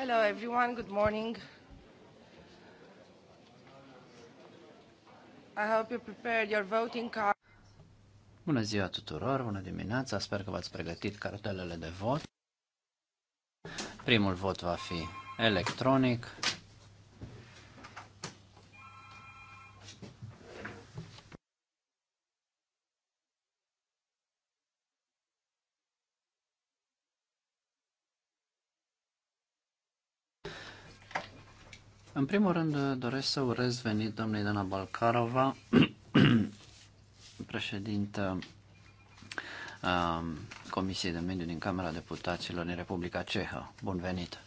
Hello everyone, good morning. I hope you prepared your voting card. Bună ziua tuturor, bună dimineața, sper că v-ați pregătit cartelele de vot. Primul vot va fi electronic. primul rând uh, doresc să urez venit domnului Dana Balcarova, președintă uh, Comisiei de Mediu din Camera Deputaților din Republica Cehă. Bun venit!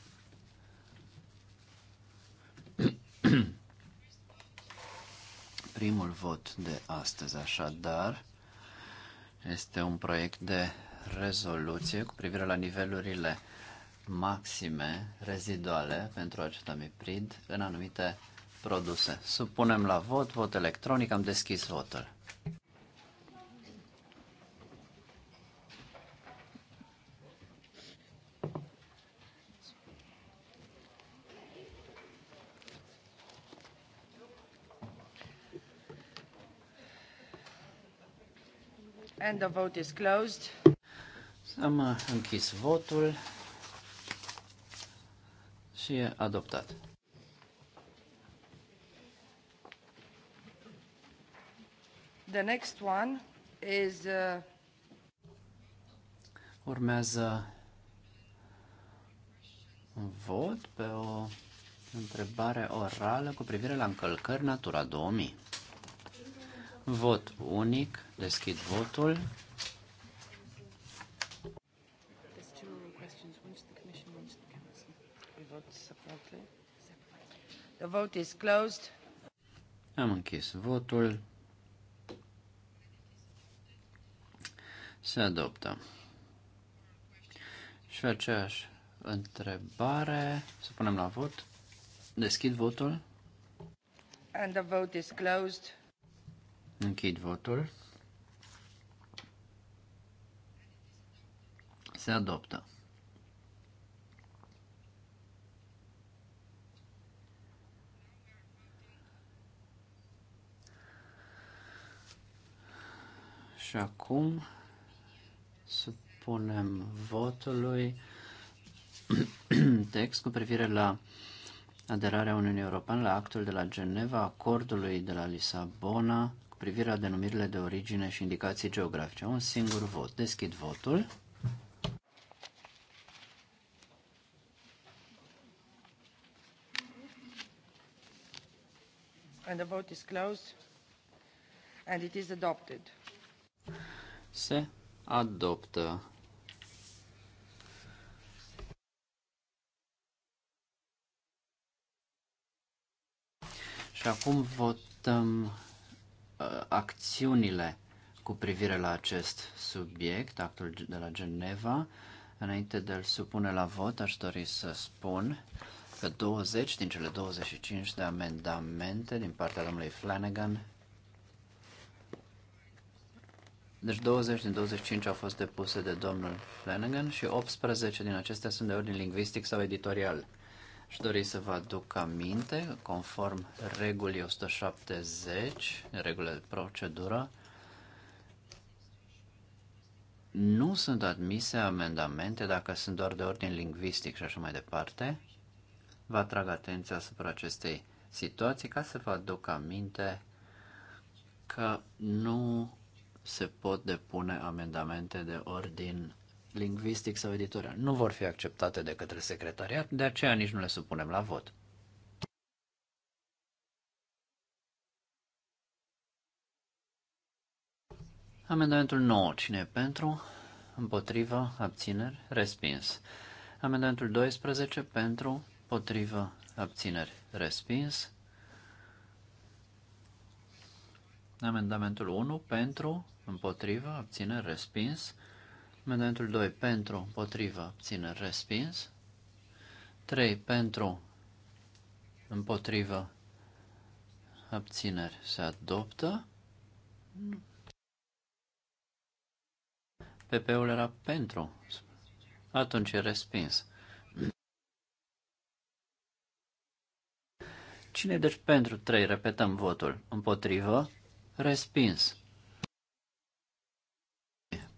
Primul vot de astăzi, așadar, este un proiect de rezoluție cu privire la nivelurile maxime reziduale pentru acetamiprid în anumite produse. Supunem la vot, vot electronic, am deschis votul. And the vote is closed. Am închis votul și e adoptat. The next one is uh... Urmează un vot pe o întrebare orală cu privire la încălcări Natura 2000. Vot unic, deschid votul. The vote is closed. Am închis votul. Se adoptă. Și aceeași întrebare. Să punem la vot. Deschid votul. And the vote is closed. Închid votul. Se adoptă. Și acum supunem votului text cu privire la aderarea Uniunii Europene la actul de la Geneva, acordului de la Lisabona cu privire la denumirile de origine și indicații geografice. Un singur vot. Deschid votul. And the vote is closed and it is adopted se adoptă. Și acum votăm uh, acțiunile cu privire la acest subiect, actul de la Geneva. Înainte de a-l supune la vot, aș dori să spun că 20 din cele 25 de amendamente din partea domnului Flanagan Deci 20 din 25 au fost depuse de domnul Flanagan și 18 din acestea sunt de ordin lingvistic sau editorial. Și dori să vă aduc aminte, conform regulii 170, regulă de procedură, nu sunt admise amendamente dacă sunt doar de ordin lingvistic și așa mai departe. Vă atrag atenția asupra acestei situații ca să vă aduc aminte că nu se pot depune amendamente de ordin lingvistic sau editorial. Nu vor fi acceptate de către secretariat, de aceea nici nu le supunem la vot. Amendamentul 9. Cine e pentru? Împotrivă? Abțineri? Respins. Amendamentul 12. Pentru? Potrivă? Abțineri? Respins. Amendamentul 1. Pentru? împotrivă, obține respins. Amendamentul 2 pentru, împotrivă, obține respins. 3 pentru, împotrivă, abțineri, se adoptă. PP-ul era pentru. Atunci e respins. Cine deci pentru 3? Repetăm votul. Împotrivă? Respins.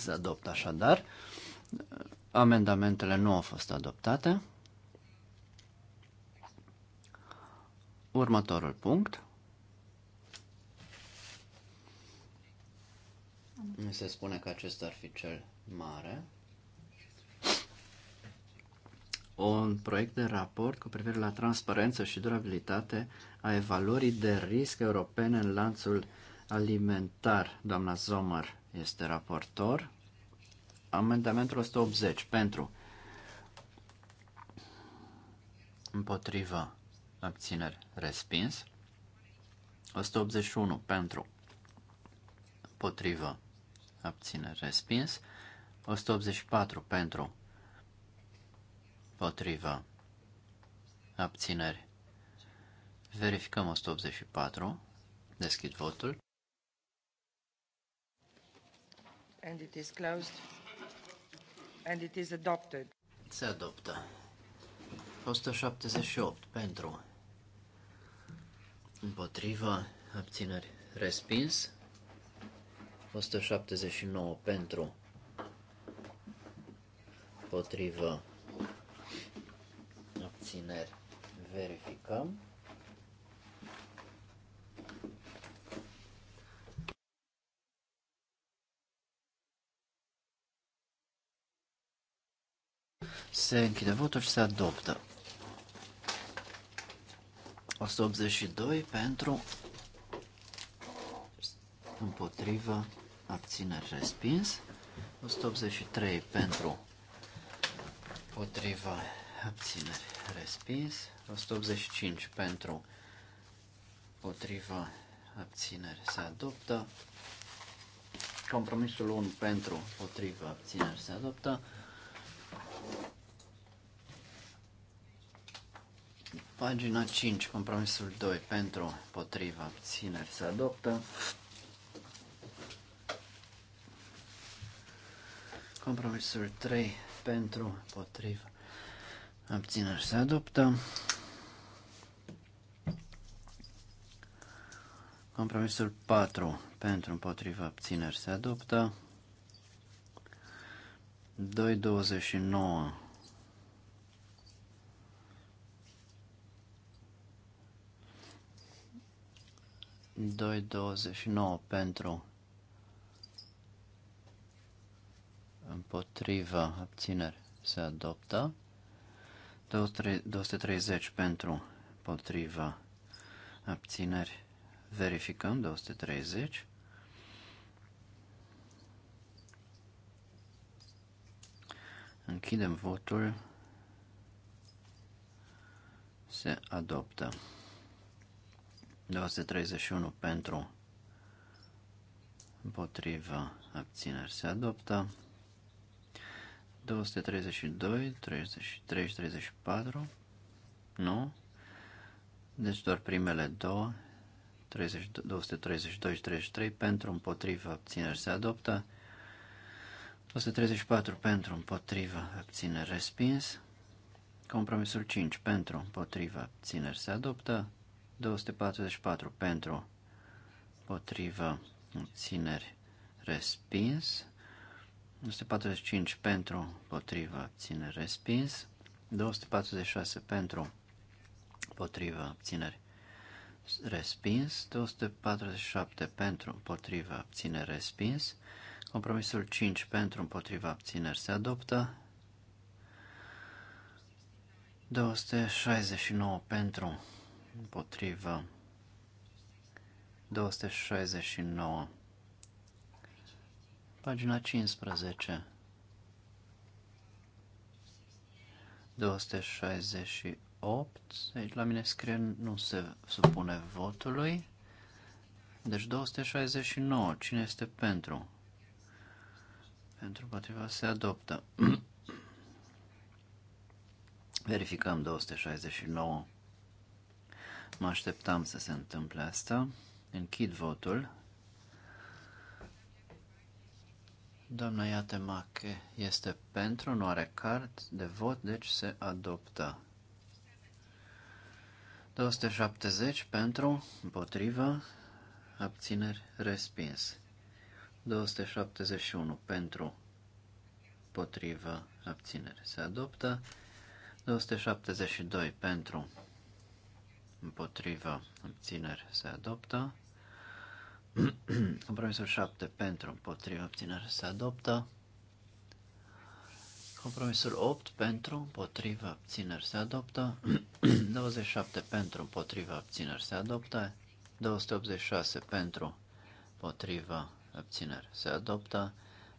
se adoptă așadar. Amendamentele nu au fost adoptate. Următorul punct. Mi se spune că acesta ar fi cel mare. Un proiect de raport cu privire la transparență și durabilitate a evaluării de risc europene în lanțul alimentar, doamna Zomar este raportor. Amendamentul 180 pentru împotrivă abțineri respins. 181 pentru împotrivă abțineri respins. 184 pentru împotrivă abțineri. Verificăm 184. Deschid votul. And it is closed. And it is adopted. Se adoptă. 178 pentru. Împotriva abțineri respins. 179 pentru. Împotriva abțineri verificăm. se închide votul și se adoptă. 182 pentru, împotrivă, abțineri respins. 183 pentru, împotrivă, abțineri respins. 185 pentru, împotrivă, abțineri se adoptă. Compromisul 1 pentru, împotrivă, abțineri se adoptă. Pagina 5, compromisul 2, pentru, potriva, abțineri, se adoptă. Compromisul 3, pentru, potriva, abțineri, se adoptă. Compromisul 4, pentru, împotriva, abțineri, se adoptă. 229 2.29 pentru împotriva abțineri se adoptă 230 pentru împotriva abțineri verificăm 230 închidem votul se adoptă 231 pentru, împotriva, abțineri se adoptă. 232, 33 și 34, nu? Deci doar primele două, 30, 232 și 33 pentru, împotriva, abțineri se adoptă. 234 pentru, împotriva, abțineri respins. Compromisul 5 pentru, împotriva, abțineri se adoptă. 244 pentru, potrivă, abțineri, respins. 245 pentru, potrivă, abțineri, respins. 246 pentru, potrivă, abțineri, respins. 247 pentru, potrivă, abțineri, respins. Compromisul 5 pentru, împotriva, abțineri, se adoptă. 269 pentru, împotrivă 269. Pagina 15. 268. Aici la mine scrie nu se supune votului. Deci 269. Cine este pentru? Pentru potriva se adoptă. Verificăm 269. Mă așteptam să se întâmple asta. Închid votul. Doamna Iatemache este pentru, nu are card de vot, deci se adoptă. 270 pentru, împotrivă, abțineri, respins. 271 pentru, împotrivă, abțineri, se adoptă. 272 pentru, împotriva, obțineri se adoptă. Compromisul 7 pentru, împotriva, obțineri se adoptă. Compromisul 8 pentru, împotriva, obțineri se adoptă. 27 pentru, împotriva, obțineri se adoptă. 286 pentru, împotriva, obțineri se adoptă.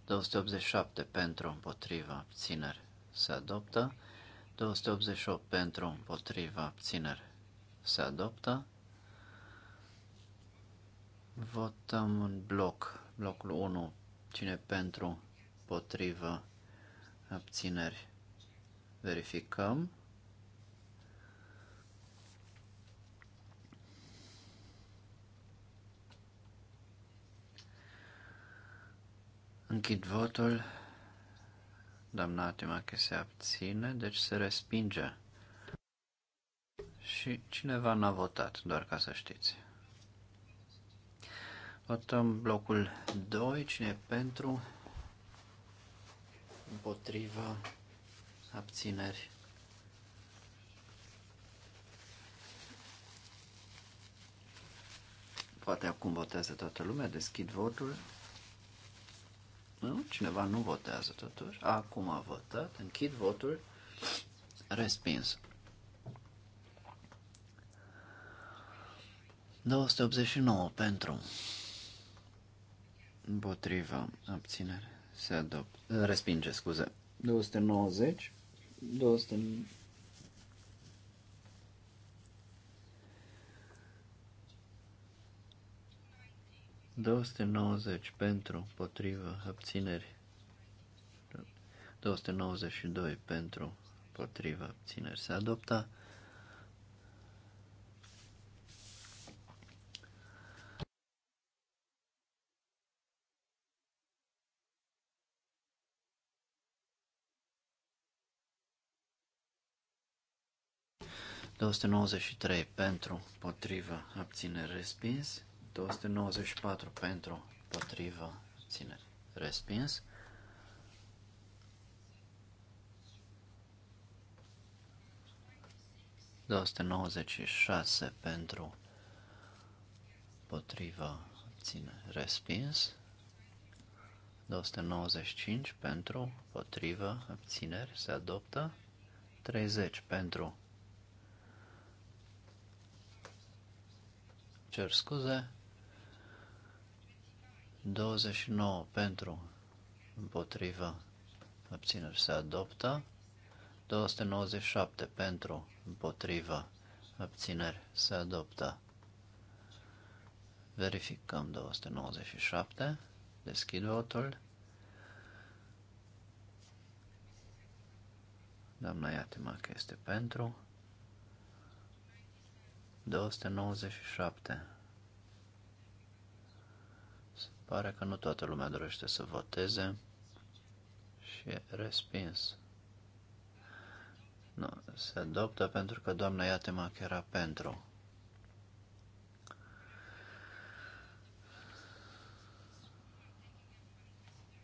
287 pentru, împotriva, obțineri se adoptă. 288 pentru, împotriva, obțineri se adoptă. Votăm în bloc, blocul 1, cine pentru, potrivă, abțineri. Verificăm. Închid votul. Doamna că se abține, deci se respinge și cineva n-a votat, doar ca să știți. Votăm blocul 2, cine e pentru, împotriva, abțineri. Poate acum votează toată lumea, deschid votul. Nu? Cineva nu votează totuși. Acum a votat, închid votul, respins. 289 pentru. Împotriva. Abținere. Se adoptă. Respinge, scuze. 290. 200. ...290 pentru, potrivă, abțineri. 292 pentru, potrivă, abțineri. Se adopta 293 pentru, potrivă, abține, respins. 294 pentru, potrivă, abține, respins. șase pentru potrivă ține respins 295 pentru potrivă abțineri se adoptă 30 pentru cer scuze, 29 pentru, împotrivă, abțineri se adoptă, 297 pentru, împotrivă, abțineri se adoptă. Verificăm 297, deschid votul. Doamna că este pentru. 297. Se pare că nu toată lumea dorește să voteze și e respins. Nu, se adoptă pentru că doamna Iatemac era pentru.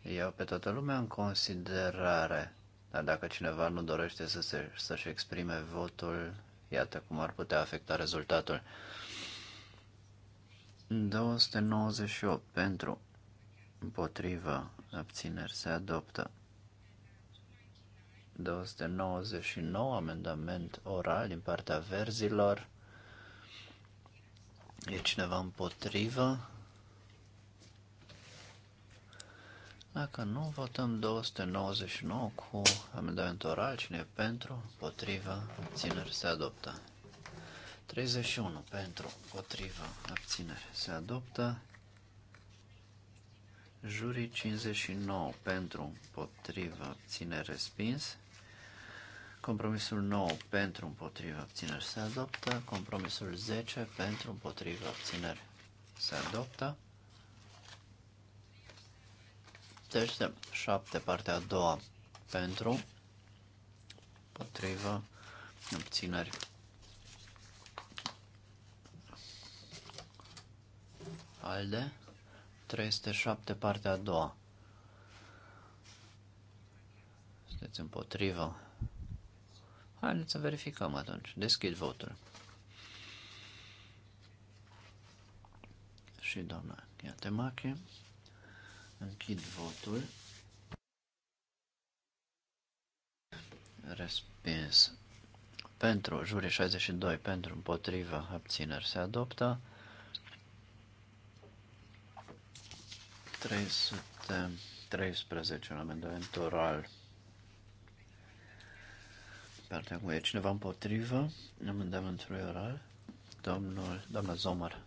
Iau pe toată lumea în considerare, dar dacă cineva nu dorește să se, să-și exprime votul, Iată cum ar putea afecta rezultatul. 298 pentru, împotrivă, abțineri se adoptă. 299 amendament oral din partea verzilor. E cineva împotrivă? Dacă nu, votăm 299 cu amendament oral. Cine pentru? Potrivă. Abțineri. Se adoptă. 31 pentru, potrivă, abțineri, Se adoptă. Jurii 59 pentru, potrivă, abțineri, respins. Compromisul 9 pentru, potrivă, abțineri, se adoptă. Compromisul 10 pentru, potrivă, abțineri, se adoptă. 77, partea a doua, pentru, potrivă, obțineri. Alde, 307, partea a doua. Sunteți împotrivă? Haideți să verificăm atunci. Deschid votul. Și doamna Iatemache. Închid votul. Respins. Pentru jurii 62, pentru împotriva abțineri se adoptă. 313, un amendament oral. Partea cu e cineva împotrivă amendamentul oral? Domnul, doamna Zomar.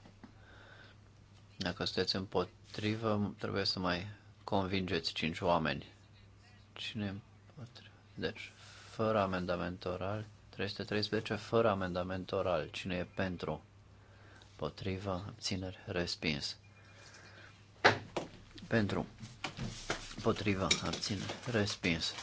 Dacă sunteți împotrivă, trebuie să mai convingeți cinci oameni. Cine împotrivă? Deci, fără amendament oral, 313, fără amendament oral. Cine e pentru? Potrivă, abțineri, respins. Pentru. Potrivă, abțineri, respins.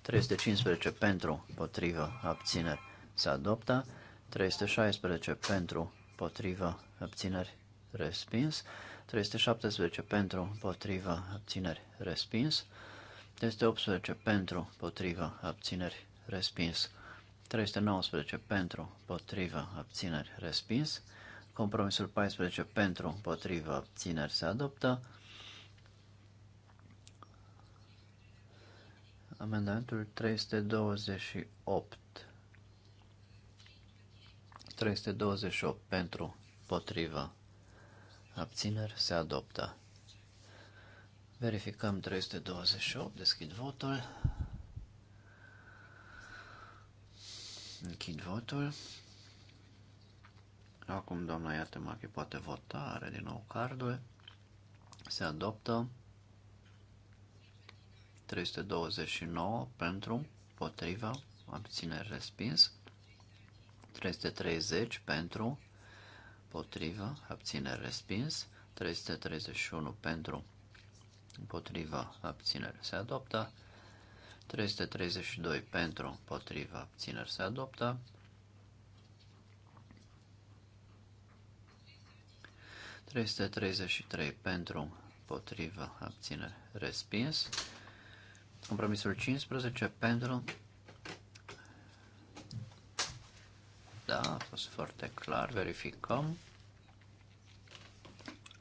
315 pentru, potrivă, abțineri, se adoptă. 316 pentru, potrivă, abțineri, respins. 317 pentru, potrivă abțineri, respins. 318 pentru, potrivă abțineri, respins. 319 pentru, potrivă abțineri, respins. Compromisul 14 pentru, potrivă abțineri, se adoptă. Amendamentul 328. 328 pentru, potrivă, abțineri, se adoptă. Verificăm 328, deschid votul. Închid votul. Acum doamna Iatemache poate vota, are din nou cardul. Se adoptă 329 pentru, potriva, abțineri respins. 330 pentru, împotriva, abțineri respins, 331 pentru, împotriva, abțineri se adoptă, 332 pentru, împotriva, abțineri se adoptă, 333 pentru, împotriva, abțineri respins, compromisul 15 pentru, fost foarte clar. Verificăm.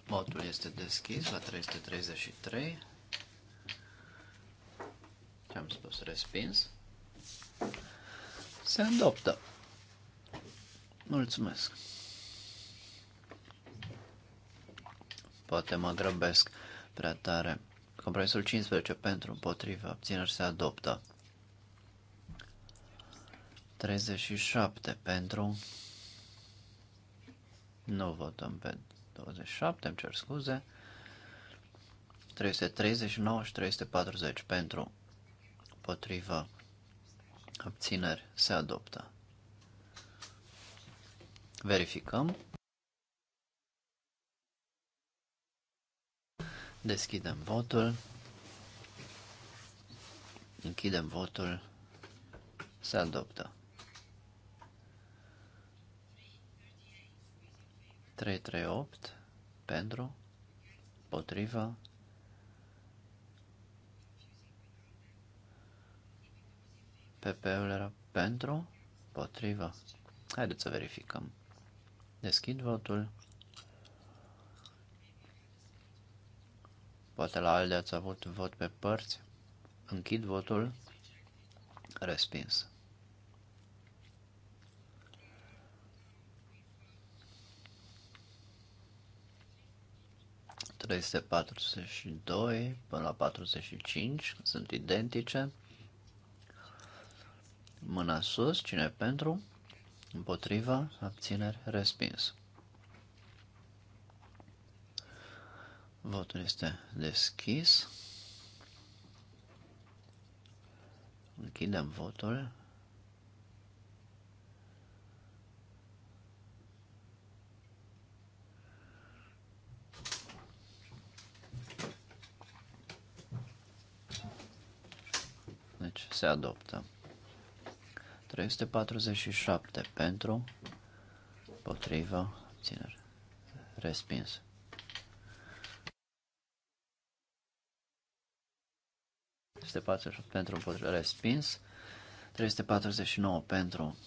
Botul este deschis la 333. Ce am spus? Respins. Se adoptă. Mulțumesc. Poate mă grăbesc prea tare. Compromisul 15 pentru împotriva abțineri se adoptă. 37 pentru. Nu votăm pe 27, îmi cer scuze. 339 și 340 pentru. Potrivă. Abțineri. Se adoptă. Verificăm. Deschidem votul. Închidem votul. Se adoptă. 338 pentru, potriva, PP-ul era pentru, potriva. Haideți să verificăm. Deschid votul. Poate la ALDE ați avut vot pe părți. Închid votul. Respins. 342 până la 45 sunt identice. Mâna sus, cine pentru? Împotriva, abțineri, respins. Votul este deschis. Închidem votul. se adoptă. 347 pentru, potrivă, ținere, respins. Este pentru împotriva respins, 349 pentru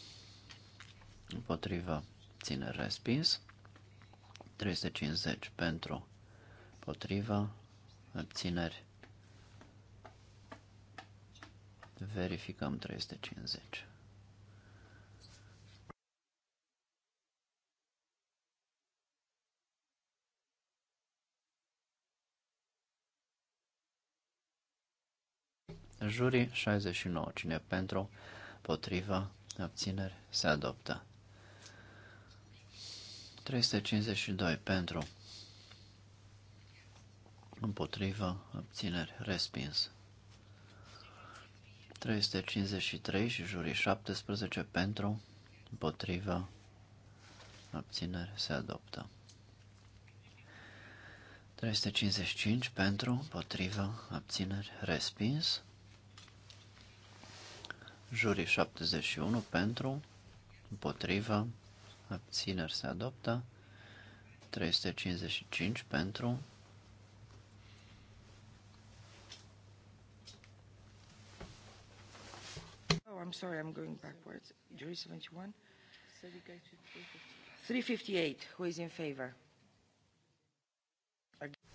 împotriva ține respins, 350 pentru împotriva abțineri Verificăm 350. Jurii 69. Cine pentru, potriva, abțineri, se adoptă. 352. Pentru, împotriva, abțineri, respins. 353 și jurii 17 pentru, împotrivă, abținere se adoptă. 355 pentru, împotrivă, abțineri, respins. Jurii 71 pentru, împotrivă, abțineri se adoptă. 355 pentru, I'm sorry, I'm going backwards. Jury 71. 358. Who is in favor?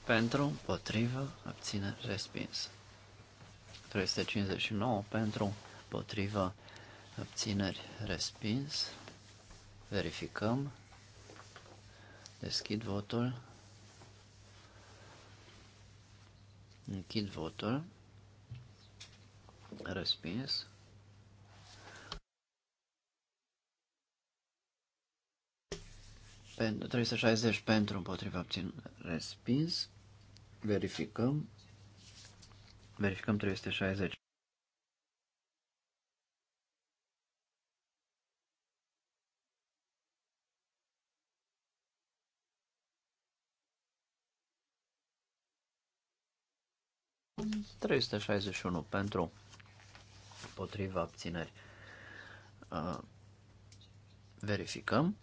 Pentru, potrivă, abține, respins. 359 pentru, potrivă, abțineri, respins. Verificăm. Deschid votul. Închid votul. Respins. 360 pentru împotriva obțin respins. Verificăm. Verificăm 360. ...361 pentru potriva abțineri. Uh, verificăm.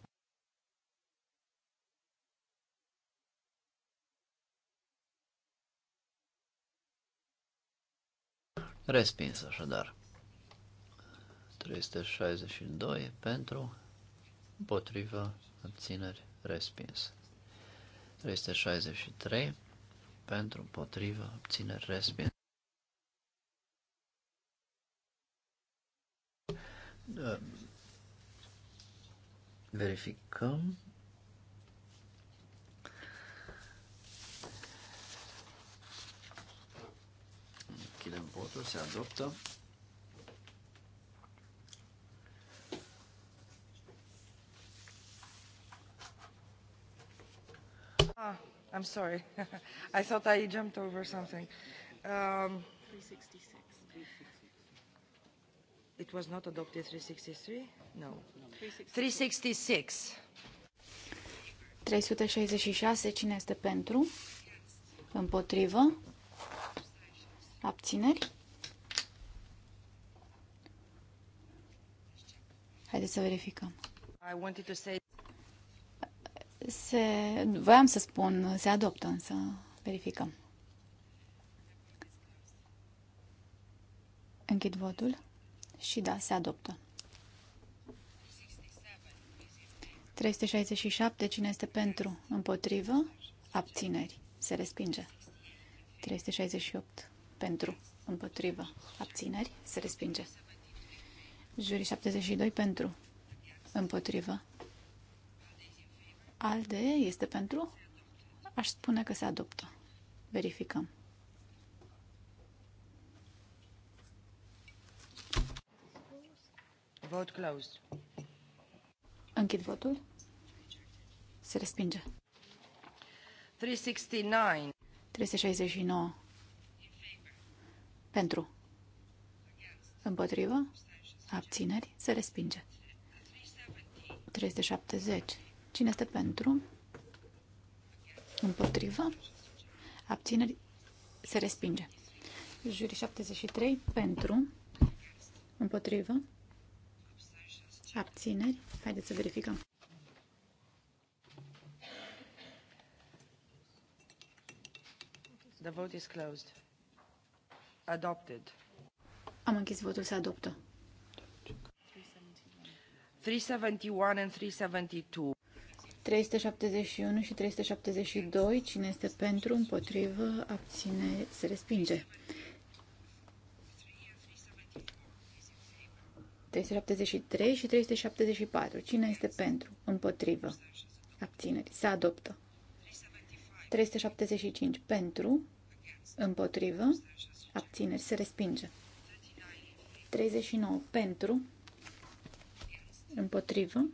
Respins așadar. 362 pentru, împotrivă, abțineri, respins. 363 pentru, împotrivă, abțineri, respins. Verificăm. Închidem potul, se adoptă. Ah, I'm sorry. I thought I jumped over something. Um, 366. It was not adopted 363? No. 366. 366. Cine este pentru? Împotrivă? Abțineri? Haideți să verificăm. I to say... Se... Voiam să spun, se adoptă, însă verificăm. Închid votul și da, se adoptă. 367, cine este pentru? Împotrivă? Abțineri. Se respinge. 368 pentru, împotrivă, abțineri, se respinge. Juri 72 pentru, împotrivă. Alde este pentru? Aș spune că se adoptă. Verificăm. Vote closed. Închid votul. Se respinge. 369. 369 pentru. Împotrivă. Abțineri. Se respinge. 370. Cine este pentru? Împotrivă. Abțineri. Se respinge. Juri 73. Pentru. Împotrivă. Abțineri. Haideți să verificăm. The vote is closed. Adopted. Am închis votul, se adoptă. 371 and 372. 371 și 372. Cine este pentru, împotrivă, abține, se respinge. 373 și 374. Cine este pentru, împotrivă, abțineri, se adoptă. 375 pentru, împotrivă, abțineri, se respinge. 39 pentru, împotrivă,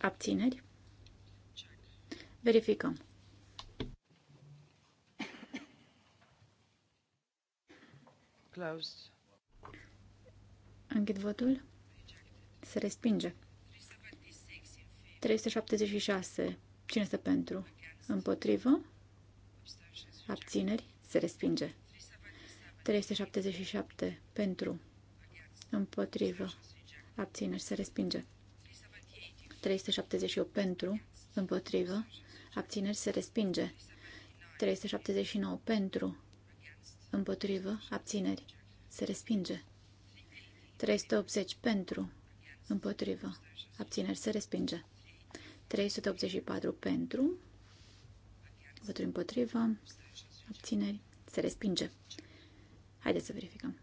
abțineri. Verificăm. Închid votul. Se respinge. 376. Cine este pentru? Împotrivă? Abțineri? se respinge. 377 pentru, împotrivă, abțineri, se respinge. 378 pentru, împotrivă, abțineri, se respinge. 379 pentru, împotrivă, abțineri, se respinge. 380 pentru, împotrivă, abțineri, se respinge. 384 pentru, voturi împotrivă, abțineri, se respinge. Haideți să verificăm.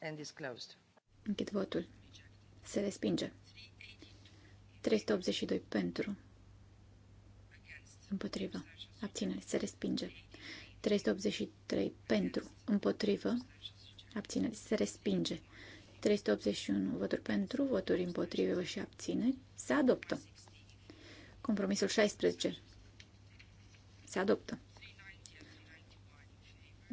And is closed. Închid votul. Se respinge. 382 pentru. Împotrivă. Abțineri. Se respinge. 383 pentru. Împotrivă. Abțineri. Se respinge. 381 voturi pentru, voturi împotrivă și abțineri. Se adoptă. Compromisul 16. Se adoptă.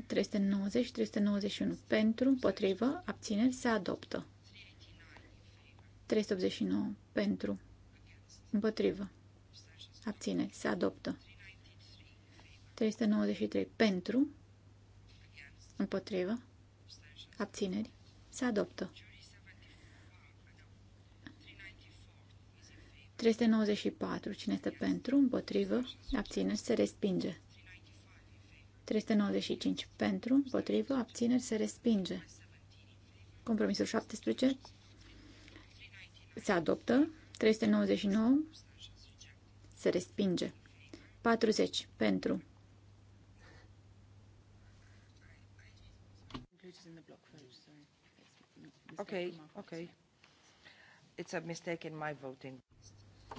390 391 pentru, împotrivă, abțineri, se adoptă. 389 pentru, împotrivă, abțineri, se adoptă. 393 pentru, împotrivă, abțineri, se adoptă. 394. Cine este pentru, împotrivă, abțineri, se respinge. 395. Pentru, împotrivă, abțineri, se respinge. Compromisul 17 se adoptă. 399 se respinge. 40. Pentru. Ok, ok. It's a mistake in my voting.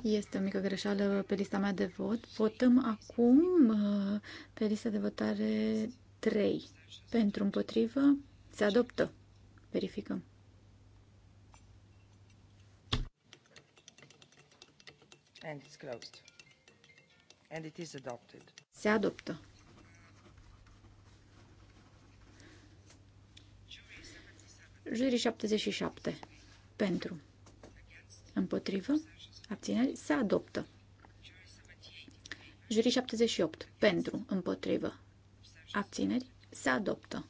Este o mică greșeală pe lista mea de vot. Votăm acum uh, pe lista de votare 3. Pentru împotrivă se adoptă. Verificăm. And it's closed. And it is adopted. Se adoptă. Jurii 77. Pentru. Împotrivă. Abțineri se adoptă. Jurii 78. Pentru, împotrivă. Abțineri se adoptă.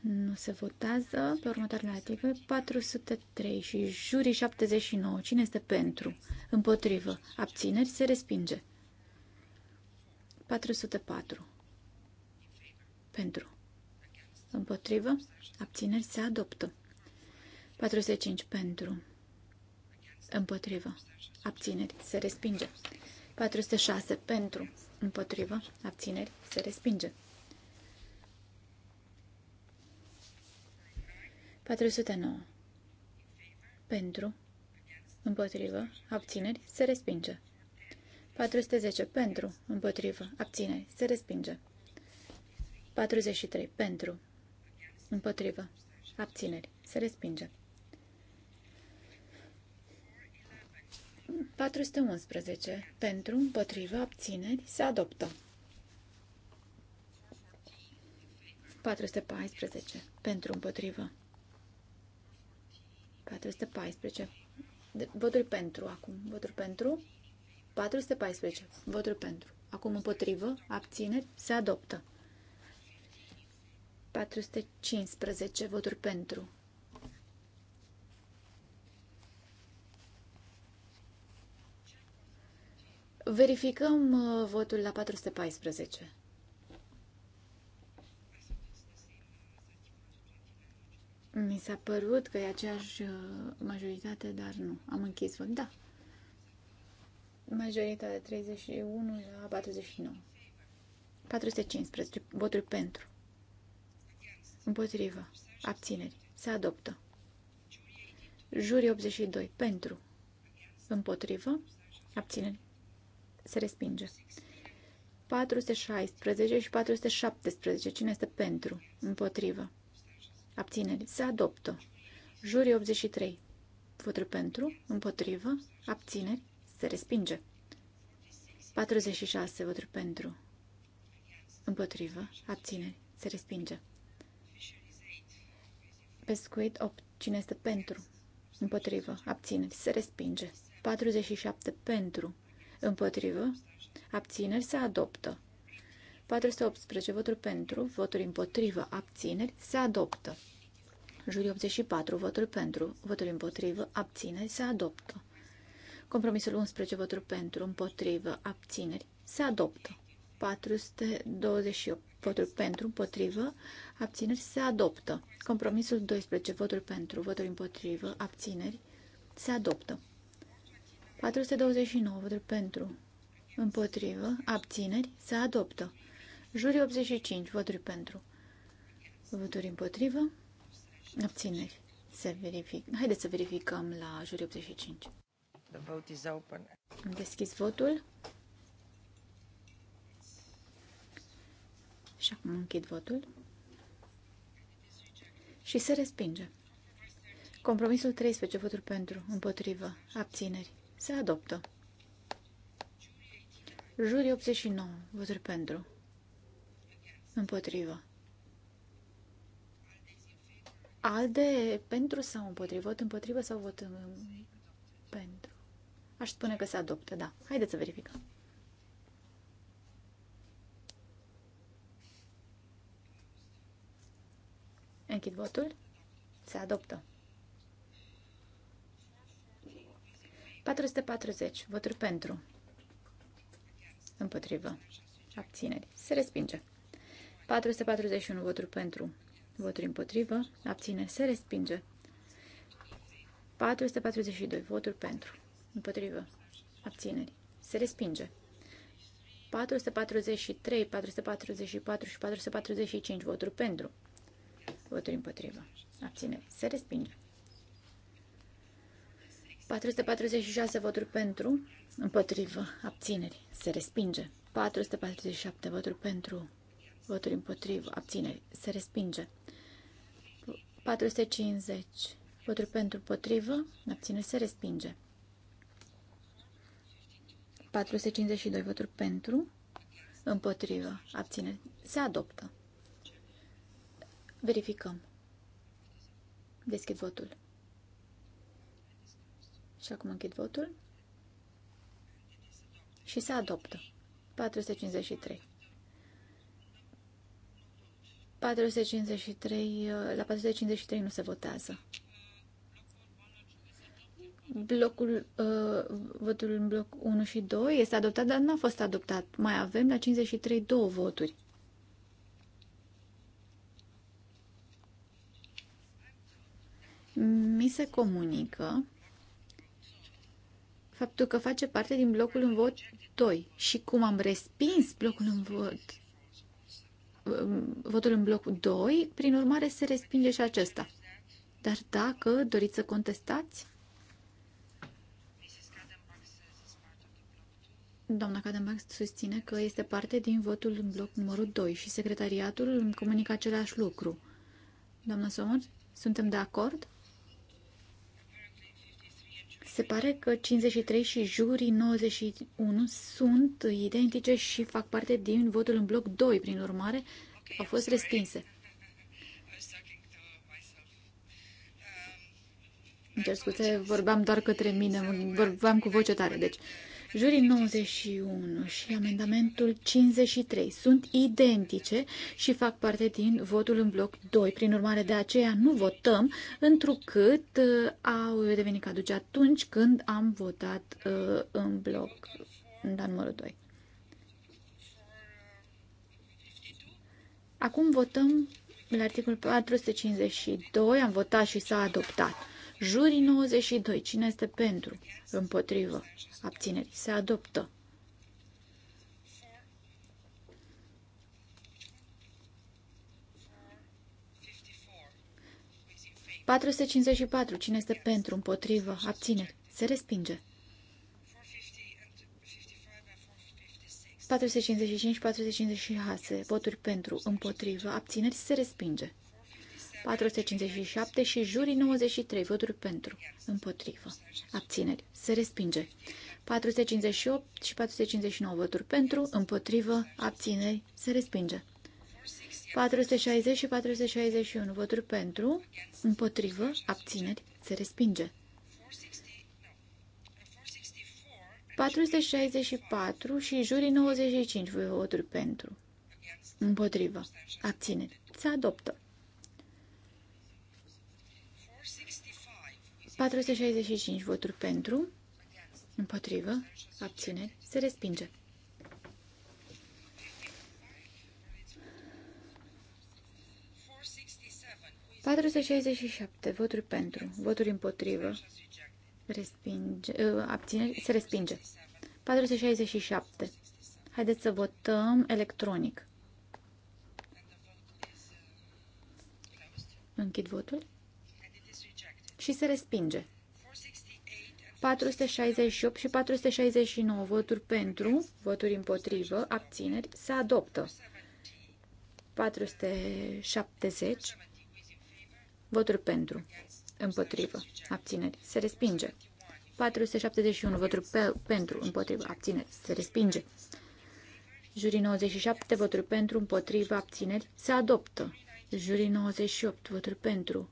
Nu se votează pe următoarele articole 403 și jurii 79. Cine este pentru? Împotrivă. Abțineri se respinge. 404. Pentru. Împotrivă. Abțineri se adoptă. 405. Pentru împotrivă, abțineri, se respinge. 406 pentru, împotrivă, abțineri, se respinge. 409 pentru, împotrivă, abțineri, se respinge. 410 pentru, împotrivă, abțineri, se respinge. 43 pentru, împotrivă, abțineri, se respinge. 411. Pentru, împotriva, abțineri, se adoptă. 414. Pentru, împotriva. 414. Voturi pentru acum. Voturi pentru. 414. Voturi pentru. Acum împotrivă. Abțineri. Se adoptă. 415. Voturi pentru. Verificăm uh, votul la 414. Mi s-a părut că e aceeași uh, majoritate, dar nu. Am închis vot. Da. Majoritatea 31 la 49. 415. Votul pentru. Împotrivă. Abțineri. Se adoptă. Juri 82. Pentru. Împotrivă. Abțineri se respinge. 416 și 417. Cine este pentru? Împotrivă. Abțineri. Se adoptă. Jurii 83. Votul pentru, împotrivă, abțineri, se respinge. 46. Votul pentru, împotrivă, abțineri, se respinge. Pescuit 8. Cine este pentru? Împotrivă, abțineri, se respinge. 47. Pentru, Împotrivă. Abțineri se adoptă. 418 voturi pentru, voturi împotrivă, abțineri, se adoptă. Jurii 84, voturi pentru, voturi împotrivă, abțineri, se adoptă. Compromisul 11, voturi pentru, împotrivă, abțineri, se adoptă. 428 voturi pentru, împotrivă, abțineri, se adoptă. Compromisul 12, voturi pentru, voturi împotrivă, abțineri, se adoptă. 429 voturi pentru, împotrivă, abțineri, se adoptă. Jurii 85, voturi pentru, voturi împotrivă, abțineri, se verifică. Haideți să verificăm la jurii 85. The vote is open. Am deschis votul. Și acum închid votul. Și se respinge. Compromisul 13 voturi pentru, împotrivă, abțineri, se adoptă. Juri 89. Voturi pentru. Împotrivă. Alde pentru sau împotrivă? Vot împotrivă sau vot în... pentru? Aș spune că se adoptă, da. Haideți să verificăm. Închid votul. Se adoptă. 440 voturi pentru. Împotrivă. Abțineri. Se respinge. 441 voturi pentru. Voturi împotrivă. Abțineri. Se respinge. 442 voturi pentru. Împotrivă. Abțineri. Se respinge. 443, 444 și 445 voturi pentru. Voturi împotrivă. Abțineri. Se respinge. 446 voturi pentru, împotrivă, abțineri, se respinge. 447 voturi pentru, voturi împotrivă, abțineri, se respinge. 450 voturi pentru, împotrivă, abțineri, se respinge. 452 voturi pentru, împotrivă, abțineri, se adoptă. Verificăm. Deschid votul. Și acum închid votul. Și se adoptă. 453. 453, la 453 nu se votează. Blocul, uh, votul în bloc 1 și 2 este adoptat, dar nu a fost adoptat. Mai avem la 53 două voturi. Mi se comunică faptul că face parte din blocul în vot 2 și cum am respins blocul în vot um, votul în blocul 2, prin urmare se respinge și acesta. Dar dacă doriți să contestați, Doamna Cademax susține că este parte din votul în bloc numărul 2 și secretariatul îmi comunică același lucru. Doamna Somor, suntem de acord? Se pare că 53 și jurii 91 sunt identice și fac parte din votul în bloc 2, prin urmare au fost respinse. Îmi cer scuze, vorbeam doar către mine, vorbeam cu voce tare, deci Jurii 91 și amendamentul 53 sunt identice și fac parte din votul în bloc 2. Prin urmare, de aceea nu votăm, întrucât uh, au devenit caduce atunci când am votat uh, în bloc la numărul 2. Acum votăm la articolul 452, am votat și s-a adoptat. Jurii 92. Cine este pentru? Împotrivă. Abțineri. Se adoptă. patru. Cine este pentru? Împotrivă. Abțineri. Se respinge. 455-456. Voturi pentru, împotrivă, abțineri se respinge. 457 și jurii 93 voturi pentru, împotrivă, abțineri, se respinge. 458 și 459 voturi pentru, împotrivă, abțineri, se respinge. 460 și 461 voturi pentru, împotrivă, abțineri, se respinge. 464 și jurii 95 voturi pentru, împotrivă, abțineri, se adoptă. 465 voturi pentru, împotrivă, abțineri, se respinge. șapte voturi pentru, voturi împotrivă, respinge, uh, abțineri, se respinge. 467. Haideți să votăm electronic. Închid votul și se respinge. 468 și 469 voturi pentru, voturi împotrivă, abțineri, se adoptă. 470 voturi pentru, împotrivă, abțineri, se respinge. 471 voturi pe, pentru, împotrivă, abțineri, se respinge. Jurii 97 voturi pentru, împotrivă, abțineri, se adoptă. Jurii 98 voturi pentru,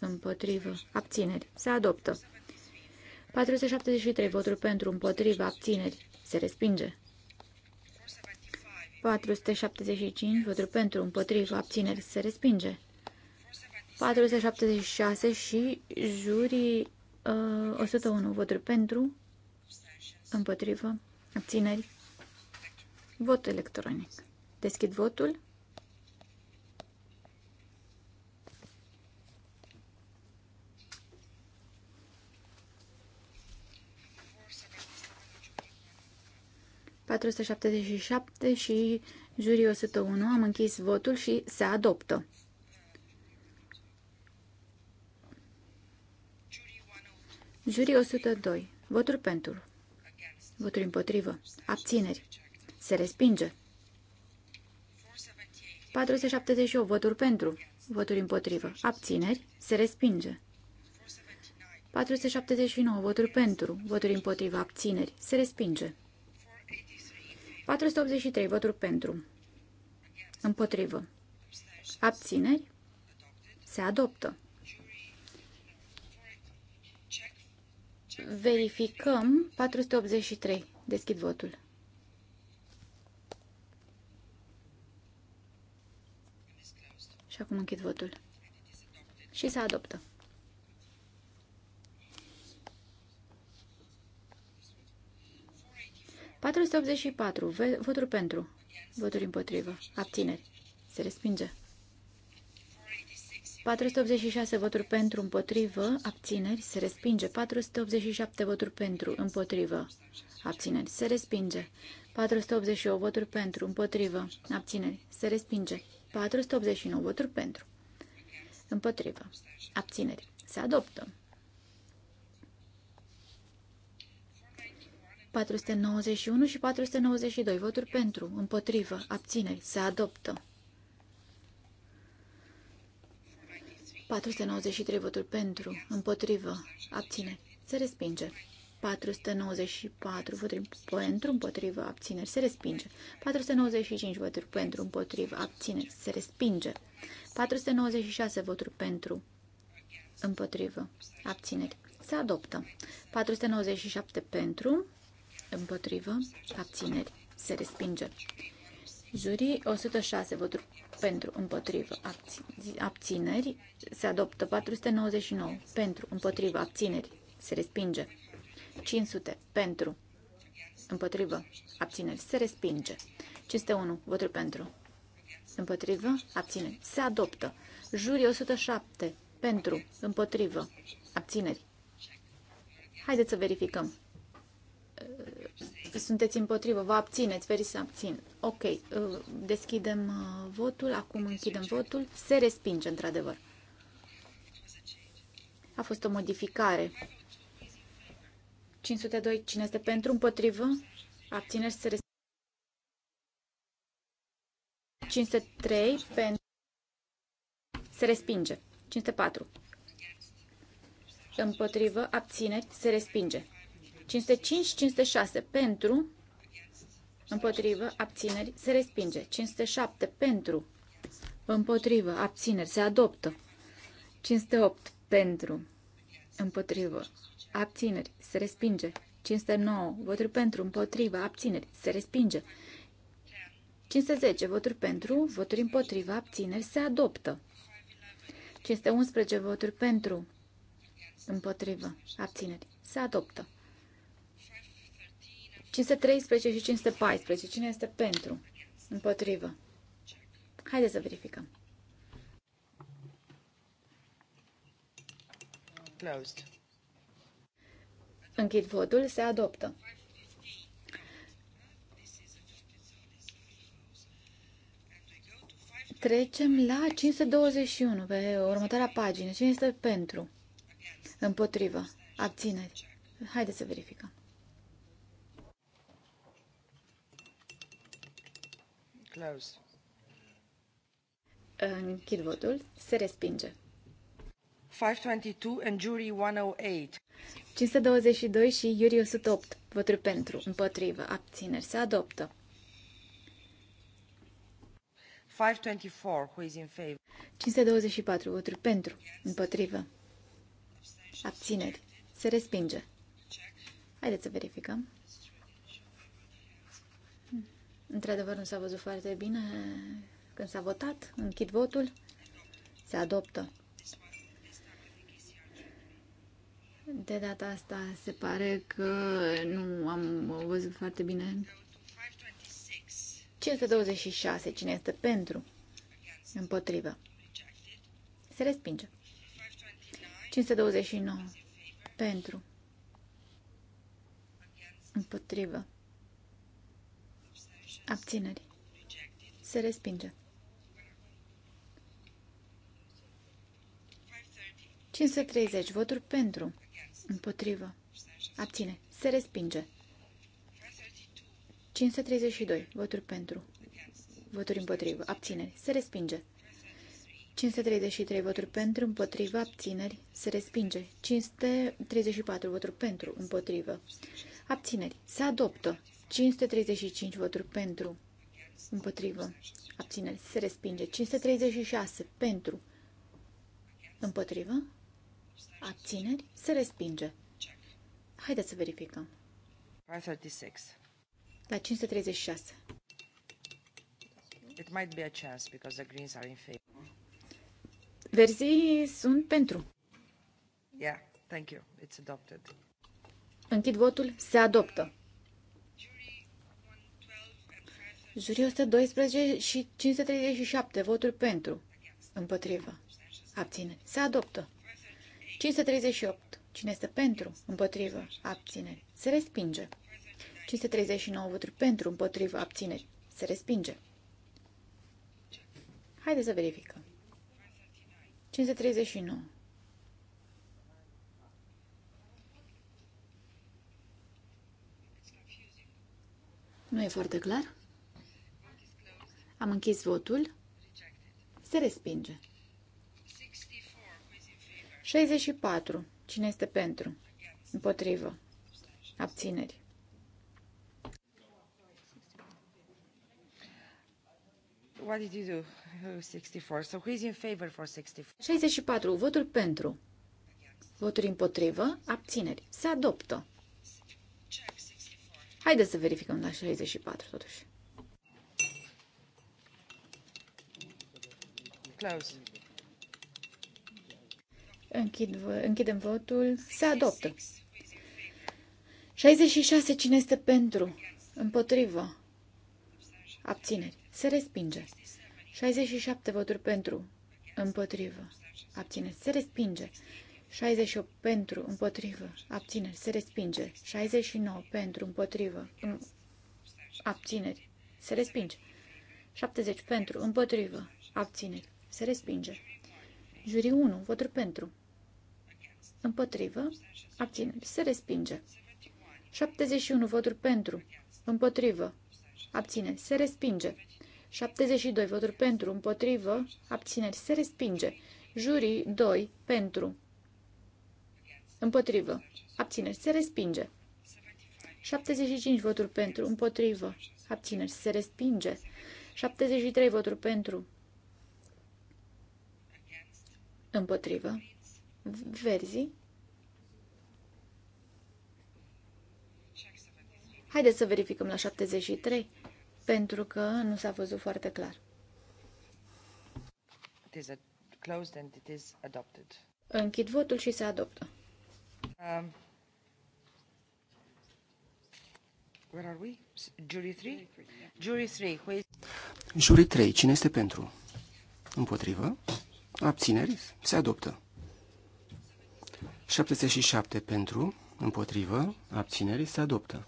împotrivă, abțineri, se adoptă. 473 voturi pentru, împotrivă, abțineri, se respinge. 475 voturi pentru, împotrivă, abțineri, se respinge. 476 și jurii uh, 101 voturi pentru, împotrivă, abțineri, vot electronic. Deschid votul. 477 și jurii 101. Am închis votul și se adoptă. Jurii 102. Voturi pentru. Voturi împotrivă. Abțineri. Se respinge. 478. Voturi pentru. Voturi împotrivă. Abțineri. Se respinge. 479. Voturi pentru. Voturi împotrivă. Abțineri. Se respinge. 483 voturi pentru. Împotrivă. Abțineri. Se adoptă. Verificăm 483. Deschid votul. Și acum închid votul. Și se adoptă. 484. Voturi pentru. Voturi împotrivă. Abțineri. Se respinge. 486 voturi pentru, împotrivă, abțineri, se respinge. 487 voturi pentru, împotrivă, abțineri, se respinge. 488 voturi pentru, împotrivă, abțineri, se respinge. 489 voturi pentru, împotrivă, abțineri, se adoptă. 491 și 492. Voturi pentru, împotrivă, abțineri, se adoptă. 493 voturi pentru, împotrivă, abțineri, se respinge. 494 voturi pentru, împotrivă, abțineri, se respinge. 495 voturi pentru, împotrivă, abțineri, se respinge. 496 voturi pentru, împotrivă, abțineri, se adoptă. 497 pentru, împotrivă, abțineri, se respinge. Jurii 106 voturi pentru, împotrivă, abțineri, se adoptă 499 pentru, împotrivă, abțineri, se respinge. 500 pentru, împotrivă, abțineri, se respinge. 501 voturi pentru, împotrivă, abțineri, se adoptă. Jurii 107 pentru, împotrivă, abțineri. Haideți să verificăm sunteți împotrivă, vă abțineți, veri să abțin. Ok, uh, deschidem uh, votul, acum închidem votul, se respinge într-adevăr. A fost o modificare. 502, cine este pentru, împotrivă, abțineri, se respinge. 503, pentru, se respinge. 504, împotrivă, abțineri, se respinge. 505 și 506 pentru, împotrivă, abțineri, se respinge. 507 pentru, împotrivă, abțineri, se adoptă. 508 pentru, împotrivă, abțineri, se respinge. 509 voturi pentru, împotrivă, abțineri, se respinge. 510 voturi pentru, voturi împotrivă, abțineri, se adoptă. 511 voturi pentru, împotrivă, abțineri, se adoptă. 513 și 514. Cine este pentru? Împotrivă. Haideți să verificăm. Closed. Închid votul. Se adoptă. Trecem la 521, pe următoarea pagină. Cine este pentru? Împotrivă. Abțineri. Haideți să verificăm. Close. Închid votul. Se respinge. 522 and jury 108. 522 și Iuri 108. Voturi pentru, împotrivă, abțineri. Se adoptă. 524, who is in favor. 524 voturi pentru, împotrivă, abțineri. Se respinge. Haideți să verificăm. Într-adevăr, nu s-a văzut foarte bine când s-a votat. Închid votul. Se adoptă. De data asta se pare că nu am văzut foarte bine. 526. Cine este pentru? Împotrivă. Se respinge. 529. Pentru. Împotrivă. Abțineri. Se respinge. 530 voturi pentru. Împotrivă. Abține. Se respinge. 532 voturi pentru. Voturi împotrivă. Abțineri. Se respinge. 533 voturi pentru, împotrivă, abțineri, se respinge. 534 voturi pentru, împotrivă. Abțineri. Se adoptă. 535 voturi pentru, împotrivă, abțineri, se respinge. 536 pentru, împotrivă, abțineri, se respinge. Haideți să verificăm. La 536. It might be a chance because the greens are in favor. Verzii sunt pentru. Yeah, thank you. It's adopted. Închid votul. Se adoptă. Jurii 112 și 537 voturi pentru. Împotrivă. abține, Se adoptă. 538. Cine este pentru? Împotrivă. abține, Se respinge. 539 voturi pentru. Împotrivă. abține, Se respinge. Haideți să verificăm. 539. Nu e foarte clar? Am închis votul. Se respinge. 64. Cine este pentru? Împotrivă. Abțineri. What did you do? 64. So who is in favor for 64? 64. Votul pentru. Voturi împotrivă. Abțineri. Se adoptă. Haideți să verificăm la 64 totuși. closed. Închid, închidem votul. Se adoptă. 66. Cine este pentru? Împotrivă. Abțineri. Se respinge. 67 voturi pentru. Împotrivă. Abțineri. Se respinge. 68 pentru. Împotrivă. Abțineri. Se respinge. 69 pentru. Împotrivă. Abțineri. Se respinge. 70 pentru. Împotrivă. Abțineri. Se respinge. Juri 1. Voturi pentru. Împotrivă. Abțineri. Se respinge. 71. Voturi pentru. Împotrivă. Abțineri. Se respinge. 72. Voturi pentru. Împotrivă. Abțineri. Se respinge. Juri 2. Pentru. Împotrivă. Abțineri. Se respinge. 75 voturi pentru. Împotrivă. Abțineri. Se respinge. 73 voturi pentru. Împotrivă. Verzi. Haideți să verificăm la 73, pentru că nu s-a văzut foarte clar. It is closed and it is adopted. Închid votul și se adoptă. Um, where are we? Jury 3? Jury 3. Jury 3. Cine este pentru? Împotrivă? Abțineri? Se adoptă. 77 pentru, împotrivă, abțineri, se adoptă.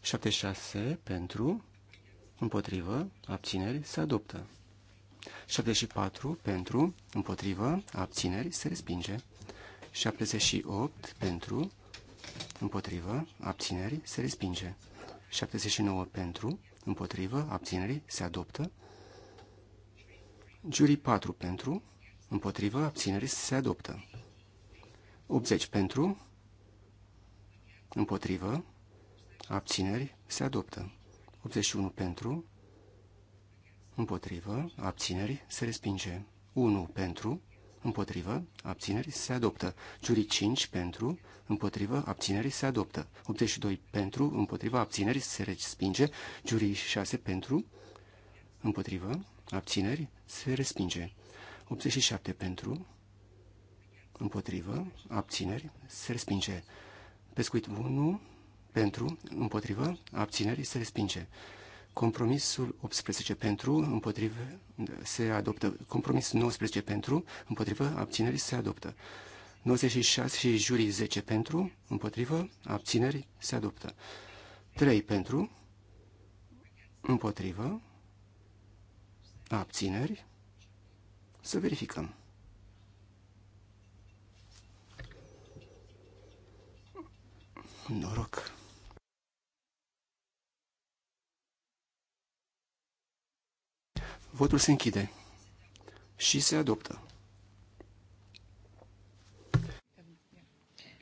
76 pentru, împotrivă, abțineri, se adoptă. 74 pentru, împotrivă, abțineri, se respinge. 78 pentru, împotrivă, abțineri, se respinge. 79 pentru, împotrivă, abțineri, se adoptă. Jury 4 pentru, împotrivă, abținere, se adoptă. 80 pentru, împotrivă, abțineri, se adoptă. 81 pentru, împotrivă, abțineri, se respinge. 1 pentru, împotrivă, abțineri, se adoptă. Jury 5 pentru, împotrivă, abțineri, se adoptă. 82 pentru, împotrivă, abțineri, se respinge. Jury 6 pentru, împotrivă, abțineri, se respinge. 87 pentru, împotrivă, abțineri, se respinge. Pescuit 1, pentru, împotrivă, abțineri, se respinge. Compromisul 18 pentru, împotrivă, se adoptă. Compromisul 19 pentru, împotrivă, abțineri, se adoptă. 96 și jurii 10 pentru, împotrivă, abțineri, se adoptă. 3 pentru, împotrivă, abțineri, să verificăm. Noroc! Votul se închide și se adoptă.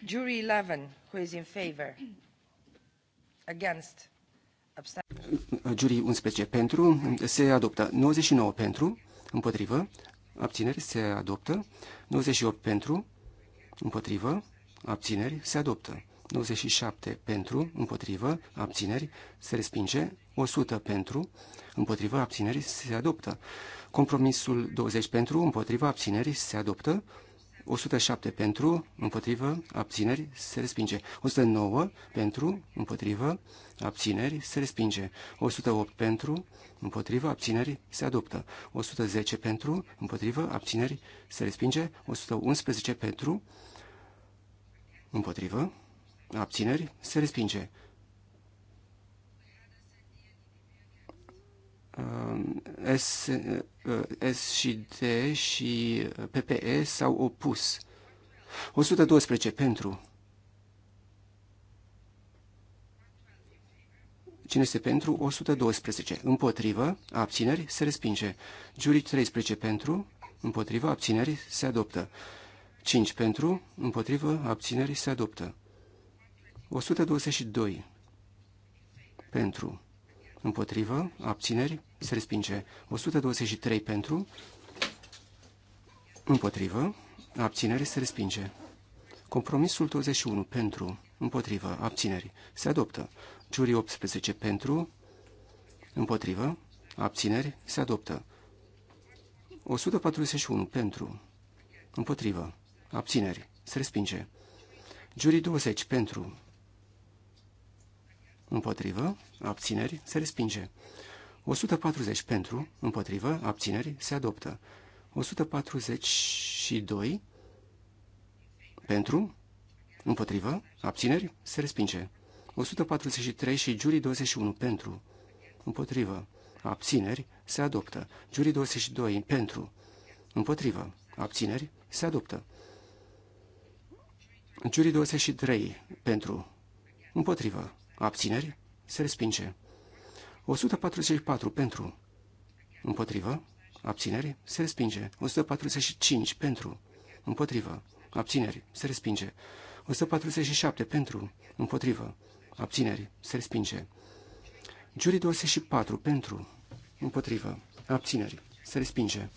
Jury 11, who is in favor? Against? Jurii 11 pentru, se adoptă. 99 pentru, împotrivă, abțineri, se adoptă. 98 pentru, împotrivă, abțineri, se adoptă. 97 pentru, împotrivă, abțineri, se respinge. 100 pentru, împotrivă, abțineri, se adoptă. Compromisul 20 pentru, împotrivă, abțineri, se adoptă. 107 pentru, împotrivă, abțineri, se respinge. 109 pentru, împotrivă, abțineri, se respinge. 108 pentru, împotrivă, abțineri, se adoptă. 110 pentru, împotrivă, abțineri, se respinge. 111 pentru, împotrivă, abțineri, se respinge. Um, S Uh, S și D și uh, PPE s-au opus. 112 pentru. Cine este pentru? 112. Împotrivă, abțineri, se respinge. Jurii 13 pentru, împotrivă, abțineri, se adoptă. 5 pentru, împotrivă, abțineri, se adoptă. 122 pentru, împotrivă, abțineri, se respinge 123 pentru, împotrivă, abținere se respinge. Compromisul 21 pentru, împotrivă, abțineri se adoptă. Jurii 18 pentru, împotrivă, abțineri se adoptă. 141 pentru, împotrivă, abțineri se respinge. Jurii 20 pentru, împotrivă, abțineri se respinge. 140 pentru, împotrivă, abțineri, se adoptă. 142 pentru, împotrivă, abțineri, se respinge. 143 și jurii 21 pentru, împotrivă, abțineri, se adoptă. Jurii 22 pentru, împotrivă, abțineri, se adoptă. Jurii 23 pentru, împotrivă, abțineri, se respinge. 144 pentru. Împotrivă. Abțineri. Se respinge. 145 pentru. Împotrivă. Abțineri. Se respinge. 147 pentru. Împotrivă. Abțineri. Se respinge. Jurii 24 pentru. Împotrivă. Abțineri. Se respinge.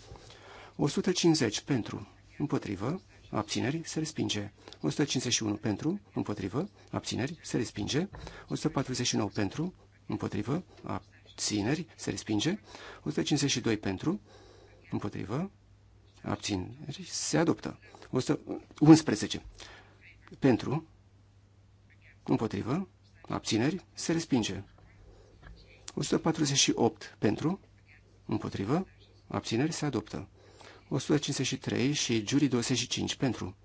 150 pentru. Împotrivă. Abțineri se respinge. 151 pentru, împotrivă, abțineri se respinge. 149 pentru, împotrivă, abțineri, se respinge. 152 pentru, împotrivă, abțineri, se adoptă. 111 pentru, împotrivă, abțineri, se respinge. 148 pentru, împotrivă, abțineri, se adoptă. 153 și jurii 25 pentru,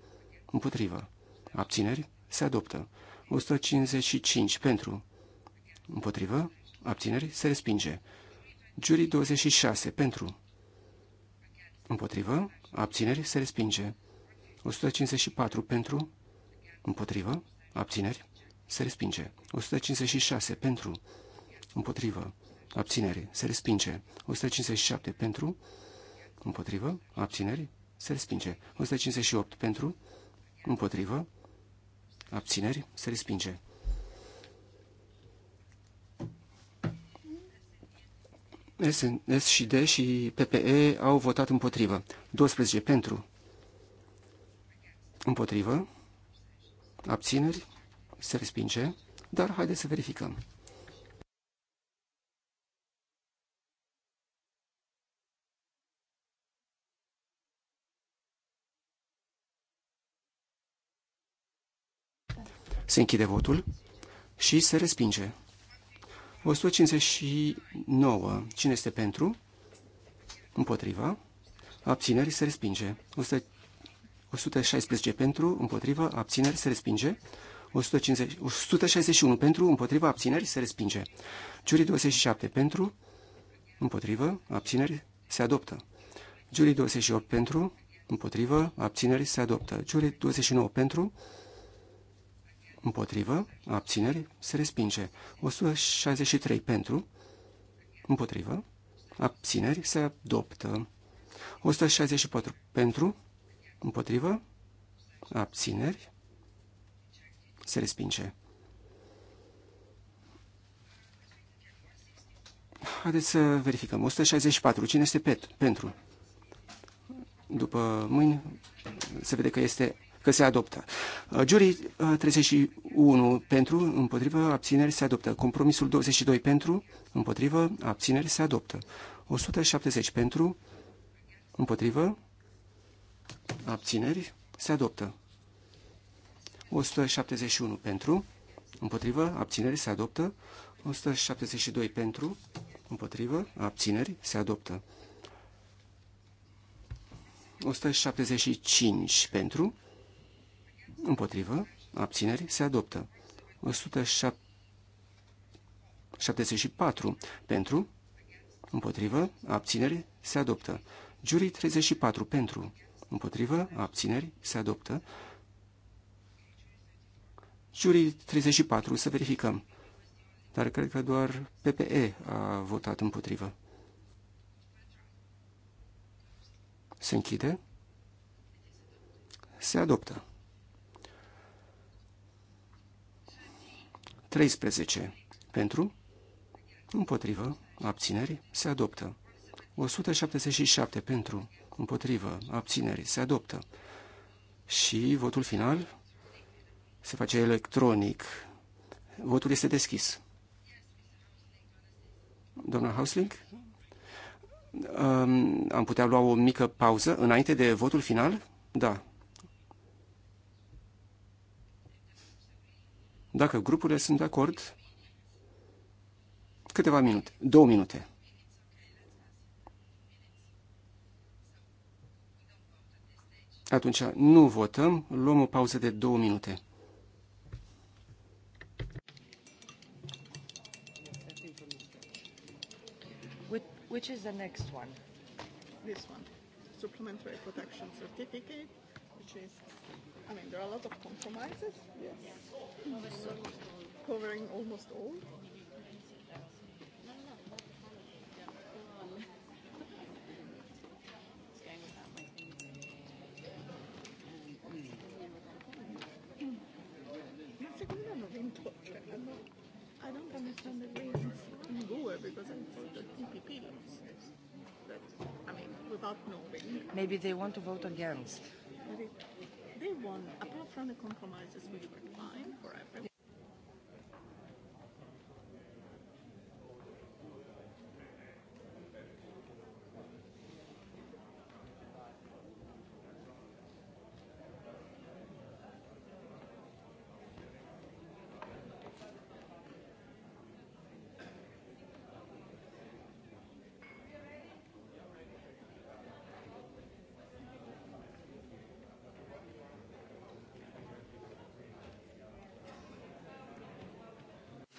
împotrivă, abțineri, se adoptă. 155 pentru, Împotrivă. Abțineri. Se respinge. Jury 26. Pentru. Împotrivă. Abțineri. Se respinge. 154. Pentru. Împotrivă. Abțineri. Se respinge. 156. Pentru. Împotrivă. Abțineri? Se respinge. 157. Pentru. Împotrivă. Abțineri. Se respinge. 158. Pentru. Împotrivă. Abțineri. Se respinge. SNS și D și PPE au votat împotrivă. 12 pentru. Împotrivă. Abțineri. Se respinge. Dar haideți să verificăm. Se închide votul și se respinge. 159. Cine este pentru? Împotriva. Abțineri se respinge. 116 pentru, împotriva, abțineri se respinge. 150, 161 pentru, împotriva, abțineri se respinge. Jurii 27 pentru, împotriva, abțineri se adoptă. Jurii 28 pentru, împotriva, abțineri se adoptă. Jurii 29 pentru, Împotrivă. Abțineri. Se respinge. 163 pentru. Împotrivă. Abțineri. Se adoptă. 164 pentru. Împotrivă. Abțineri. Se respinge. Haideți să verificăm. 164. Cine este pet? pentru? După mâini se vede că este că se adoptă. Uh, Jury 31 uh, pentru, împotrivă, abțineri se adoptă. Compromisul 22 pentru, împotrivă, abțineri se adoptă. 170 pentru, împotrivă, abțineri se adoptă. 171 pentru, împotrivă, abțineri se adoptă. 172 pentru, împotrivă, abțineri se adoptă. 175 pentru, Împotrivă. Abțineri. Se adoptă. 174. Pentru. Împotrivă. Abțineri. Se adoptă. Jurii 34. Pentru. Împotrivă. Abțineri. Se adoptă. Jurii 34. Să verificăm. Dar cred că doar PPE a votat împotrivă. Se închide. Se adoptă. 13. Pentru, împotrivă, abțineri, se adoptă. 177 pentru, împotrivă, abțineri, se adoptă. Și votul final se face electronic. Votul este deschis. Doamna Hausling? Um, am putea lua o mică pauză înainte de votul final? Da. Dacă grupurile sunt de acord, câteva minute, două minute. Atunci nu votăm, luăm o pauză de două minute. Which is the next one? This one. Supplementary Protection Certificate, which is I mean, there are a lot of compromises, yes. covering almost all. I don't understand the reasons in Goa because I thought that EPP lost. But, I mean, without knowing. Maybe they want to vote against. Maybe they won, apart from the compromises which were fine,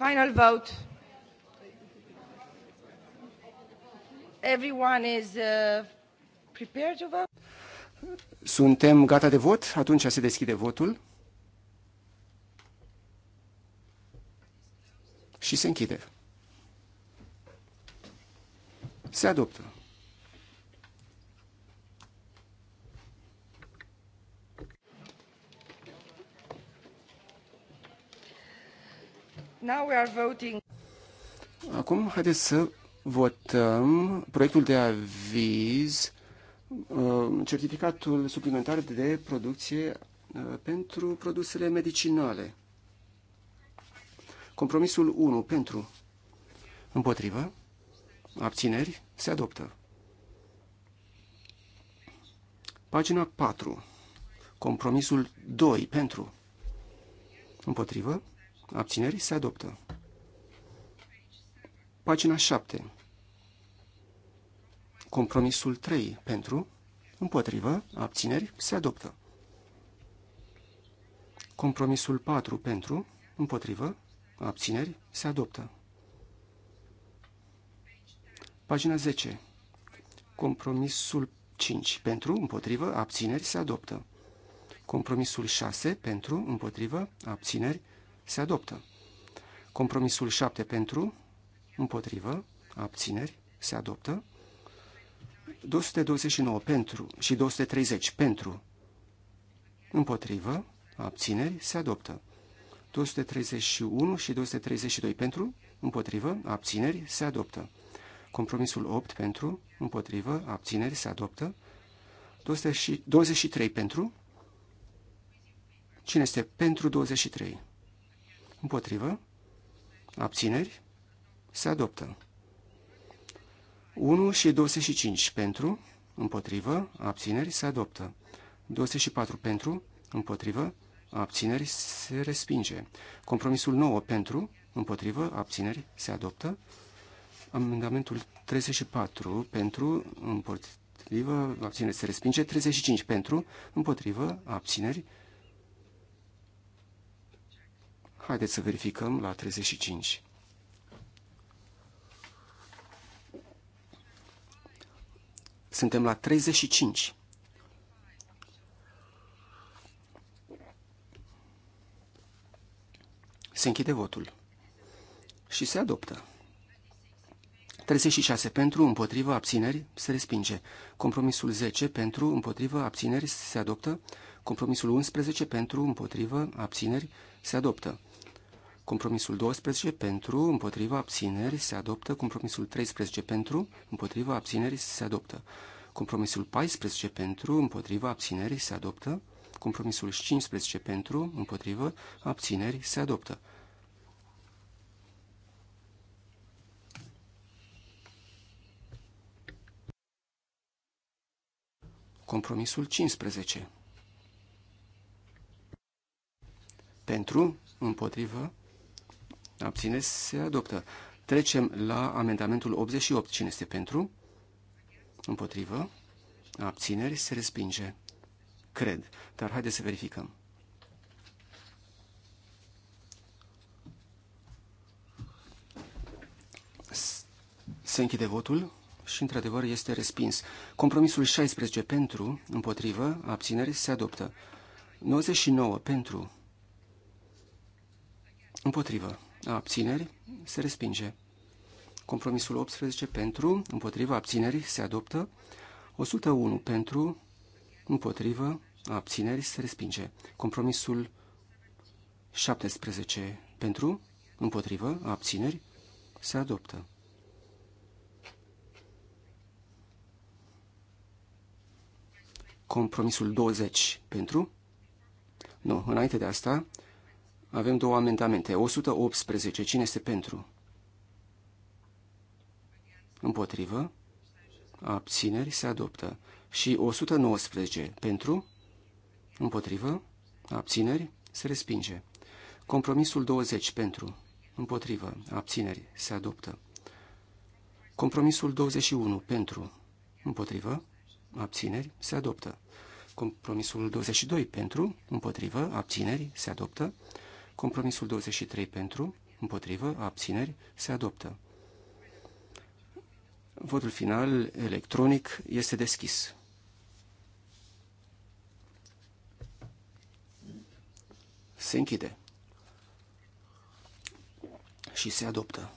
Final vote. Everyone is uh, prepared to vote. Suntem gata de vot? Atunci se deschide votul. Și se închide. Se adoptă. Now we are voting. Acum, haideți să votăm proiectul de aviz, uh, certificatul suplimentar de producție uh, pentru produsele medicinale. Compromisul 1 pentru împotrivă, abțineri, se adoptă. Pagina 4. Compromisul 2 pentru împotrivă, Abținerii se adoptă. Pagina 7. Compromisul 3 pentru, împotrivă, abțineri, se adoptă. Compromisul 4 pentru, împotrivă, abțineri, se adoptă. Pagina 10. Compromisul 5 pentru, împotrivă, abțineri, se adoptă. Compromisul 6 pentru, împotrivă, abțineri, se adoptă. Compromisul 7 pentru, împotrivă, abțineri, se adoptă. 229 pentru și 230 pentru, împotrivă, abțineri, se adoptă. 231 și 232 pentru, împotrivă, abțineri, se adoptă. Compromisul 8 pentru, împotrivă, abțineri, se adoptă. 23 pentru. Cine este pentru 23? Împotrivă. Abțineri. Se adoptă. 1 și 25 pentru, împotrivă, abțineri, se adoptă. 24 pentru, împotrivă, abțineri, se respinge. Compromisul 9 pentru, împotrivă, abțineri, se adoptă. Amendamentul 34 pentru, împotrivă, abțineri, se respinge. 35 pentru, împotrivă, abțineri, se Haideți să verificăm la 35. Suntem la 35. Se închide votul. Și se adoptă. 36 pentru, împotrivă, abțineri, se respinge. Compromisul 10 pentru, împotrivă, abțineri, se adoptă. Compromisul 11 pentru, împotrivă, abțineri, se adoptă. Compromisul 12 pentru, împotriva abțineri se adoptă. Compromisul 13 pentru, împotriva abțineri se adoptă. Compromisul 14 pentru, împotriva abțineri se adoptă. Compromisul 15 pentru, împotriva abțineri se adoptă. Compromisul 15. Pentru, împotrivă, Abțineți, se adoptă. Trecem la amendamentul 88. Cine este pentru? Împotrivă. Abțineri se respinge. Cred. Dar haideți să verificăm. Se închide votul și, într-adevăr, este respins. Compromisul 16 pentru, împotrivă, abțineri se adoptă. 99 pentru, împotrivă, abțineri, se respinge. Compromisul 18 pentru, împotriva abținerii, se adoptă. 101 pentru, împotriva abținerii se respinge. Compromisul 17 pentru, împotriva abțineri, se adoptă. Compromisul 20 pentru? Nu, înainte de asta, avem două amendamente. 118. Cine este pentru? Împotrivă. Abțineri se adoptă. Și 119. Pentru? Împotrivă. Abțineri se respinge. Compromisul 20. Pentru? Împotrivă. Abțineri se adoptă. Compromisul 21. Pentru? Împotrivă. Abțineri se adoptă. Compromisul 22 pentru, împotrivă, abțineri, se adoptă. Compromisul 23 pentru, împotrivă, abțineri, se adoptă. Votul final electronic este deschis. Se închide și se adoptă.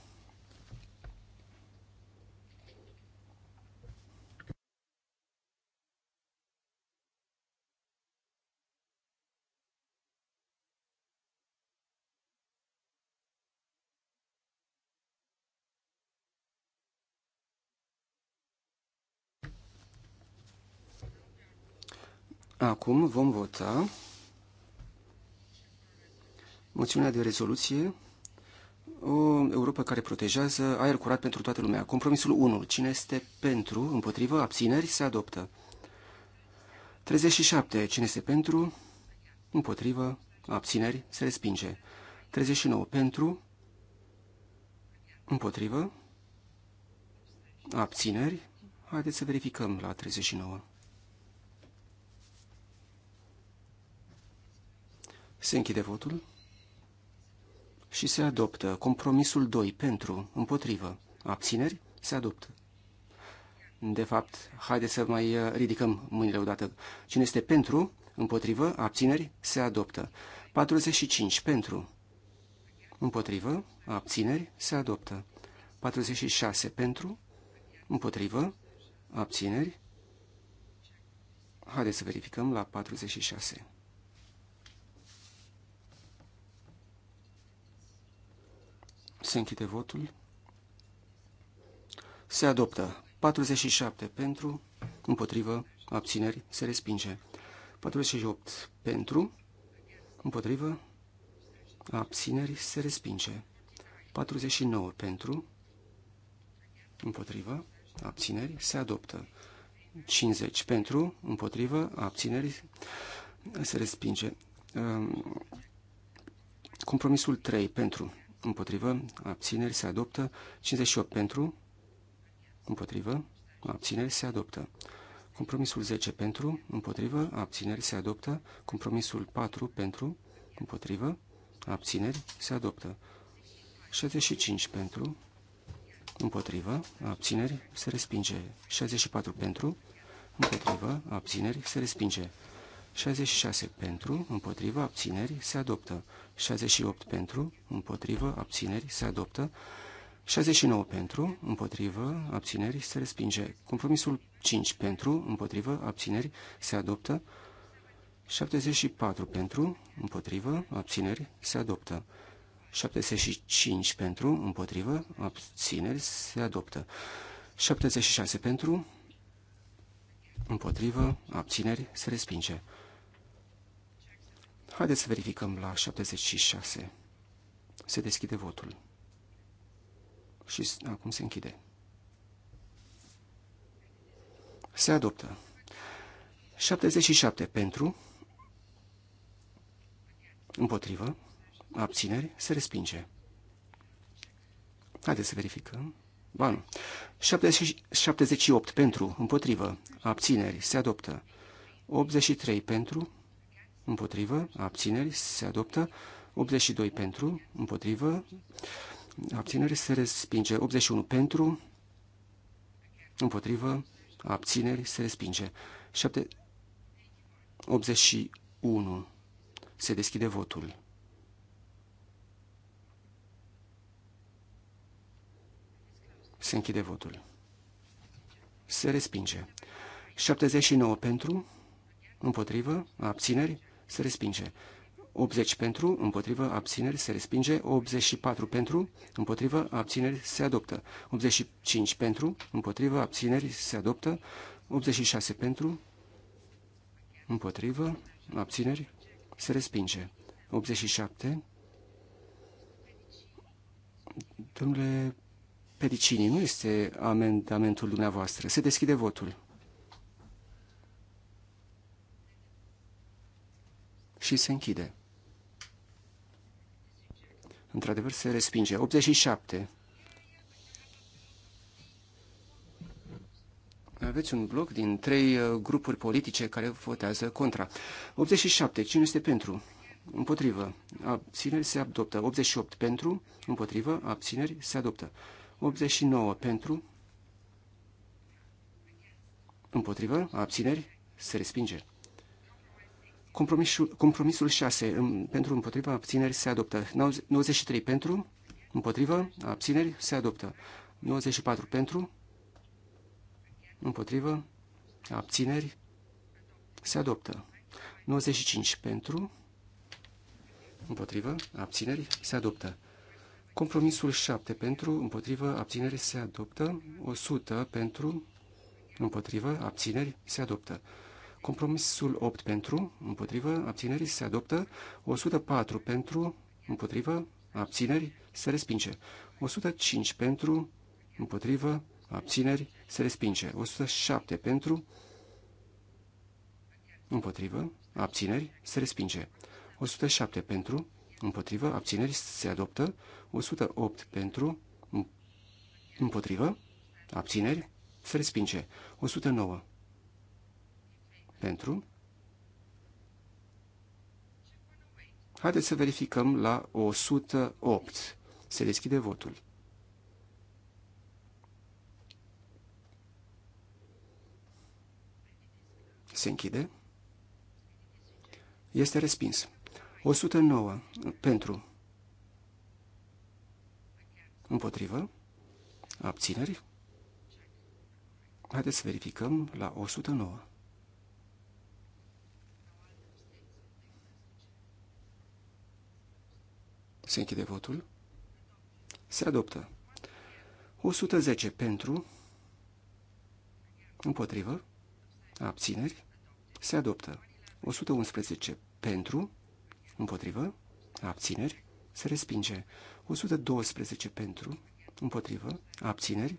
Acum vom vota moțiunea de rezoluție o Europa care protejează aer curat pentru toată lumea. Compromisul 1. Cine este pentru, împotrivă, abțineri, se adoptă. 37. Cine este pentru, împotrivă, abțineri, se respinge. 39. Pentru, împotrivă, abțineri. Haideți să verificăm la 39. Se închide votul și se adoptă compromisul 2 pentru, împotrivă, abțineri, se adoptă. De fapt, haideți să mai uh, ridicăm mâinile odată. Cine este pentru, împotrivă, abțineri, se adoptă. 45 pentru, împotrivă, abțineri, se adoptă. 46 pentru, împotrivă, abțineri. Haideți să verificăm la 46. Se închide votul. Se adoptă 47 pentru, împotrivă, abțineri, se respinge. 48 pentru, împotrivă, abțineri, se respinge. 49 pentru, împotrivă, abțineri, se adoptă. 50 pentru, împotrivă, abțineri, se respinge. Ehm, compromisul 3 pentru, împotrivă, abțineri se adoptă. 58 pentru, împotrivă, abțineri se adoptă. Compromisul 10 pentru, împotrivă, abțineri se adoptă. Compromisul 4 pentru, împotrivă, abțineri se adoptă. 65 pentru, împotrivă, abțineri se respinge. 64 pentru, împotrivă, abțineri se respinge. 66 pentru, împotrivă, abțineri, se adoptă. 68 pentru, împotrivă, abțineri, se adoptă. 69 pentru, împotrivă, abțineri, se respinge. Compromisul 5 pentru, împotrivă, abțineri, se adoptă. 74 pentru, împotrivă, abțineri, se adoptă. 75 pentru, împotrivă, abțineri, se adoptă. 76 pentru, împotrivă, abțineri, se respinge. Haideți să verificăm la 76. Se deschide votul. Și da, acum se închide. Se adoptă. 77 pentru, împotrivă, abțineri, se respinge. Haideți să verificăm. Ba nu. 78 pentru, împotrivă, abțineri, se adoptă. 83 pentru, împotrivă, abțineri, se adoptă. 82 pentru, împotrivă, abțineri, se respinge. 81 pentru, împotrivă, abțineri, se respinge. 7, 81. Se deschide votul. Se închide votul. Se respinge. 79 pentru, împotrivă, abțineri, se respinge. 80 pentru, împotrivă, abțineri, se respinge. 84 pentru, împotrivă, abțineri, se adoptă. 85 pentru, împotrivă, abțineri, se adoptă. 86 pentru, împotrivă, abțineri, se respinge. 87. Domnule Pedicini, nu este amendamentul dumneavoastră. Se deschide votul. și se închide. Într-adevăr, se respinge. 87. Aveți un bloc din trei uh, grupuri politice care votează contra. 87. Cine este pentru? Împotrivă. Abțineri se adoptă. 88 pentru. Împotrivă. Abțineri se adoptă. 89 pentru. Împotrivă. Abțineri se respinge. Compromisul, compromisul 6 pentru împotriva abțineri se adoptă. 93 pentru împotriva abțineri se adoptă. 94 pentru împotriva abțineri se adoptă. 95 pentru împotriva abțineri se adoptă. Compromisul 7 pentru împotriva abțineri se adoptă. 100 pentru împotriva abțineri se adoptă. Compromisul 8 pentru, împotrivă, abținerii se adoptă. 104 pentru, împotrivă, abțineri se respinge. 105 pentru, împotrivă, abțineri se respinge. 107 pentru, împotrivă, abțineri se respinge. 107 pentru, împotrivă, abțineri se adoptă. 108 pentru, împotrivă, abțineri se respinge. 109 pentru? Haideți să verificăm la 108. Se deschide votul. Se închide. Este respins. 109 pentru. Împotrivă. Abțineri. Haideți să verificăm la 109. Se închide votul. Se adoptă. 110 pentru, împotrivă, abțineri, se adoptă. 111 pentru, împotrivă, abțineri, se respinge. 112 pentru, împotrivă, abțineri,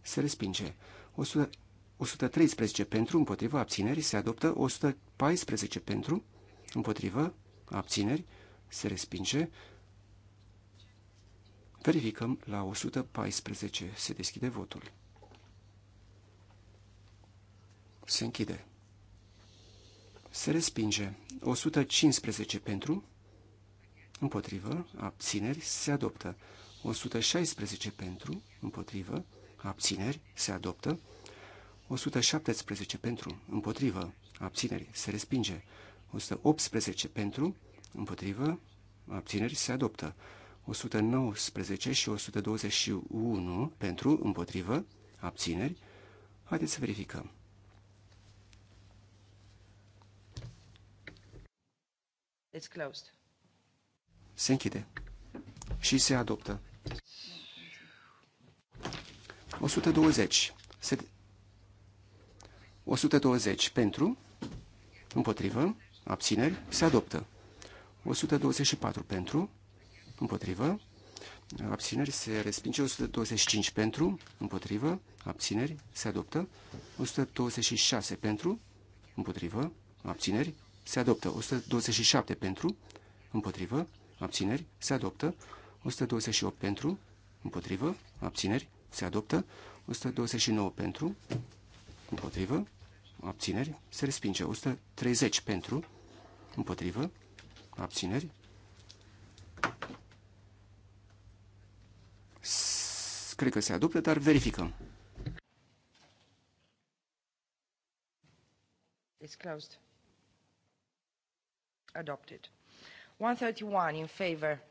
se respinge. 100, 113 pentru, împotrivă, abțineri, se adoptă. 114 pentru, împotrivă, abțineri, se respinge. Verificăm la 114. Se deschide votul. Se închide. Se respinge. 115 pentru. Împotrivă. Abțineri. Se adoptă. 116 pentru. Împotrivă. Abțineri. Se adoptă. 117 pentru. Împotrivă. Abțineri. Se respinge. 118 pentru. Împotrivă. Abțineri. Se adoptă. 119 și 121 pentru, împotrivă, abțineri. Haideți să verificăm. It's closed. Se închide și se adoptă. 120. Se... 120 pentru, împotrivă, abțineri, se adoptă. 124 pentru, împotrivă, abțineri se respinge, 125 pentru, împotrivă, abțineri se adoptă, 126 pentru, împotrivă, abțineri se adoptă, 127 pentru, împotrivă, abțineri se adoptă, 128 pentru, împotrivă, abțineri se adoptă, 129 pentru, împotrivă, abțineri se respinge, 130 pentru, împotrivă, abțineri cred că se adoptă, dar verificăm. It's closed. Adopted. 131 in favor.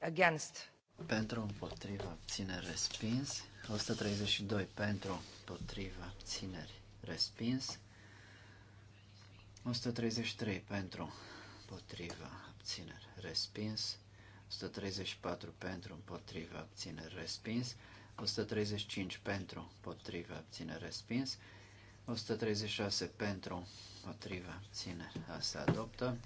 Against. Pentru, împotriva, abțineri, respins. 132 pentru, împotriva, abțineri, respins. 133 pentru, împotriva, abțineri, respins. 134 pentru, împotrivă, abțineri, respins. 135 pentru, împotrivă, abțineri, respins. 136 pentru, împotrivă, abțineri, se adoptă.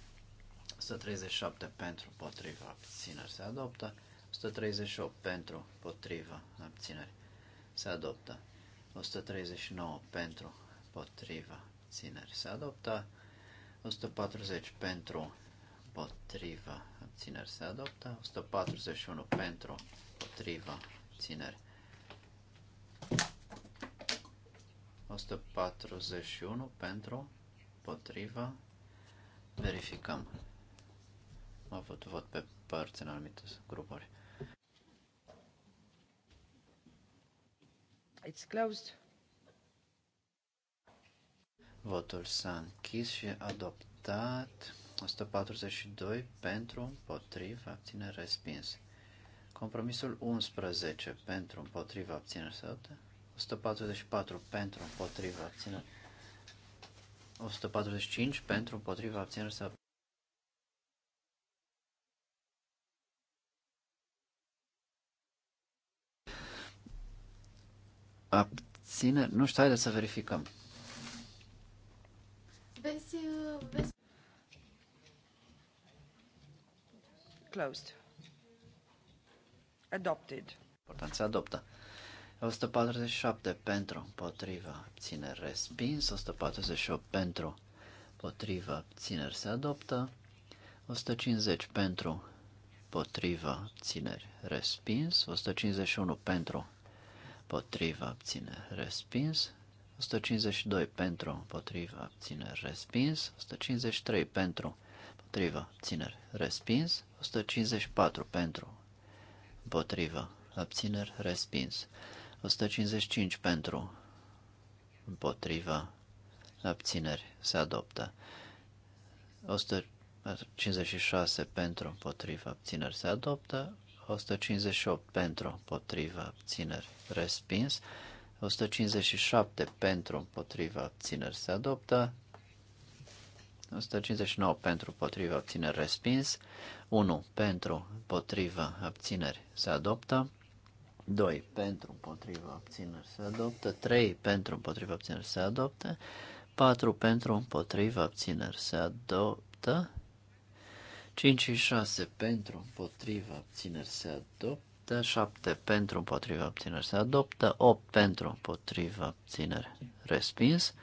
137 pentru, împotrivă, abțineri, se adoptă. 138 pentru, împotrivă, abțineri, se adoptă. 139 pentru, împotrivă, abțineri, se adoptă. 140 pentru, împotrivă, țineri se adoptă, 141 pentru, potriva țineri. 141 pentru, potriva. verificăm. Am avut vot pe părți în anumite grupuri. It's closed. Votul s-a închis și adoptat. 142 pentru, împotriva, abțineri, respins. Compromisul 11 pentru, împotriva, abțineri, se 144 pentru, împotriva, abțineri. 145 pentru, împotriva, abțineri, se Abține, nu știu, haideți să verificăm. Closed. Adopted. Important se adoptă. 147 pentru, împotriva, abțineri, respins. 148 pentru, împotriva, abțineri, se adoptă. 150 pentru, împotriva, abțineri, respins. 151 pentru, împotriva, abțineri, respins. 152 pentru, împotriva, abțineri, respins. 153 pentru, împotriva, abțineri, respins. 154 pentru, împotrivă, abțineri, respins. 155 pentru, împotrivă, abțineri, se adoptă. 156 pentru, împotrivă, abțineri, se adoptă. 158 pentru, împotrivă, abțineri, respins. 157 pentru, împotrivă, abțineri, se adoptă. 159 pentru, potrivă, abțineri, respins. 1 pentru, potrivă, abțineri, se adoptă. 2 pentru, potrivă, abțineri, se adoptă. 3 pentru, potrivă, abțineri, se adoptă. 4 pentru, potrivă abțineri, se adoptă. 5 și 6 pentru, potrivă abțineri, se adoptă adoptă, 7 pentru împotriva abțineri se adoptă, 8 pentru împotriva abțineri respins,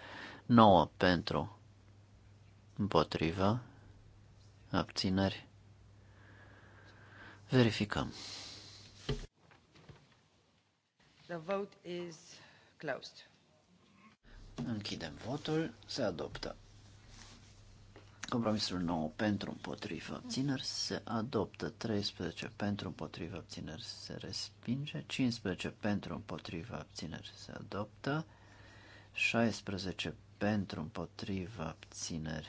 9 pentru împotriva, abțineri. Verificăm. The vote is closed. Închidem votul, se adoptă. Compromisul 9 pentru împotriva abțineri se adoptă, 13 pentru împotriva abțineri se respinge, 15 pentru împotriva abțineri se adoptă, 16 pentru împotriva abțineri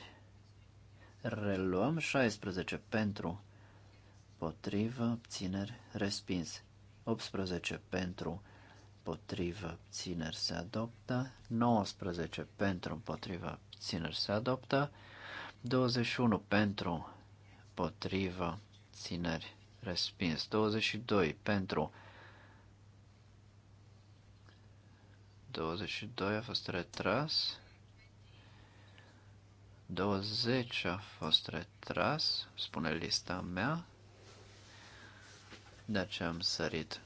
Reluăm 16 pentru, potrivă, obțineri, respins. 18 pentru, potrivă, obțineri, se adoptă. 19 pentru, potrivă, obțineri, se adoptă. 21 pentru, potrivă, obțineri, respins. 22 pentru, 22 a fost retras. 20 a fost retras, spune lista mea. De ce am sărit.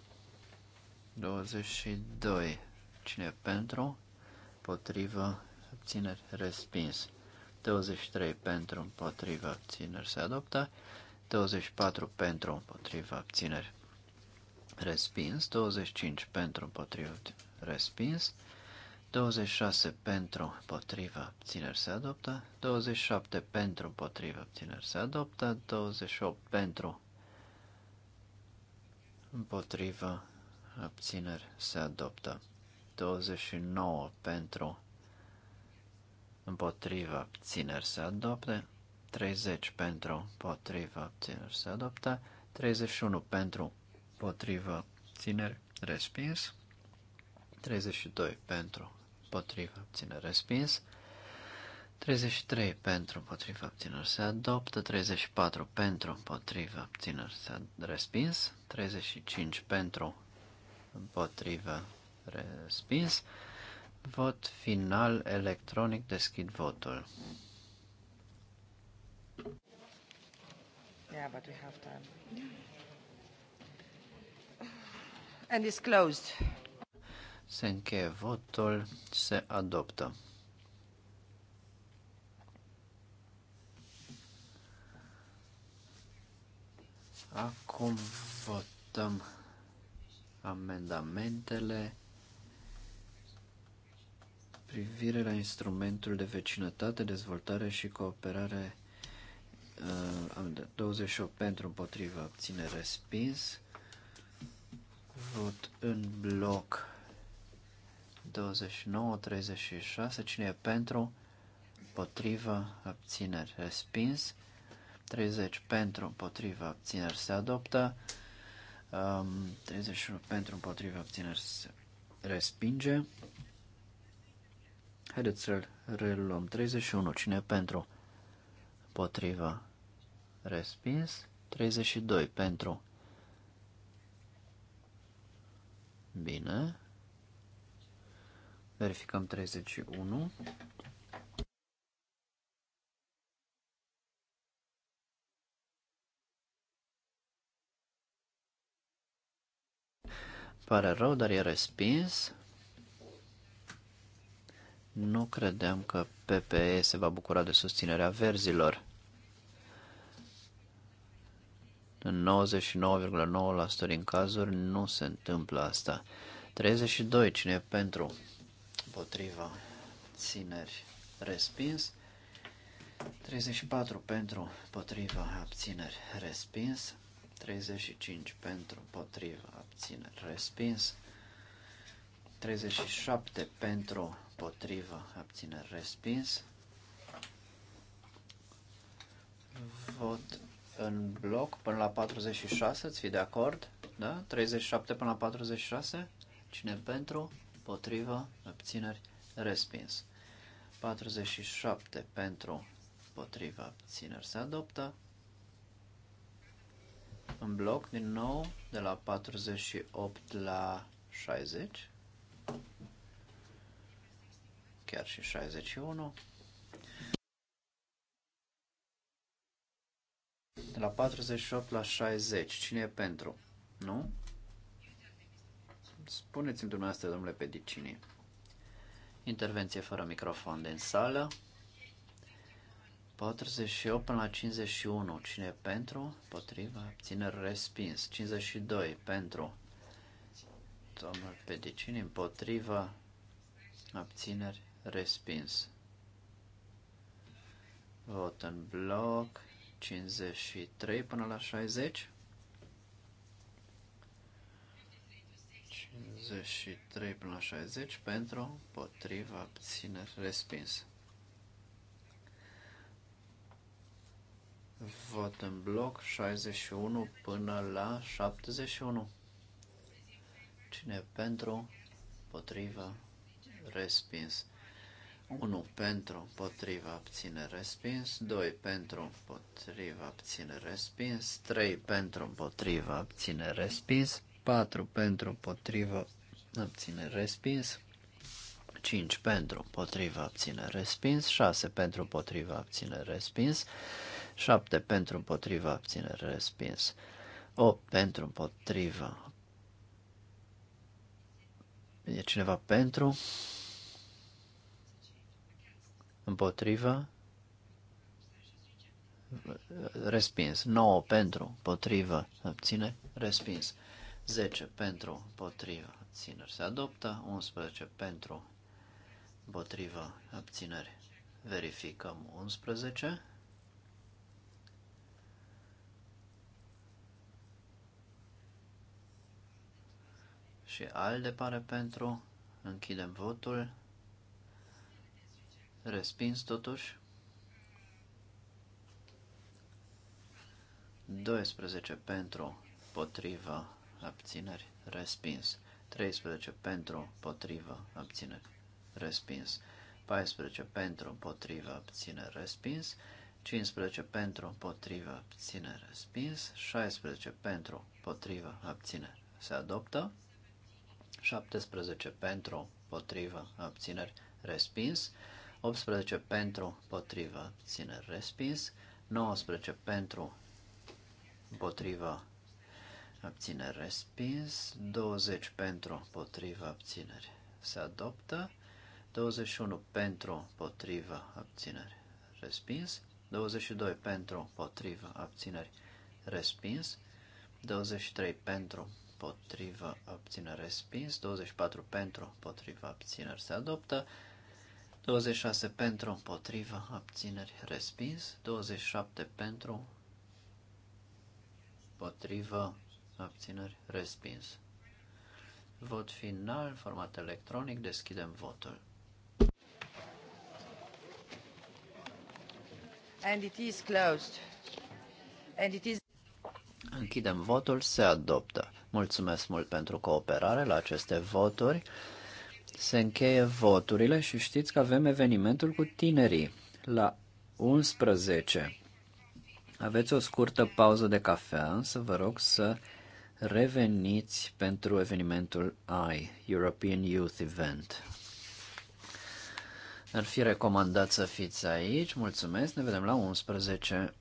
22. Cine pentru? Potrivă. Abțineri. Respins. 23 pentru, împotrivă, abțineri se adoptă, 24 pentru, împotrivă, abțineri respins, 25 pentru, împotrivă, respins, 26 pentru, împotriva, abțineri se adoptă. 27 pentru, împotriva, abțineri se adoptă. 28 pentru, împotriva, abțineri se adoptă. 29 pentru, împotriva, abțineri se adoptă. 30 pentru, împotriva, abțineri se adoptă. 31 pentru, împotriva, abțineri respins. 32 pentru, împotriva abținere respins, 33 pentru împotriva abținere se adoptă, 34 pentru împotriva abținere se respins, 35 pentru împotriva respins, vot final electronic, deschid votul. Yeah, but we have time. And it's closed. Se încheie votul, se adoptă. Acum votăm amendamentele privire la instrumentul de vecinătate, dezvoltare și cooperare 28 uh, pentru împotrivă, obține respins vot în bloc 29, 36, cine e pentru, potrivă, abțineri, respins. 30 pentru, potrivă abțineri se adoptă. Um, 31 pentru, potrivă abțineri se respinge. Haideți să-l reluăm. 31, cine e pentru, potrivă respins. 32 pentru. Bine. Verificăm 31. Pare rău, dar e respins. Nu credeam că PPE se va bucura de susținerea verzilor. în 99,9% din cazuri nu se întâmplă asta. 32. Cine e pentru? împotriva țineri respins. 34 pentru împotriva abțineri respins. 35 pentru împotriva abțineri respins. 37 pentru împotriva abțineri respins. Vot în bloc până la 46, ți fi de acord? Da? 37 până la 46? Cine pentru? împotriva, abțineri, respins. 47 pentru, împotriva, abțineri, se adoptă. În bloc, din nou, de la 48 la 60, chiar și 61. De la 48 la 60, cine e pentru? Nu? Spuneți-mi dumneavoastră, domnule Pedicini, intervenție fără microfon din sală. 48 până la 51. Cine e pentru? Potriva. ține respins. 52 pentru. Domnul Pedicini împotriva. Abțineri respins. Vot în bloc. 53 până la 60. 53 până la 60 pentru, potriva, abțineri, respins. Vot în bloc 61 până la 71. Cine pentru, potriva, respins. 1 pentru, potriva, abține, respins, 2 pentru, potriva, abține, respins, 3 pentru, potriva, abține, respins, 4 pentru potrivă, abține respins, 5 pentru potrivă, abține respins, 6 pentru potrivă, abține respins, 7 pentru potrivă, abține respins, 8 pentru potrivă. E cineva pentru? Împotrivă? Respins. 9 pentru, potrivă, abține, respins. 10 pentru, potrivă abțineri se adoptă, 11 pentru, potrivă abțineri. Verificăm 11. Și al de pare pentru, închidem votul, respins totuși. 12 pentru, potrivă abțineri, respins. 13 pentru, potrivă, abțineri, respins. 14 pentru, potrivă, abțineri, respins. 15 pentru, potrivă, abțineri, respins. 16 pentru, potrivă, abțineri, se adoptă. 17 pentru, potrivă, abțineri, respins. 18 pentru, potrivă, abțineri, respins. 19 pentru, împotrivă, abține respins, 20 pentru, potrivă, abțineri se adoptă, 21 pentru, potrivă, abțineri respins, 22 pentru, potrivă, abțineri respins, 23 pentru, potrivă, abțineri respins, 24 pentru, potrivă, abțineri se adoptă, 26 pentru, potrivă, abțineri respins, 27 pentru, potrivă, abțineri, respins. Vot final, format electronic, deschidem votul. And it is closed. And it is... Închidem votul, se adoptă. Mulțumesc mult pentru cooperare la aceste voturi. Se încheie voturile și știți că avem evenimentul cu tinerii la 11. Aveți o scurtă pauză de cafea, să vă rog să reveniți pentru evenimentul I, European Youth Event. Ar fi recomandat să fiți aici. Mulțumesc, ne vedem la 11.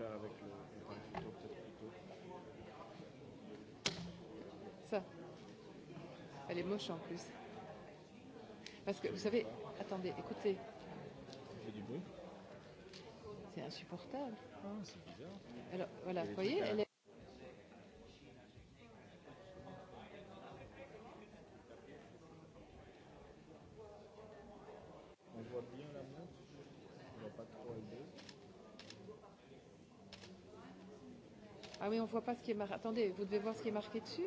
faire avec le, le pain futur peut-être plutôt. Ça. Elle est moche en plus. Parce que vous savez, attendez, écoutez. Ça fait du bruit. C'est insupportable. Ah, c'est bizarre. Alors voilà, vous voyez, euh, elle est... voit pas ce qui est marqué. Attendez, vous devez voir ce qui est marqué dessus.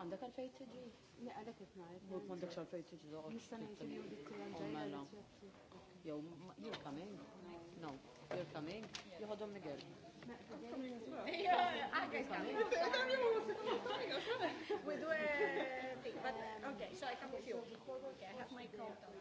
Għandek għalfej tiġi? Ne, għalek it-najt. Mut mandek għalfej tiġi doħ. Nistan għajti jow dik l-għanġajna. Jow, you're coming. No, you're coming. You hold on, Miguel. We do a thing, but okay, so I come with you. Okay, I have my coat on.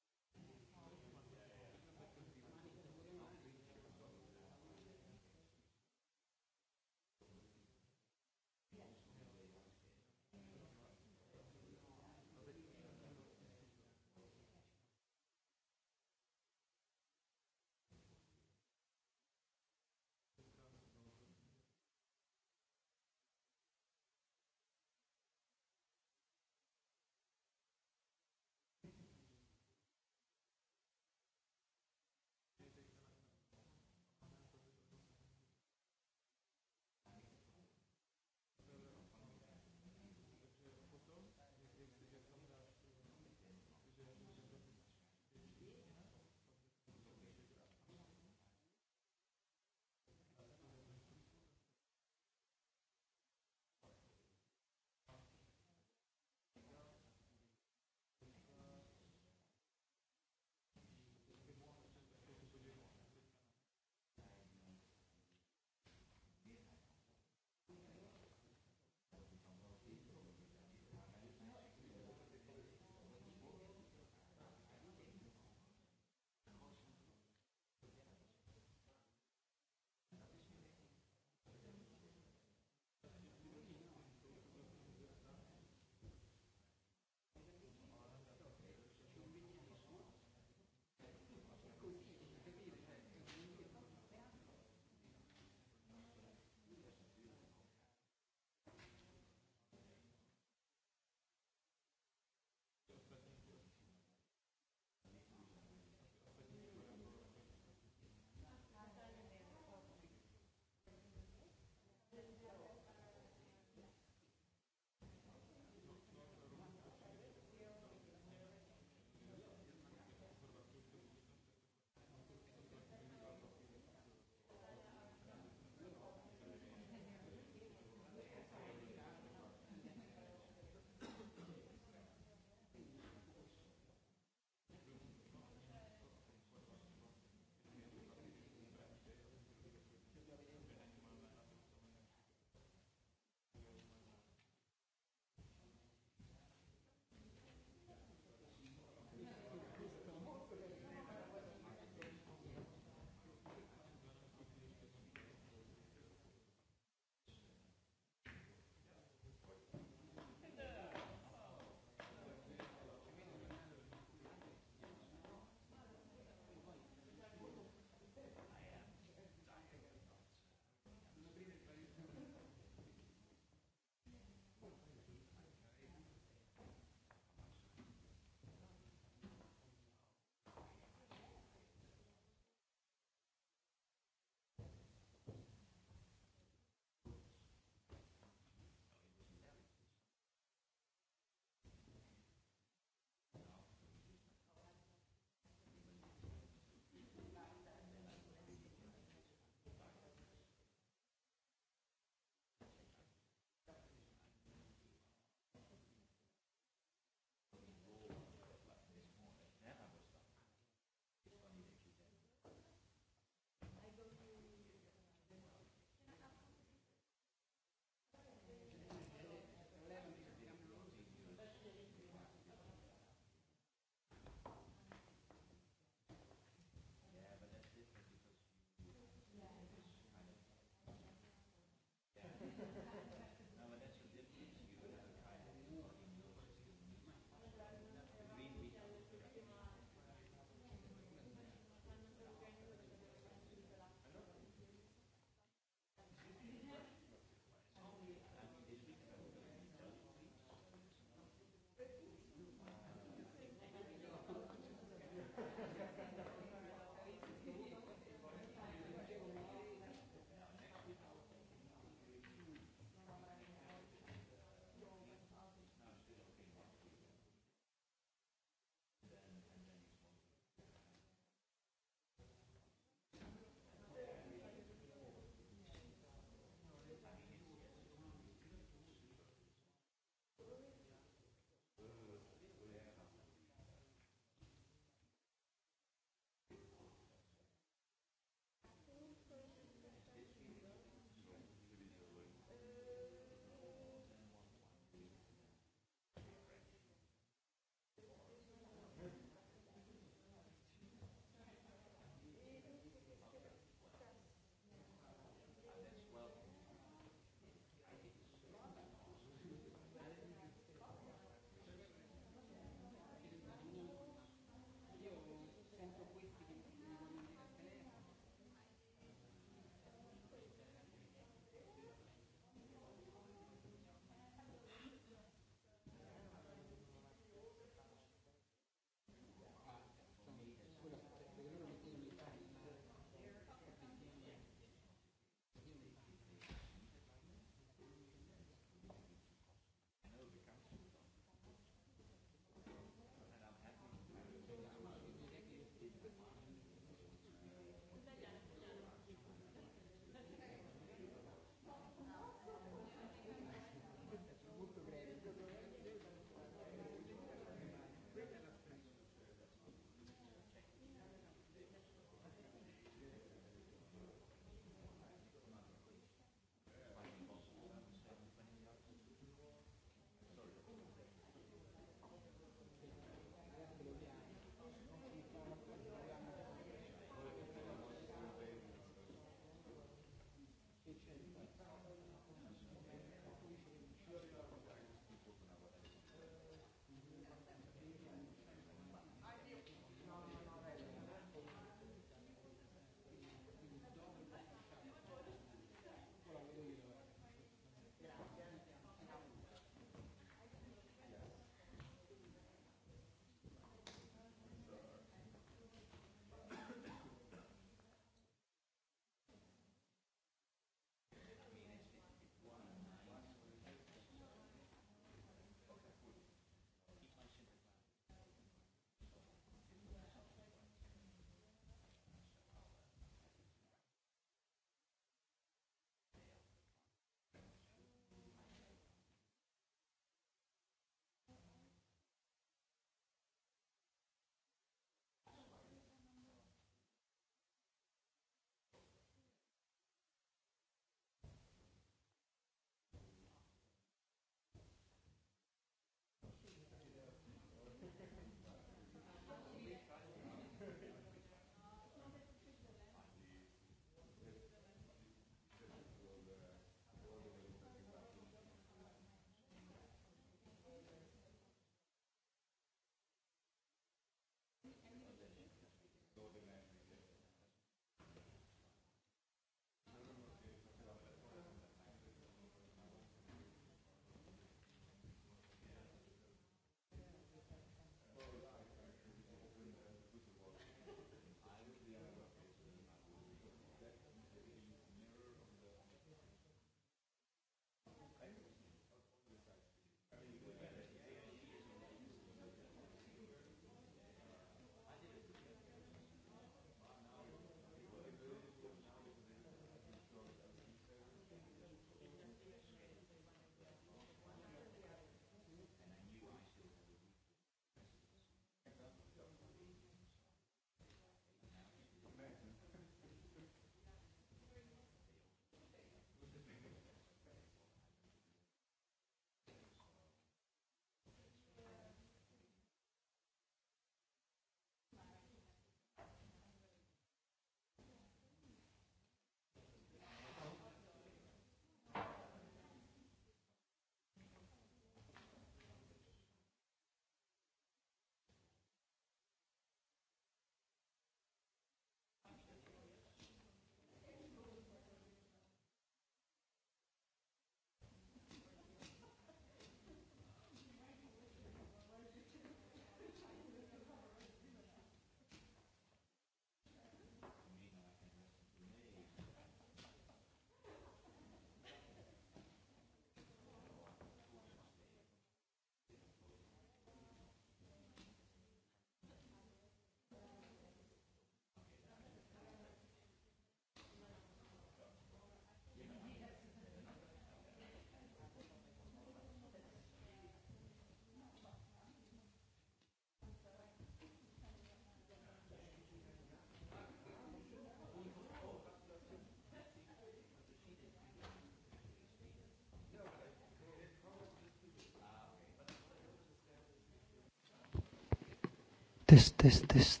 test, test, test.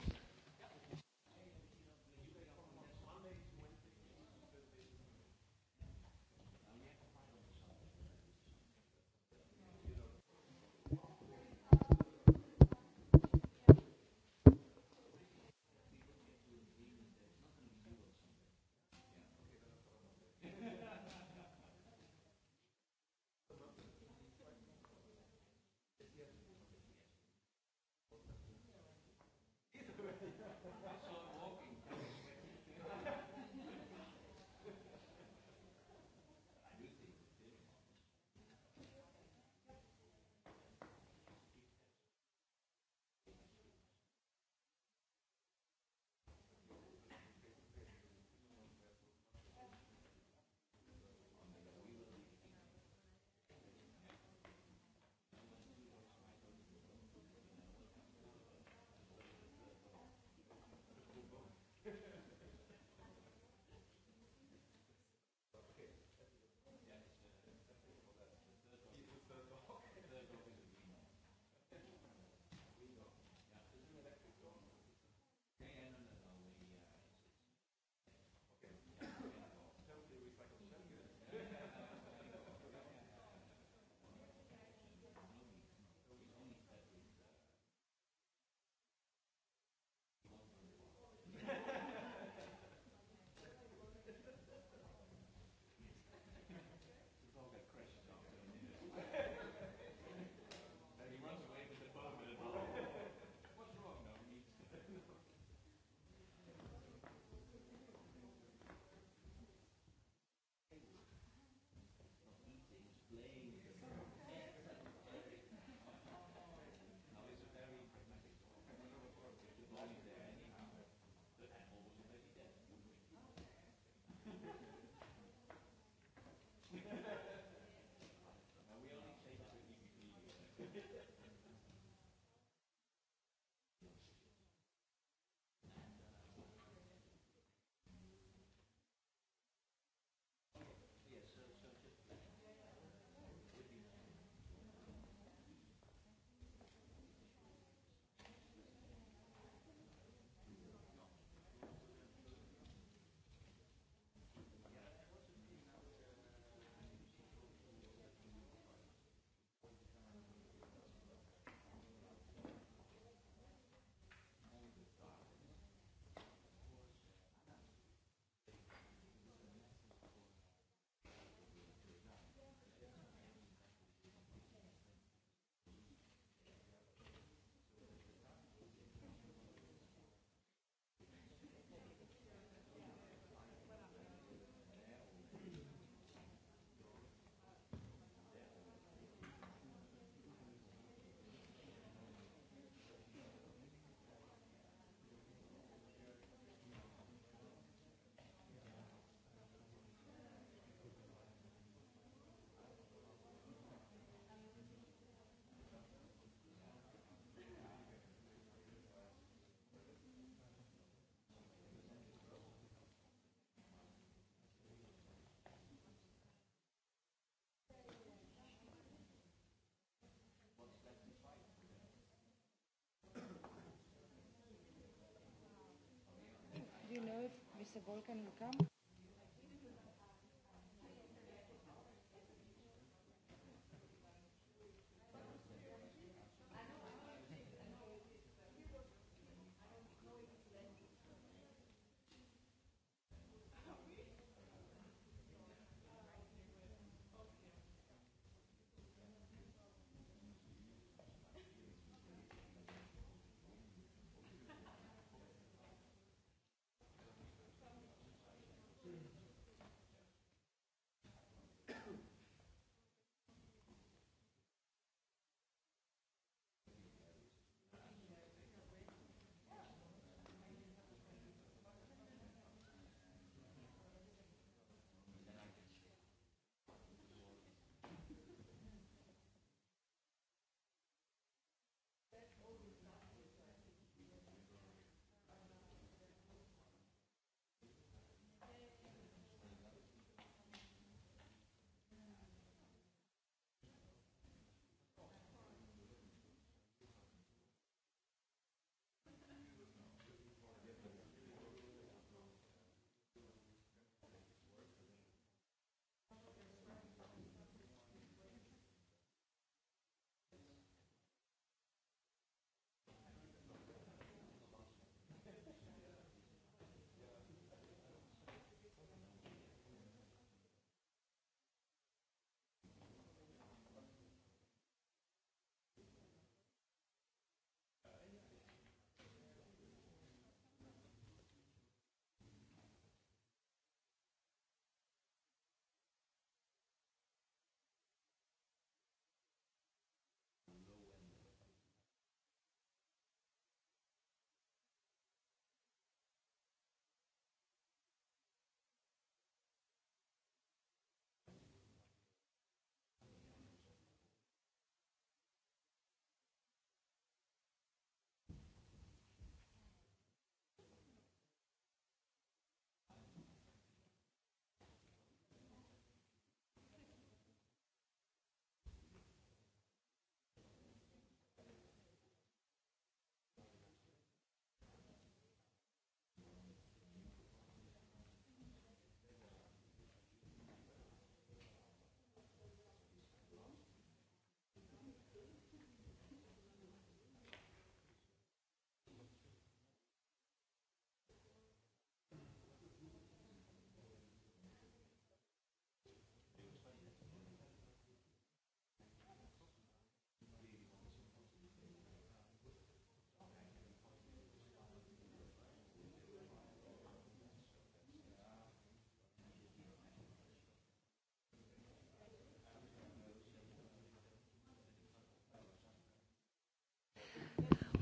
Mr. Volkan Luka.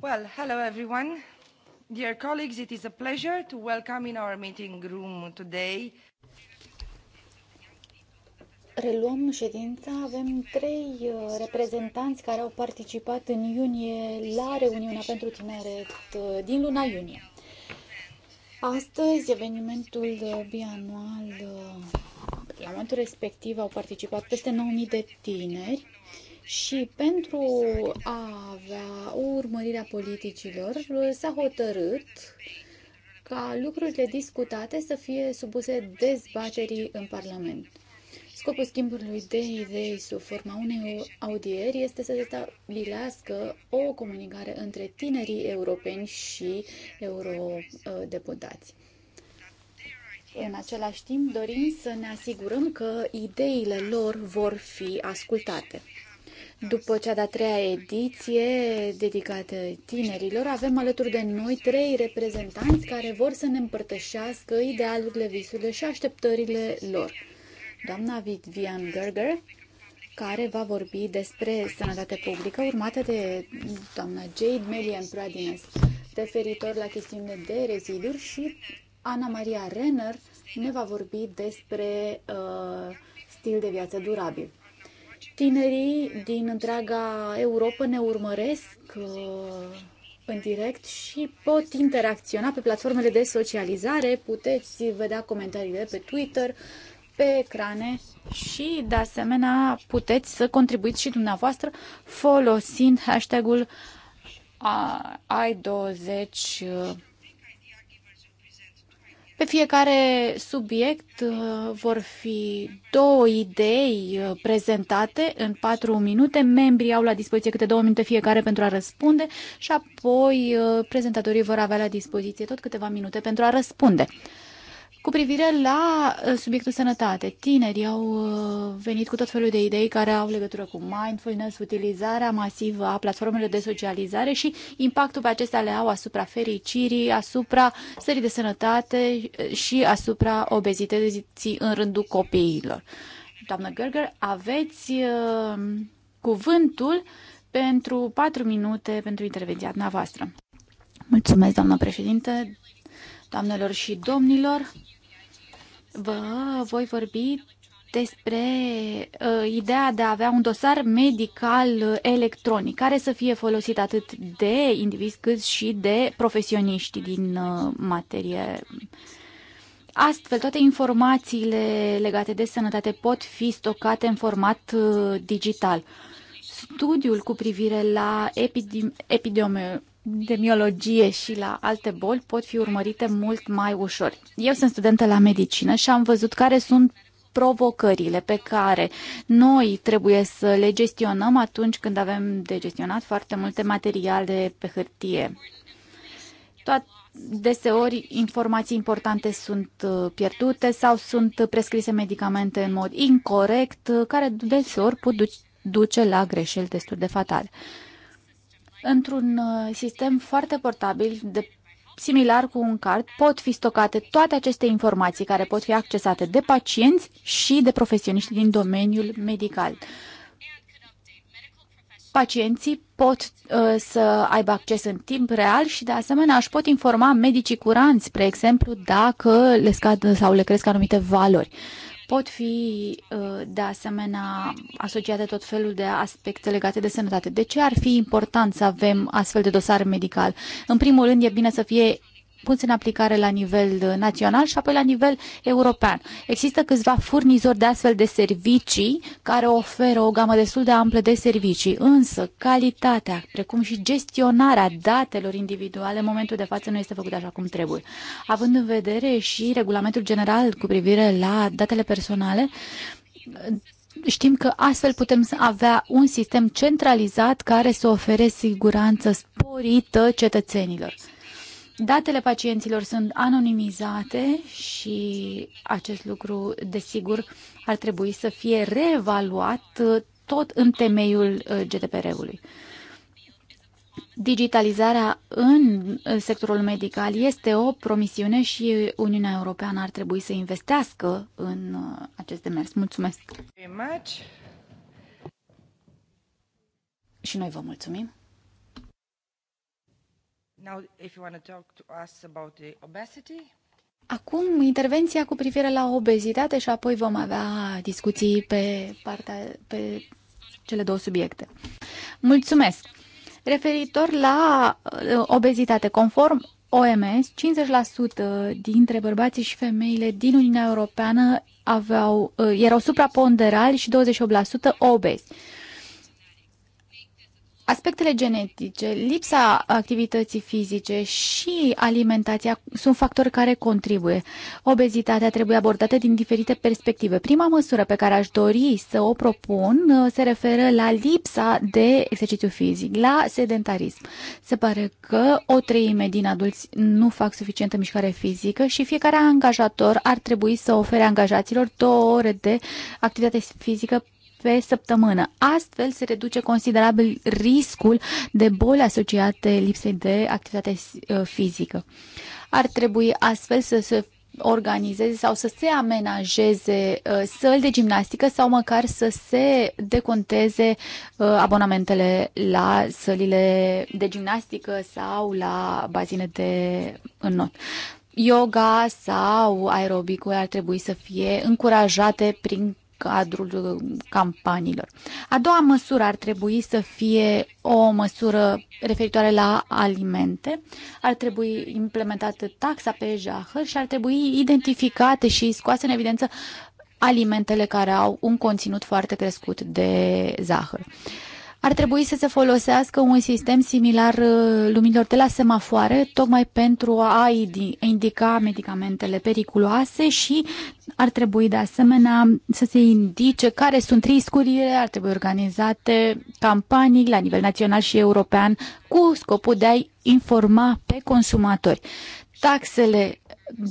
Well, hello everyone. Dear colleagues, it is a pleasure to welcome in our meeting room today. Reluăm ședința. Avem trei uh, reprezentanți care au participat în iunie la reuniunea pentru tineret uh, din luna iunie. Astăzi, evenimentul uh, bianual, la momentul respectiv au participat peste 9.000 de tineri și pentru a avea o urmărire a politicilor, s-a hotărât ca lucrurile discutate să fie supuse dezbaterii în Parlament. Scopul schimbului de idei sub forma unei audieri este să stabilească o comunicare între tinerii europeni și eurodeputați. În același timp, dorim să ne asigurăm că ideile lor vor fi ascultate. După cea de-a treia ediție dedicată tinerilor, avem alături de noi trei reprezentanți care vor să ne împărtășească idealurile, visurile și așteptările lor. Doamna Vivian Gerger, care va vorbi despre sănătate publică, urmată de doamna Jade Melian Pradines, referitor la chestiune de reziduri și Ana Maria Renner ne va vorbi despre uh, stil de viață durabil. Tinerii din întreaga Europa ne urmăresc uh, în direct și pot interacționa pe platformele de socializare, puteți vedea comentariile pe Twitter, pe ecrane și, de asemenea, puteți să contribuiți și dumneavoastră folosind hashtagul ai uh, 20 pe fiecare subiect uh, vor fi două idei uh, prezentate în patru minute. Membrii au la dispoziție câte două minute fiecare pentru a răspunde și apoi uh, prezentatorii vor avea la dispoziție tot câteva minute pentru a răspunde. Cu privire la uh, subiectul sănătate, tinerii au uh, venit cu tot felul de idei care au legătură cu mindfulness, utilizarea masivă a platformelor de socializare și impactul pe acestea le au asupra fericirii, asupra stării de sănătate uh, și asupra obezității în rândul copiilor. Doamnă Gerger, aveți cuvântul pentru patru minute pentru intervenția dumneavoastră. Mulțumesc, doamnă președinte, doamnelor și domnilor vă voi vorbi despre uh, ideea de a avea un dosar medical uh, electronic care să fie folosit atât de indivizi cât și de profesioniști din uh, materie. Astfel, toate informațiile legate de sănătate pot fi stocate în format uh, digital. Studiul cu privire la epidemi- epidemiologie și la alte boli pot fi urmărite mult mai ușor. Eu sunt studentă la medicină și am văzut care sunt provocările pe care noi trebuie să le gestionăm atunci când avem de gestionat foarte multe materiale pe hârtie. Toat, deseori informații importante sunt uh, pierdute sau sunt prescrise medicamente în mod incorrect, uh, care deseori pot duce la greșeli destul de fatale într-un uh, sistem foarte portabil de similar cu un card, pot fi stocate toate aceste informații care pot fi accesate de pacienți și de profesioniști din domeniul medical. Pacienții pot uh, să aibă acces în timp real și, de asemenea, își pot informa medicii curanți, spre exemplu, dacă le scad sau le cresc anumite valori. Uh, pot fi uh, de asemenea asociate tot felul de aspecte legate de sănătate. De ce ar fi important să avem astfel de dosar medical? În primul rând, e bine să fie pus în aplicare la nivel uh, național și apoi la nivel european. Există câțiva furnizori de astfel de servicii care oferă o gamă destul de amplă de servicii, însă calitatea, precum și gestionarea datelor individuale în momentul de față nu este făcută așa cum trebuie. Având în vedere și regulamentul general cu privire la datele personale, știm că astfel putem avea un sistem centralizat care să ofere siguranță sporită cetățenilor. Datele pacienților sunt anonimizate și acest lucru, desigur, ar trebui să fie reevaluat uh, tot în temeiul uh, GDPR-ului. Digitalizarea în uh, sectorul medical este o promisiune și Uniunea Europeană ar trebui să investească în acest demers. Mulțumesc! Și noi vă mulțumim! Now, if you want to talk to us about the obesity, Acum intervenția cu privire la obezitate și apoi vom avea discuții pe, partea, pe cele două subiecte. Mulțumesc! Referitor la uh, obezitate, conform OMS, 50% dintre bărbații și femeile din Uniunea Europeană aveau, uh, erau supraponderali și 28% obezi aspectele genetice, lipsa activității fizice și alimentația sunt factori care contribuie. Obezitatea trebuie abordată din diferite perspective. Prima măsură pe care aș dori să o propun uh, se referă la lipsa de exercițiu fizic, la sedentarism. Se pare că o treime din adulți nu fac suficientă mișcare fizică și fiecare angajator ar trebui să ofere angajaților două ore de activitate fizică pe săptămână. Astfel se reduce considerabil riscul de boli asociate lipsei de activitate uh, fizică. Ar trebui astfel să se organizeze sau să se amenajeze uh, săli de gimnastică sau măcar să se deconteze uh, abonamentele la sălile de gimnastică sau la bazine de înot yoga sau aerobicul ar trebui să fie încurajate prin cadrul uh, campaniilor. A doua măsură ar trebui să fie o măsură referitoare la alimente, ar trebui implementată taxa pe jahăr și ar trebui identificate și scoase în evidență alimentele care au un conținut foarte crescut de zahăr. Uh, ar trebui să se folosească un sistem similar uh, luminilor de la semafoare, tocmai pentru a indica medicamentele periculoase și ar trebui de asemenea să se indice care sunt riscurile, ar trebui organizate campanii la nivel național și european cu scopul de a-i informa pe consumatori. Taxele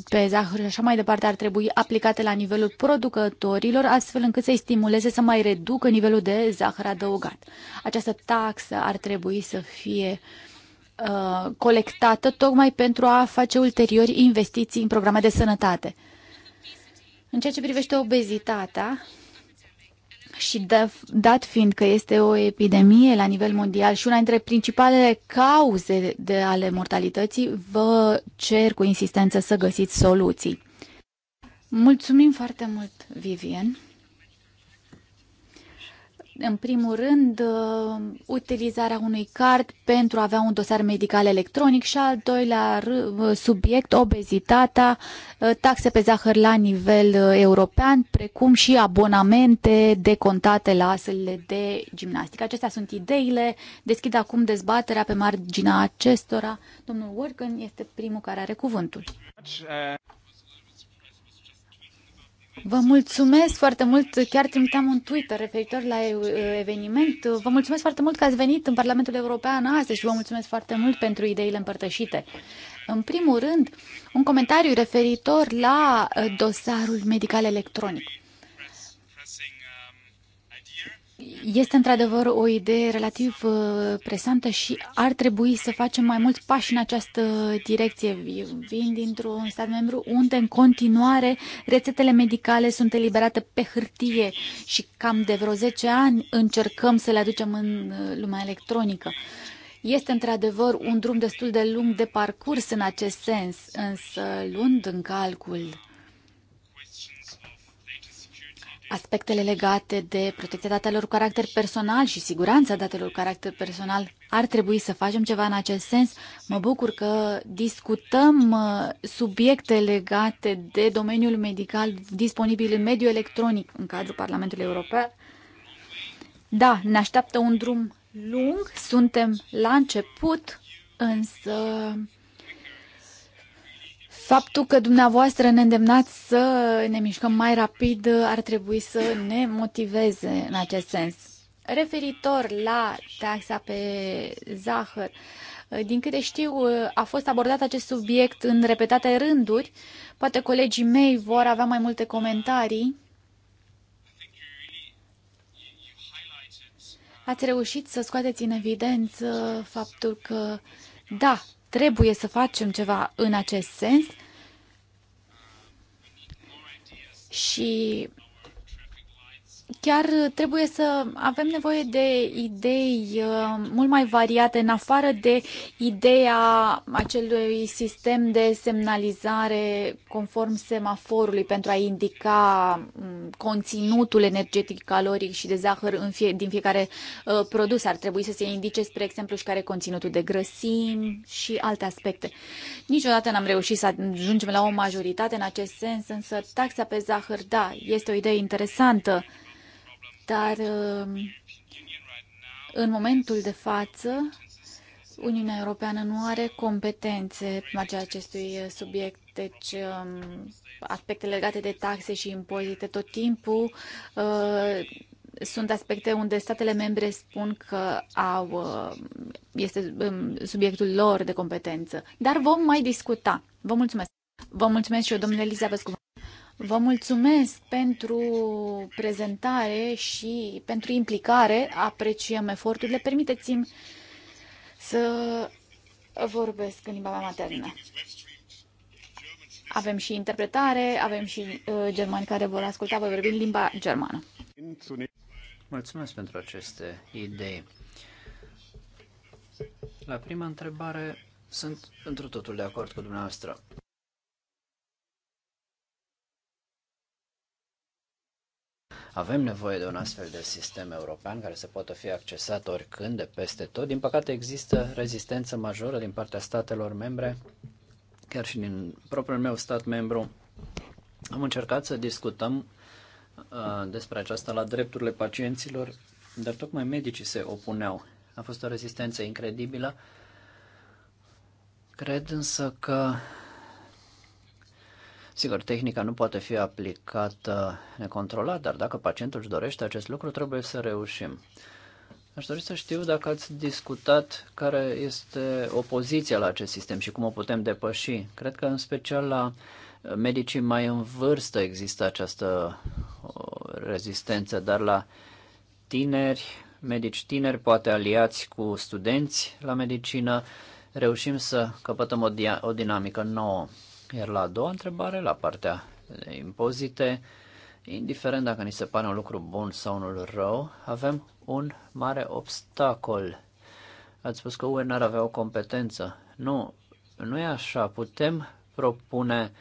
pe zahăr și așa mai departe ar trebui aplicate la nivelul producătorilor, astfel încât să-i stimuleze să mai reducă nivelul de zahăr adăugat. Această taxă ar trebui să fie uh, colectată tocmai pentru a face ulteriori investiții în programe de sănătate. În ceea ce privește obezitatea, și de, dat fiind că este o epidemie la nivel mondial și una dintre principalele cauze de ale mortalității, vă cer cu insistență să găsiți soluții. Mulțumim foarte mult, Vivian în primul rând, uh, utilizarea unui card pentru a avea un dosar medical electronic și al doilea uh, subiect, obezitatea, uh, taxe pe zahăr la nivel european, precum și abonamente decontate la sălile de gimnastică. Acestea sunt ideile. Deschid acum dezbaterea pe marginea acestora. Domnul Worken este primul care are cuvântul. Vă mulțumesc foarte mult, chiar trimiteam un Twitter referitor la uh, eveniment. Vă mulțumesc foarte mult că ați venit în Parlamentul European astăzi și vă mulțumesc foarte mult pentru ideile împărtășite. În primul rând, un comentariu referitor la uh, dosarul medical electronic. Este într-adevăr o idee relativ uh, presantă și ar trebui să facem mai mulți pași în această direcție. Eu vin dintr-un stat membru unde în continuare rețetele medicale sunt eliberate pe hârtie și cam de vreo 10 ani încercăm să le aducem în uh, lumea electronică. Este într-adevăr un drum destul de lung de parcurs în acest sens, însă luând în calcul aspectele legate de protecția datelor cu caracter personal și siguranța datelor cu caracter personal. Ar trebui să facem ceva în acest sens. Mă bucur că discutăm uh, subiecte legate de domeniul medical disponibil în mediul electronic în cadrul Parlamentului European. Da, ne așteaptă un drum lung, suntem la început, însă Faptul că dumneavoastră ne îndemnați să ne mișcăm mai rapid ar trebui să ne motiveze în acest sens. Referitor la taxa pe zahăr, din câte știu, a fost abordat acest subiect în repetate rânduri. Poate colegii mei vor avea mai multe comentarii. Ați reușit să scoateți în evidență faptul că, da, Trebuie să facem ceva în acest sens și chiar uh, trebuie să avem nevoie de idei uh, mult mai variate, în afară de ideea acelui sistem de semnalizare conform semaforului pentru a indica mm, conținutul energetic caloric și de zahăr în fie, din fiecare uh, produs. Ar trebui să se indice, spre exemplu, și care conținutul de grăsimi și alte aspecte. Niciodată n-am reușit să ajungem la o majoritate în acest sens, însă taxa pe zahăr, da, este o idee interesantă. Dar um, în momentul de față, Uniunea Europeană nu are competențe pe acestui subiect, deci um, aspecte legate de taxe și impozite tot timpul uh, sunt aspecte unde statele membre spun că au, uh, este um, subiectul lor de competență. Dar vom mai discuta. Vă mulțumesc. Vă mulțumesc și eu, domnule Elizabeth. Vă mulțumesc pentru prezentare și pentru implicare. Apreciem eforturile. Permiteți-mi să vorbesc în limba mea maternă. Avem și interpretare, avem și uh, germani care vor asculta, voi vorbi în limba germană. Mulțumesc pentru aceste idei. La prima întrebare sunt într totul de acord cu dumneavoastră. Avem nevoie de un astfel de sistem european care să poată fi accesat oricând, de peste tot. Din păcate există rezistență majoră din partea statelor membre, chiar și din propriul meu stat membru. Am încercat să discutăm uh, despre aceasta la drepturile pacienților, dar tocmai medicii se opuneau. A fost o rezistență incredibilă. Cred însă că Sigur, tehnica nu poate fi aplicată necontrolat, dar dacă pacientul își dorește acest lucru, trebuie să reușim. Aș dori să știu dacă ați discutat care este opoziția la acest sistem și cum o putem depăși. Cred că în special la medicii mai în vârstă există această rezistență, dar la tineri, medici tineri, poate aliați cu studenți la medicină, reușim să căpătăm o, o dinamică nouă. Iar la a doua întrebare, la partea de impozite, indiferent dacă ni se pare un lucru bun sau unul rău, avem un mare obstacol. Ați spus că UE n-ar avea o competență. Nu, nu e așa. Putem propune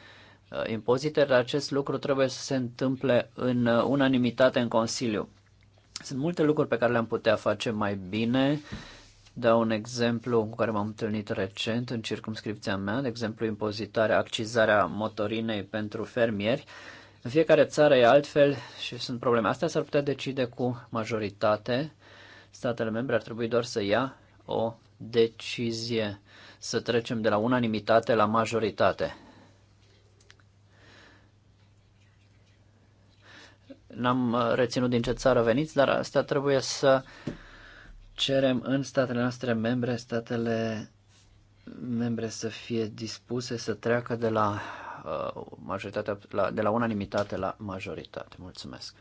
uh, impozite, dar acest lucru trebuie să se întâmple în uh, unanimitate în Consiliu. Sunt multe lucruri pe care le-am putea face mai bine dau un exemplu cu care m-am întâlnit recent în circumscripția mea, de exemplu impozitarea, accizarea motorinei pentru fermieri. În fiecare țară e altfel și sunt probleme. Astea s-ar putea decide cu majoritate. Statele membre ar trebui doar să ia o decizie, să trecem de la unanimitate la majoritate. N-am reținut din ce țară veniți, dar asta trebuie să uh, cerem în statele noastre membre, statele membre să fie dispuse să treacă de la, uh, majoritatea, la, de la unanimitate la majoritate. Mulțumesc!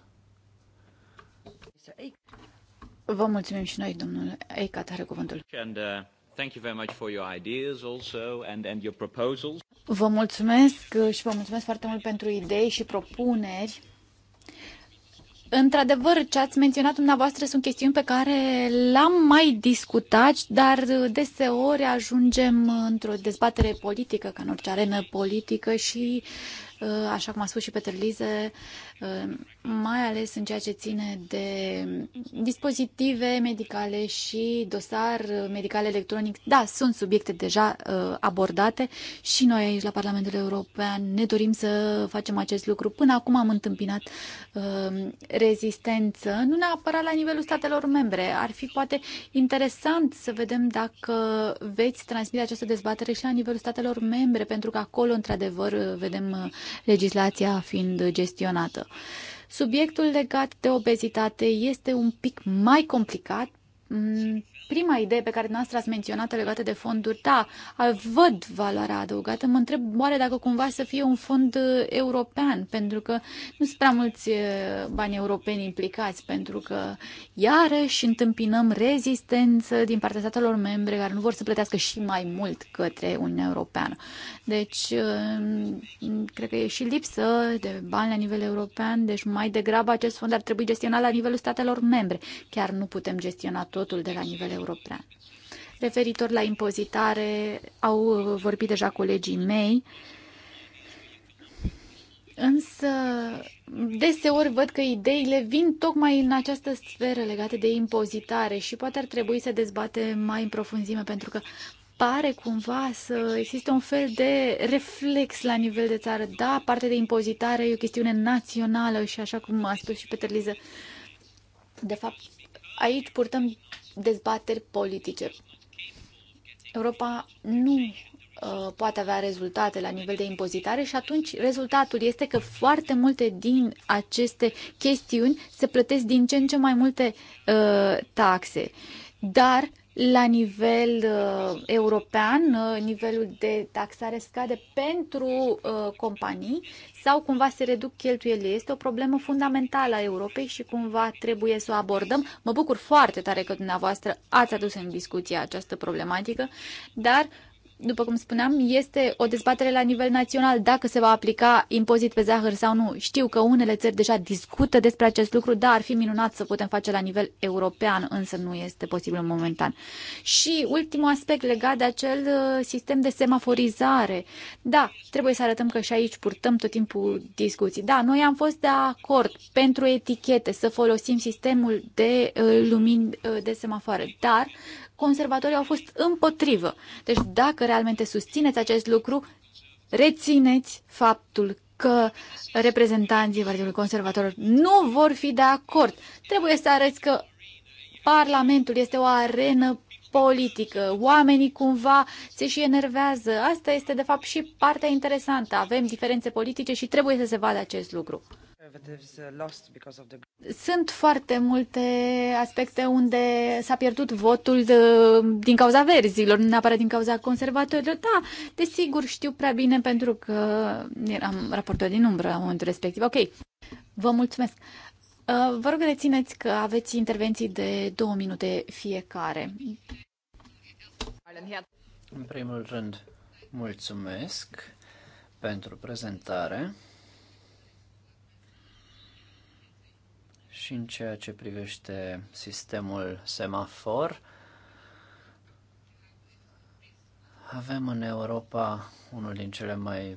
Vă mulțumim și noi, domnule Eicat, are cuvântul. And, uh... Thank you very much for your ideas also and, and your proposals. Vă mulțumesc și vă mulțumesc foarte mult pentru idei și propuneri. Într-adevăr, ce ați menționat dumneavoastră sunt chestiuni pe care l am mai discutat, dar deseori ajungem într-o dezbatere politică, ca în orice arenă politică și, uh, așa cum a spus și Peter Lize, mai ales în ceea ce ține de dispozitive medicale și dosar medical electronic. Da, sunt subiecte deja uh, abordate și noi aici la Parlamentul European ne dorim să facem acest lucru. Până acum am întâmpinat uh, rezistență, nu neapărat la nivelul statelor membre. Ar fi poate interesant să vedem dacă veți transmite această dezbatere și la nivelul statelor membre, pentru că acolo, într-adevăr, vedem uh, legislația fiind gestionată. Subiectul legat de obezitate este un pic mai complicat mm, prima idee pe care noastră ați menționat legată de fonduri, da, văd valoarea adăugată. Mă întreb oare dacă cumva să fie un fond uh, european, pentru că nu sunt prea mulți uh, bani europeni implicați, pentru că iarăși întâmpinăm rezistență din partea statelor membre care nu vor să plătească și mai mult către Uniunea Europeană. Deci, uh, cred că e și lipsă de bani la nivel european, deci mai degrabă acest fond ar trebui gestionat la nivelul statelor membre. Chiar nu putem gestiona totul de la nivel european. Referitor la impozitare, au vorbit deja colegii mei, însă deseori văd că ideile vin tocmai în această sferă legată de impozitare și poate ar trebui să dezbatem mai în profunzime, pentru că pare cumva să existe un fel de reflex la nivel de țară. Da, partea de impozitare e o chestiune națională și așa cum a spus și Peter Liză, de fapt, aici purtăm dezbateri politice. Europa nu uh, poate avea rezultate la nivel de impozitare și atunci rezultatul este că foarte multe din aceste chestiuni se plătesc din ce în ce mai multe uh, taxe. Dar la nivel uh, european, uh, nivelul de taxare scade pentru uh, companii sau cumva se reduc cheltuielile. Este o problemă fundamentală a Europei și cumva trebuie să o abordăm. Mă bucur foarte tare că dumneavoastră ați adus în discuție această problematică, dar uh, după cum spuneam, este o dezbatere la nivel național dacă se va aplica impozit pe zahăr sau nu. Știu că unele țări deja discută despre acest lucru, dar ar fi minunat să putem face la nivel european, însă nu este posibil momentan. Și ultimul aspect legat de acel uh, sistem de semaforizare. Da, trebuie să arătăm că și aici purtăm tot timpul discuții. Da, noi am fost de acord pentru etichete să folosim sistemul de uh, lumini uh, de semafoare, dar uh, conservatorii au fost împotrivă. Deci dacă realmente susțineți acest lucru, rețineți faptul că reprezentanții Partidului Conservator nu vor fi de acord. Trebuie să arăți că Parlamentul este o arenă politică. Oamenii cumva se și enervează. Asta este, de fapt, și partea interesantă. Avem diferențe politice și trebuie să se vadă acest lucru. Uh, Sunt foarte multe aspecte unde s-a pierdut votul de, din cauza verzilor, nu neapărat din cauza conservatorilor. Da, desigur, știu prea bine pentru că eram raportor din umbră la momentul respectiv. Ok, vă mulțumesc. Uh, vă rog, rețineți că aveți intervenții de două minute fiecare. În primul rând, mulțumesc pentru prezentare. și în ceea ce privește sistemul semafor, avem în Europa unul din cele mai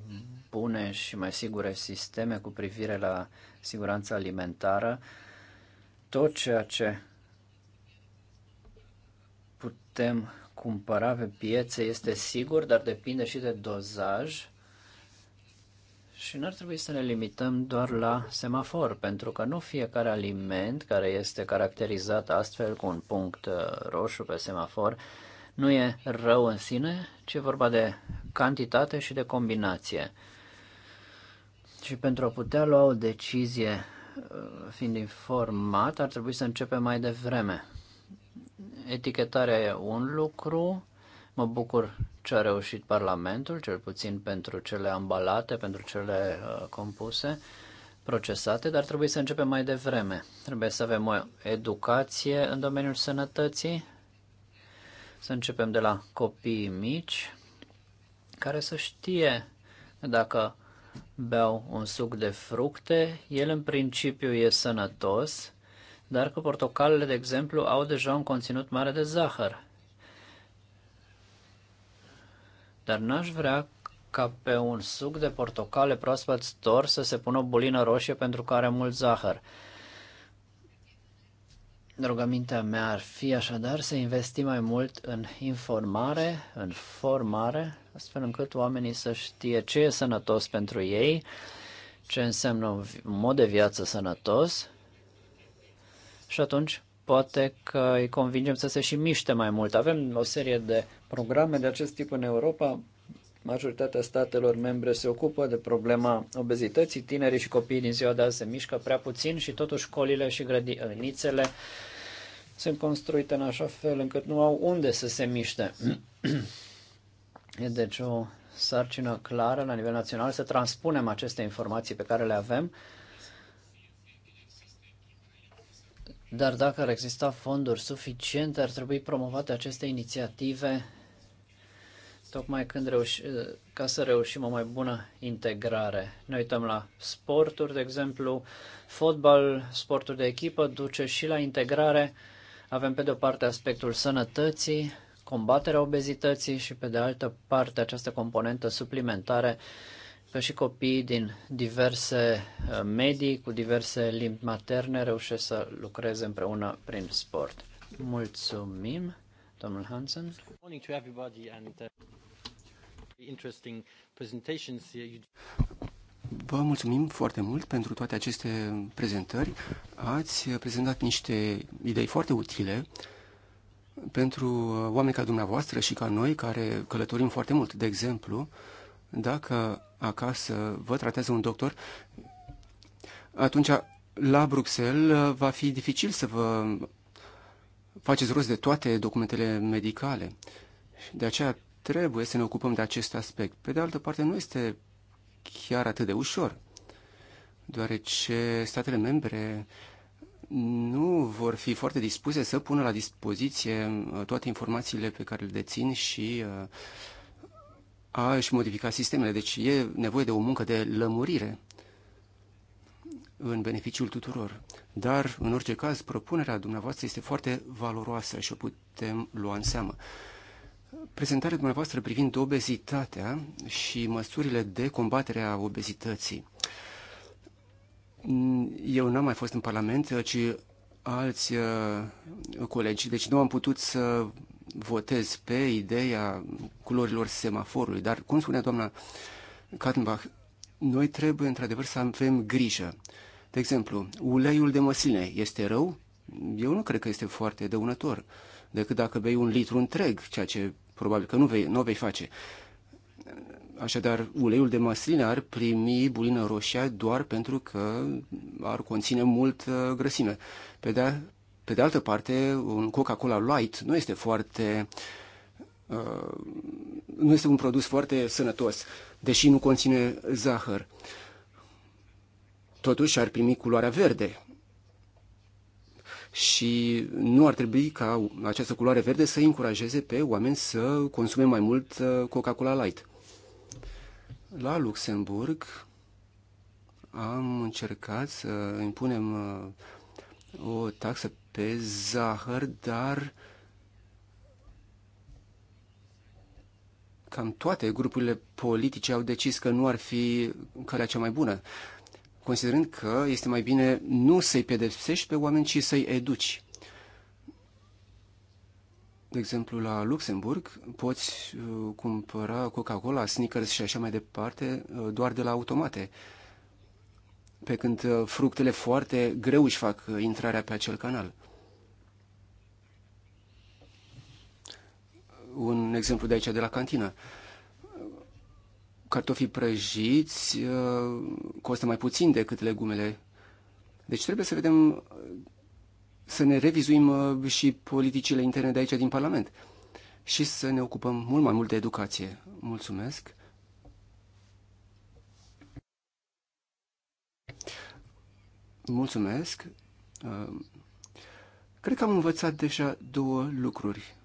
bune și mai sigure sisteme cu privire la siguranța alimentară. Tot ceea ce putem cumpăra pe piețe este sigur, dar depinde și de dozaj și nu ar trebui să ne limităm doar la semafor, pentru că nu fiecare aliment care este caracterizat astfel cu un punct uh, roșu pe semafor nu e rău în sine, ci e vorba de cantitate și de combinație. Și pentru a putea lua o decizie uh, fiind informat, ar trebui să începem mai devreme. Etichetarea e un lucru, mă bucur ce a reușit Parlamentul, cel puțin pentru cele ambalate, pentru cele uh, compuse, procesate, dar trebuie să începem mai devreme. Trebuie să avem o educație în domeniul sănătății, să începem de la copiii mici, care să știe dacă beau un suc de fructe, el în principiu e sănătos, dar că portocalele, de exemplu, au deja un conținut mare de zahăr. Dar n-aș vrea ca pe un suc de portocale proaspăt stor să se pună o bulină roșie pentru că are mult zahăr. Rugămintea mea ar fi așadar să investim mai mult în informare, în formare, astfel încât oamenii să știe ce e sănătos pentru ei, ce înseamnă un mod de viață sănătos și atunci poate că îi convingem să se și miște mai mult. Avem o serie de programe de acest tip în Europa. Majoritatea statelor membre se ocupă de problema obezității. Tinerii și copiii din ziua de azi se mișcă prea puțin și totuși școlile și grădinițele sunt construite în așa fel încât nu au unde să se miște. E deci o sarcină clară la nivel național să transpunem aceste informații pe care le avem Dar dacă ar exista fonduri suficiente, ar trebui promovate aceste inițiative tocmai când reuși, ca să reușim o mai bună integrare. Ne uităm la sporturi, de exemplu, fotbal, sportul de echipă duce și la integrare. Avem pe de o parte aspectul sănătății, combaterea obezității și pe de altă parte această componentă suplimentare că și copiii din diverse uh, medii, cu diverse limbi materne, reușesc să lucreze împreună prin sport. Mulțumim, domnul Hansen. Uh, Vă mulțumim foarte mult pentru toate aceste prezentări. Ați prezentat niște idei foarte utile pentru uh, oameni ca dumneavoastră și ca noi care călătorim foarte mult. De exemplu, dacă acasă vă tratează un doctor, atunci la Bruxelles uh, va fi dificil să vă faceți rost de toate documentele medicale. De aceea trebuie să ne ocupăm de acest aspect. Pe de altă parte, nu este chiar atât de ușor, deoarece statele membre nu vor fi foarte dispuse să pună la dispoziție uh, toate informațiile pe care le dețin și uh, a își modifica sistemele. Deci e nevoie de o muncă de lămurire în beneficiul tuturor. Dar, în orice caz, propunerea dumneavoastră este foarte valoroasă și o putem lua în seamă. Prezentarea dumneavoastră privind obezitatea și măsurile de combatere a obezității. Eu n-am mai fost în Parlament, ci alți uh, colegi, deci nu am putut să votez pe ideea culorilor semaforului, dar, cum spunea doamna Kattenbach, noi trebuie într-adevăr să avem grijă. De exemplu, uleiul de măsline este rău? Eu nu cred că este foarte dăunător, decât dacă bei un litru întreg, ceea ce probabil că nu vei, nu vei face. Așadar, uleiul de măsline ar primi bulină roșie doar pentru că ar conține mult uh, grăsime. Pe de pe de altă parte, un Coca-Cola Light nu este foarte uh, nu este un produs foarte sănătos, deși nu conține zahăr. Totuși ar primi culoarea verde și nu ar trebui ca această culoare verde să încurajeze pe oameni să consume mai mult uh, Coca-Cola Light. La Luxemburg am încercat să impunem uh, o taxă pe zahăr, dar cam toate grupurile politice au decis că nu ar fi calea cea mai bună, considerând că este mai bine nu să-i pedepsești pe oameni, ci să-i educi. De exemplu, la Luxemburg poți uh, cumpăra Coca-Cola, Snickers și așa mai departe uh, doar de la automate. Uh, pe când uh, fructele foarte greu își fac uh, intrarea pe acel canal. Un exemplu de aici, de la cantină. Cartofii prăjiți uh, costă mai puțin decât legumele. Deci trebuie să vedem, să ne revizuim și politicile interne de aici din Parlament și să ne ocupăm mult mai mult de educație. Mulțumesc! Mulțumesc. Uh, cred că am învățat deja două lucruri.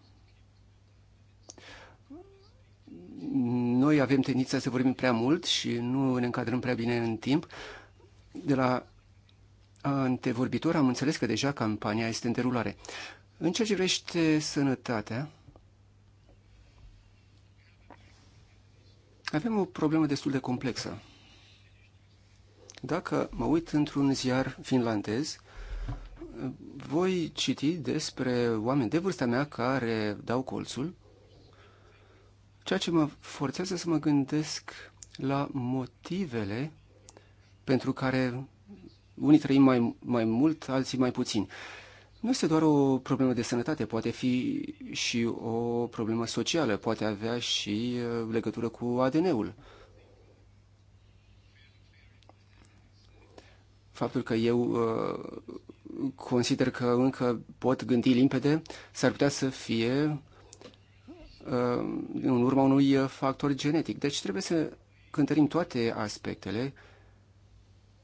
Noi avem tendința să vorbim prea mult și nu ne încadrăm prea bine în timp. De la antevorbitor am înțeles că deja campania este în derulare. În ceea ce privește sănătatea, avem o problemă destul de complexă. Dacă mă uit într-un ziar finlandez, voi citi despre oameni de vârsta mea care dau colțul, ceea ce mă forțează să mă gândesc la motivele pentru care unii trăim mai, mai mult, alții mai puțin. Nu este doar o problemă de sănătate, poate fi și o problemă socială, poate avea și uh, legătură cu ADN-ul. faptul că eu uh, consider că încă pot gândi limpede, s-ar putea să fie uh, în urma unui uh, factor genetic. Deci trebuie să cântărim toate aspectele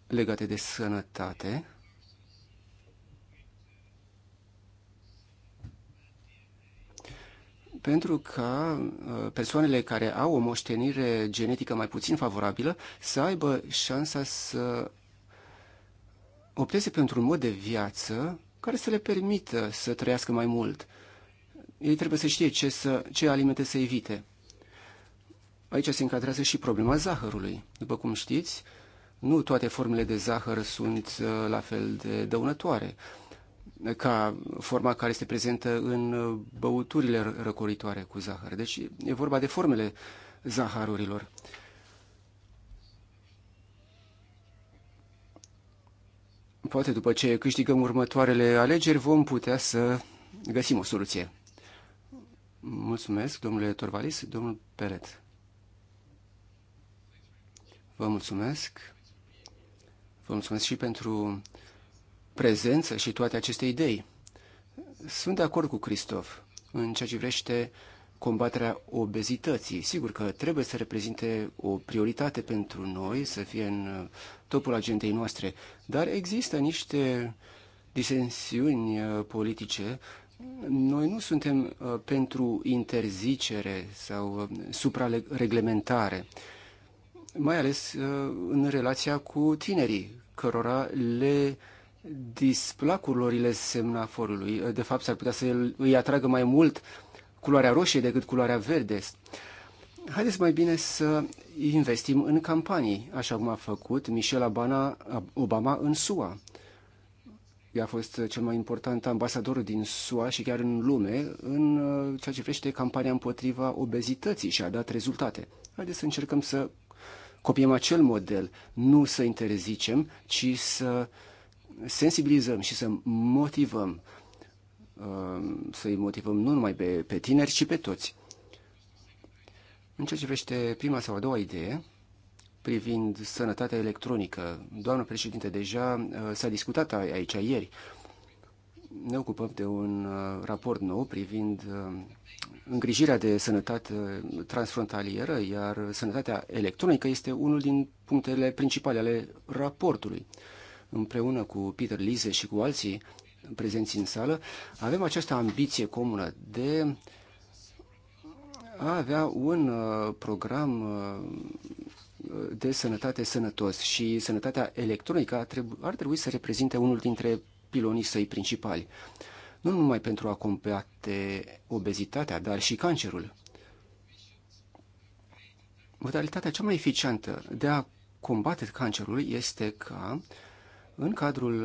legate de sănătate. Pentru ca persoanele care au o moștenire genetică mai puțin favorabilă să aibă șansa să opteze pentru un mod de viață care să le permită să trăiască mai mult. Ei trebuie să știe ce, să, ce alimente să evite. Aici se încadrează și problema zahărului. După cum știți, nu toate formele de zahăr sunt uh, la fel de dăunătoare ca forma care este prezentă în uh, băuturile răcoritoare cu zahăr. Deci e vorba de formele zaharurilor. poate după ce câștigăm următoarele alegeri vom putea să găsim o soluție. Mulțumesc, domnule Torvalis, domnul Peret. Vă mulțumesc. Vă mulțumesc și pentru prezență și toate aceste idei. Sunt de acord cu Cristof în ceea ce privește combaterea obezității. Sigur că trebuie să reprezinte o prioritate pentru noi, să fie în uh, topul agendei noastre, dar există niște disensiuni uh, politice. Noi nu suntem uh, pentru interzicere sau suprareglementare, mai ales în relația cu tinerii, cărora le displacurilor semnaforului. De fapt, s-ar putea să îi atragă mai mult uh, culoarea roșie decât culoarea verde. Haideți mai bine să investim în campanii, așa cum a făcut Michelle Obama în SUA. Ea a fost cel mai important ambasador din SUA și chiar în lume în uh, ceea ce privește campania împotriva obezității și a dat rezultate. Haideți să încercăm să copiem acel model, nu să interzicem, ci să sensibilizăm și să motivăm Um, să-i motivăm nu numai pe, pe tineri, ci pe toți. În ceea ce privește prima sau a doua idee, privind sănătatea electronică, doamnă președinte, deja uh, s-a discutat aici ieri. Ne ocupăm de un uh, raport nou privind uh, îngrijirea de sănătate transfrontalieră, iar sănătatea electronică este unul din punctele principale ale raportului. Împreună cu Peter Lise și cu alții prezenți în sală, avem această ambiție comună de a avea un uh, program uh, de sănătate sănătos și sănătatea electronică ar trebui să reprezinte unul dintre pilonii săi principali. Nu numai pentru a combate obezitatea, dar și cancerul. Modalitatea cea mai eficientă de a combate cancerul este ca uh, în cadrul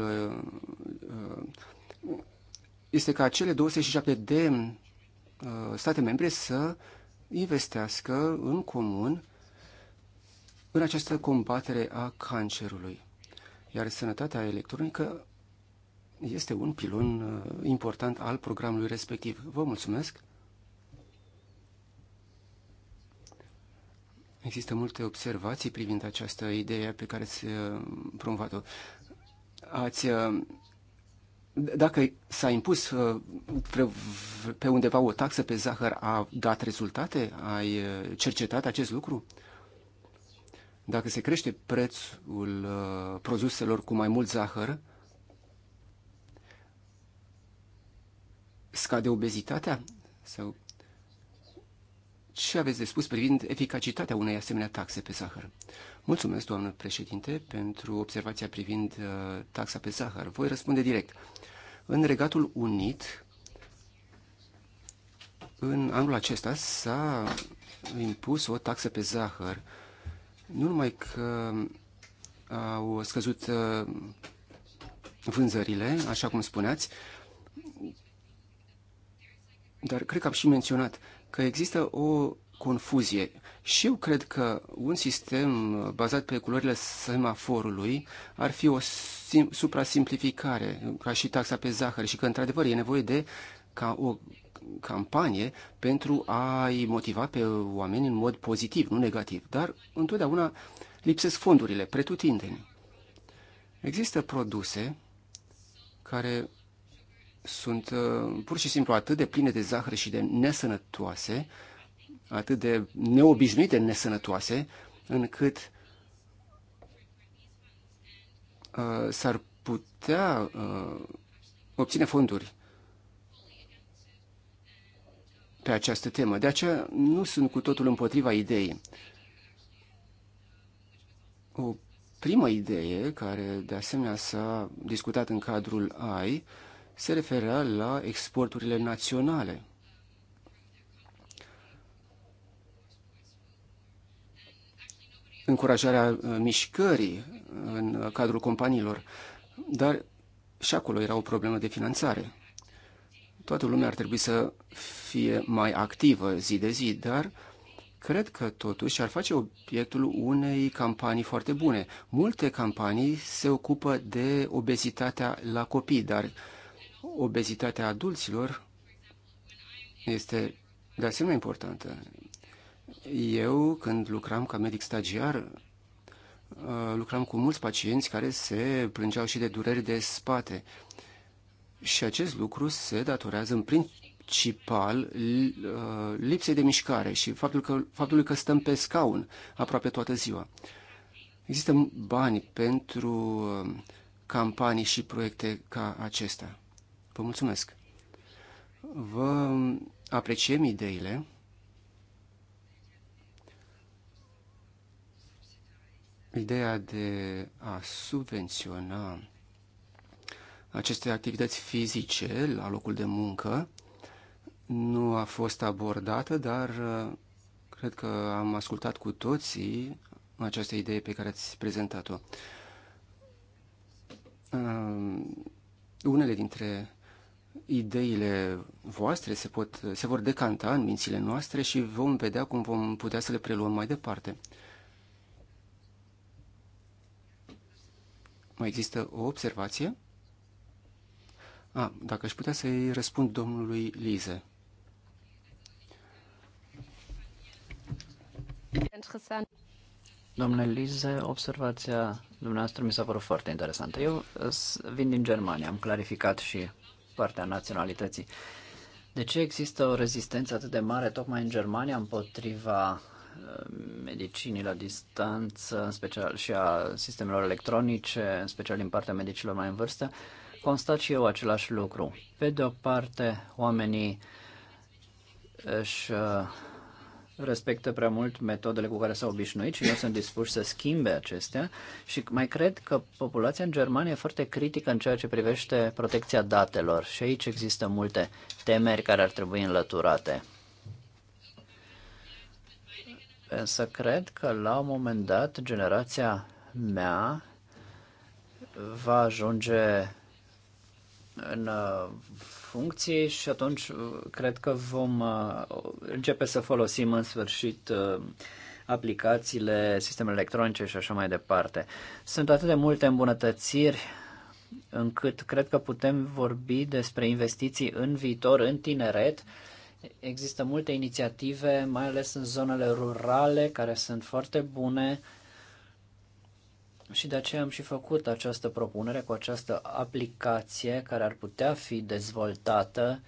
uh, este ca cele 27 de uh, state membre să investească în comun în această combatere a cancerului. Iar sănătatea electronică este un pilon uh, important al programului respectiv. Vă mulțumesc! Există multe observații privind această idee pe care ați promovat-o ați, uh, dacă s-a impus uh, pe undeva o taxă pe zahăr, a dat rezultate? Ai uh, cercetat acest lucru? Dacă se crește prețul produselor cu mai mult zahăr, scade obezitatea? Sau ce aveți de spus privind eficacitatea unei asemenea taxe pe zahăr? Mulțumesc, doamnă președinte, pentru observația privind uh, taxa pe zahăr. Voi răspunde direct. În Regatul Unit, în anul acesta s-a impus o taxă pe zahăr. Nu numai că au scăzut uh, vânzările, așa cum spuneați, dar cred că am și menționat că există o confuzie și eu cred că un sistem uh, bazat pe culorile semaforului ar fi o sim- suprasimplificare, ca și taxa pe zahăr, și că, într-adevăr, e nevoie de ca o campanie pentru a-i motiva pe oameni în mod pozitiv, nu negativ. Dar întotdeauna lipsesc fondurile, pretutindeni. Există produse care sunt uh, pur și simplu atât de pline de zahăr și de nesănătoase, uh, atât de neobișnuite, nesănătoase, încât uh, s-ar putea uh, obține fonduri pe această temă. De aceea nu sunt cu totul împotriva ideii. O prima idee, care de asemenea s-a discutat în cadrul AI, se referea la exporturile naționale. încurajarea uh, mișcării în cadrul companiilor, dar și acolo era o problemă de finanțare. Toată lumea ar trebui să fie mai activă zi de zi, dar cred că totuși ar face obiectul unei campanii foarte bune. Multe campanii se ocupă de obezitatea la copii, dar obezitatea adulților este de asemenea importantă. Eu, când lucram ca medic stagiar, uh, lucram cu mulți pacienți care se plângeau și de dureri de spate. Și acest lucru se datorează în principal uh, lipsei de mișcare și faptul că, faptul că stăm pe scaun aproape toată ziua. Există bani pentru uh, campanii și proiecte ca acesta. Vă mulțumesc! Vă apreciem ideile ideea de a subvenționa aceste activități fizice la locul de muncă nu a fost abordată, dar uh, cred că am ascultat cu toții această idee pe care ați prezentat-o. Uh, unele dintre ideile voastre se, pot, se vor decanta în mințile noastre și vom vedea cum vom putea să le preluăm mai departe. Mai există o observație? A, dacă aș putea să-i răspund domnului Lize. Interesant. Domnule Lize, observația dumneavoastră mi s-a părut foarte interesantă. Eu uh, vin din Germania, am clarificat și partea naționalității. De ce există o rezistență atât de mare tocmai în Germania împotriva medicinii la distanță, în special și a sistemelor electronice, în special din partea medicilor mai în vârstă, constat și eu același lucru. Pe de o parte, oamenii își uh, respectă prea mult metodele cu care s-au obișnuit și nu sunt dispuși să schimbe acestea și mai cred că populația în Germania e foarte critică în ceea ce privește protecția datelor și aici există multe temeri care ar trebui înlăturate. Însă cred că la un moment dat generația mea va ajunge în uh, funcții și atunci uh, cred că vom uh, începe să folosim în sfârșit aplicațiile, sistemele electronice și așa mai departe. Sunt atât de multe îmbunătățiri încât cred că putem vorbi despre investiții în viitor, în tineret Există multe inițiative, mai ales în zonele rurale, care sunt foarte bune și de aceea am și făcut această propunere cu această aplicație care ar putea fi dezvoltată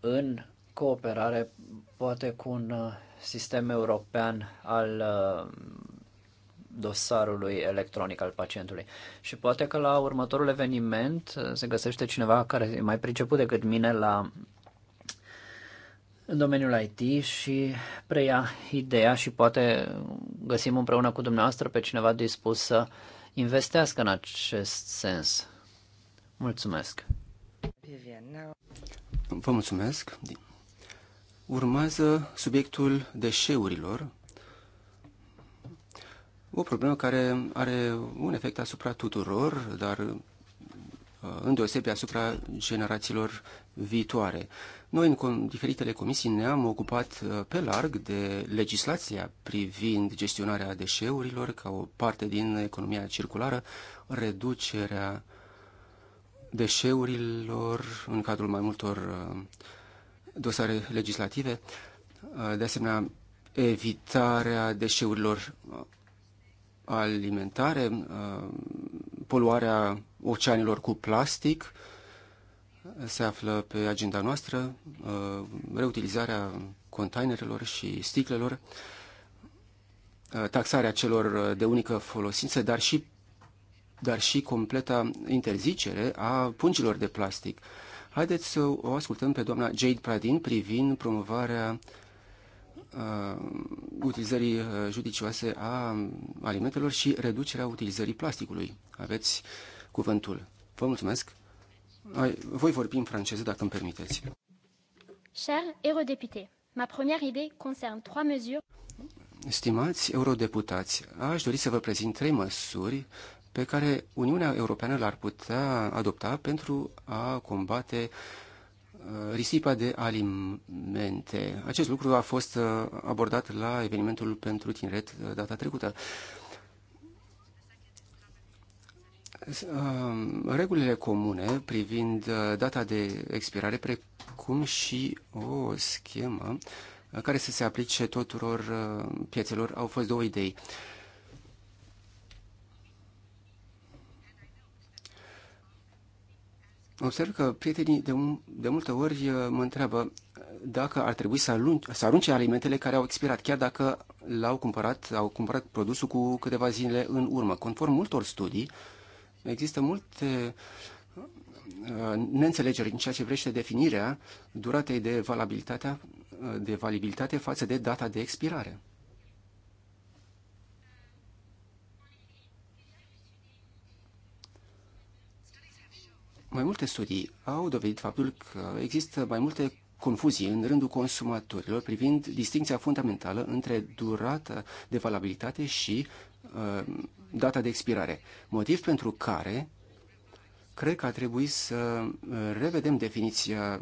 în cooperare poate cu un uh, sistem european al uh, dosarului electronic al pacientului. Și poate că la următorul eveniment uh, se găsește cineva care e mai priceput decât mine la în domeniul IT și preia ideea și poate găsim împreună cu dumneavoastră pe cineva dispus să investească în acest sens. Mulțumesc! Vă mulțumesc! Urmează subiectul deșeurilor, o problemă care are un efect asupra tuturor, dar uh, îndeosebi asupra generațiilor viitoare. Noi, în diferitele comisii, ne-am ocupat uh, pe larg de legislația privind gestionarea deșeurilor ca o parte din economia circulară, reducerea deșeurilor în cadrul mai multor uh, dosare legislative, uh, de asemenea evitarea deșeurilor alimentare, poluarea oceanilor cu plastic, se află pe agenda noastră, uh, reutilizarea containerelor și sticlelor, uh, taxarea celor uh, de unică folosință, dar și, dar și completa interzicere a pungilor de plastic. Haideți să o ascultăm pe doamna Jade Pradin privind promovarea uh, utilizării judicioase a alimentelor și reducerea utilizării plasticului. Aveți cuvântul. Vă mulțumesc! Voi vorbi în franceză, dacă îmi permiteți. Cher eurodéputés, ma première idée concerne trois mesures. Stimați eurodeputați, aș dori să vă prezint trei măsuri pe care Uniunea Europeană l-ar putea adopta pentru a combate uh, risipa de alimente. Acest lucru a fost uh, abordat la evenimentul pentru tineret uh, data trecută. Uh, regulile comune privind uh, data de expirare, precum și o schemă uh, care să se aplice tuturor piețelor, au fost două idei. Observ că prietenii de, de multe ori mă întreabă dacă ar trebui să, alun să arunce alimentele care au expirat, chiar dacă l-au cumpărat, au cumpărat produsul cu câteva zile în urmă. Conform multor studii, uh, Există multe uh, neînțelegeri în ceea ce privește definirea duratei de valabilitate, uh, de valabilitate față de data de expirare. Mai multe studii au dovedit faptul că există mai multe confuzii în rândul consumatorilor privind distinția fundamentală între durată de valabilitate și uh, data de expirare. Motiv pentru care cred că ar trebui să uh, revedem definiția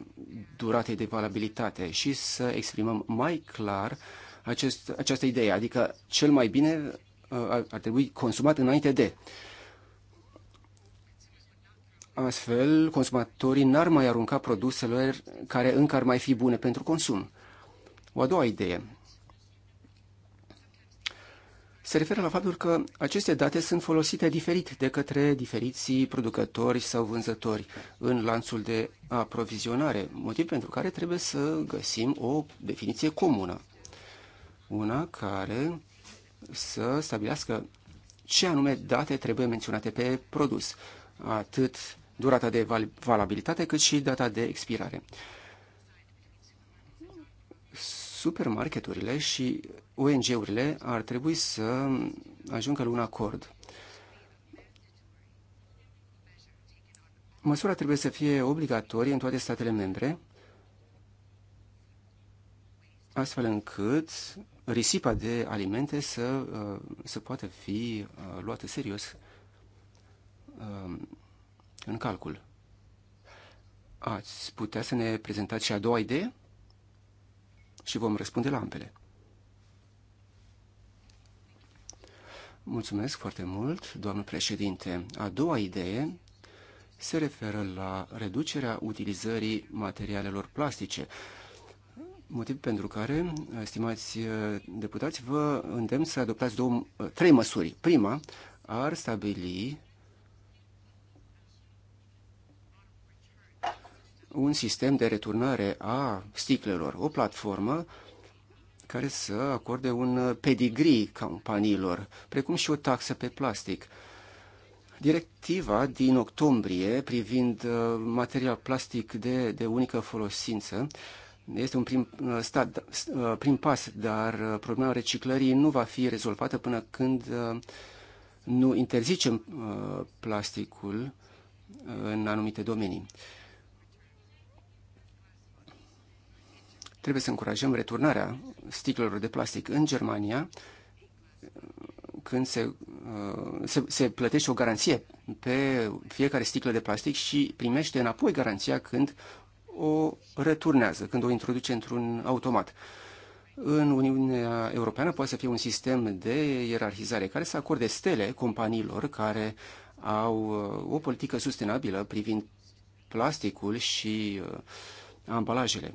duratei de valabilitate și să exprimăm mai clar acest, această idee, adică cel mai bine uh, ar, ar trebui consumat înainte de. Astfel, consumatorii n-ar mai arunca produselor care încă ar mai fi bune pentru consum. O a doua idee, se referă la faptul că aceste date sunt folosite diferit de către diferiții producători sau vânzători în lanțul de aprovizionare, motiv pentru care trebuie să găsim o definiție comună. Una care să stabilească ce anume date trebuie menționate pe produs, atât durata de valabilitate cât și data de expirare supermarketurile și ONG-urile ar trebui să ajungă la un acord. Măsura trebuie să fie obligatorie în toate statele membre, astfel încât risipa de alimente să, uh, să poată fi uh, luată serios uh, în calcul. Ați putea să ne prezentați și a doua idee? și vom răspunde la ambele. Mulțumesc foarte mult, doamnă președinte. A doua idee se referă la reducerea utilizării materialelor plastice. Motiv pentru care, stimați uh, deputați, vă îndemn să adoptați două, uh, trei măsuri. Prima ar stabili un sistem de returnare a sticlelor, o platformă care să acorde un pedigree companiilor, precum și o taxă pe plastic. Directiva din octombrie privind uh, material plastic de, de unică folosință este un prim, uh, stat, uh, prim pas, dar problema reciclării nu va fi rezolvată până când nu interzicem plasticul în anumite domenii. Trebuie să încurajăm returnarea sticlelor de plastic în Germania când se, uh, se, se plătește o garanție pe fiecare sticlă de plastic și primește înapoi garanția când o returnează, când o introduce într-un automat. În Uniunea Europeană poate să fie un sistem de ierarhizare care să acorde stele companiilor care au uh, o politică sustenabilă privind plasticul și uh, ambalajele.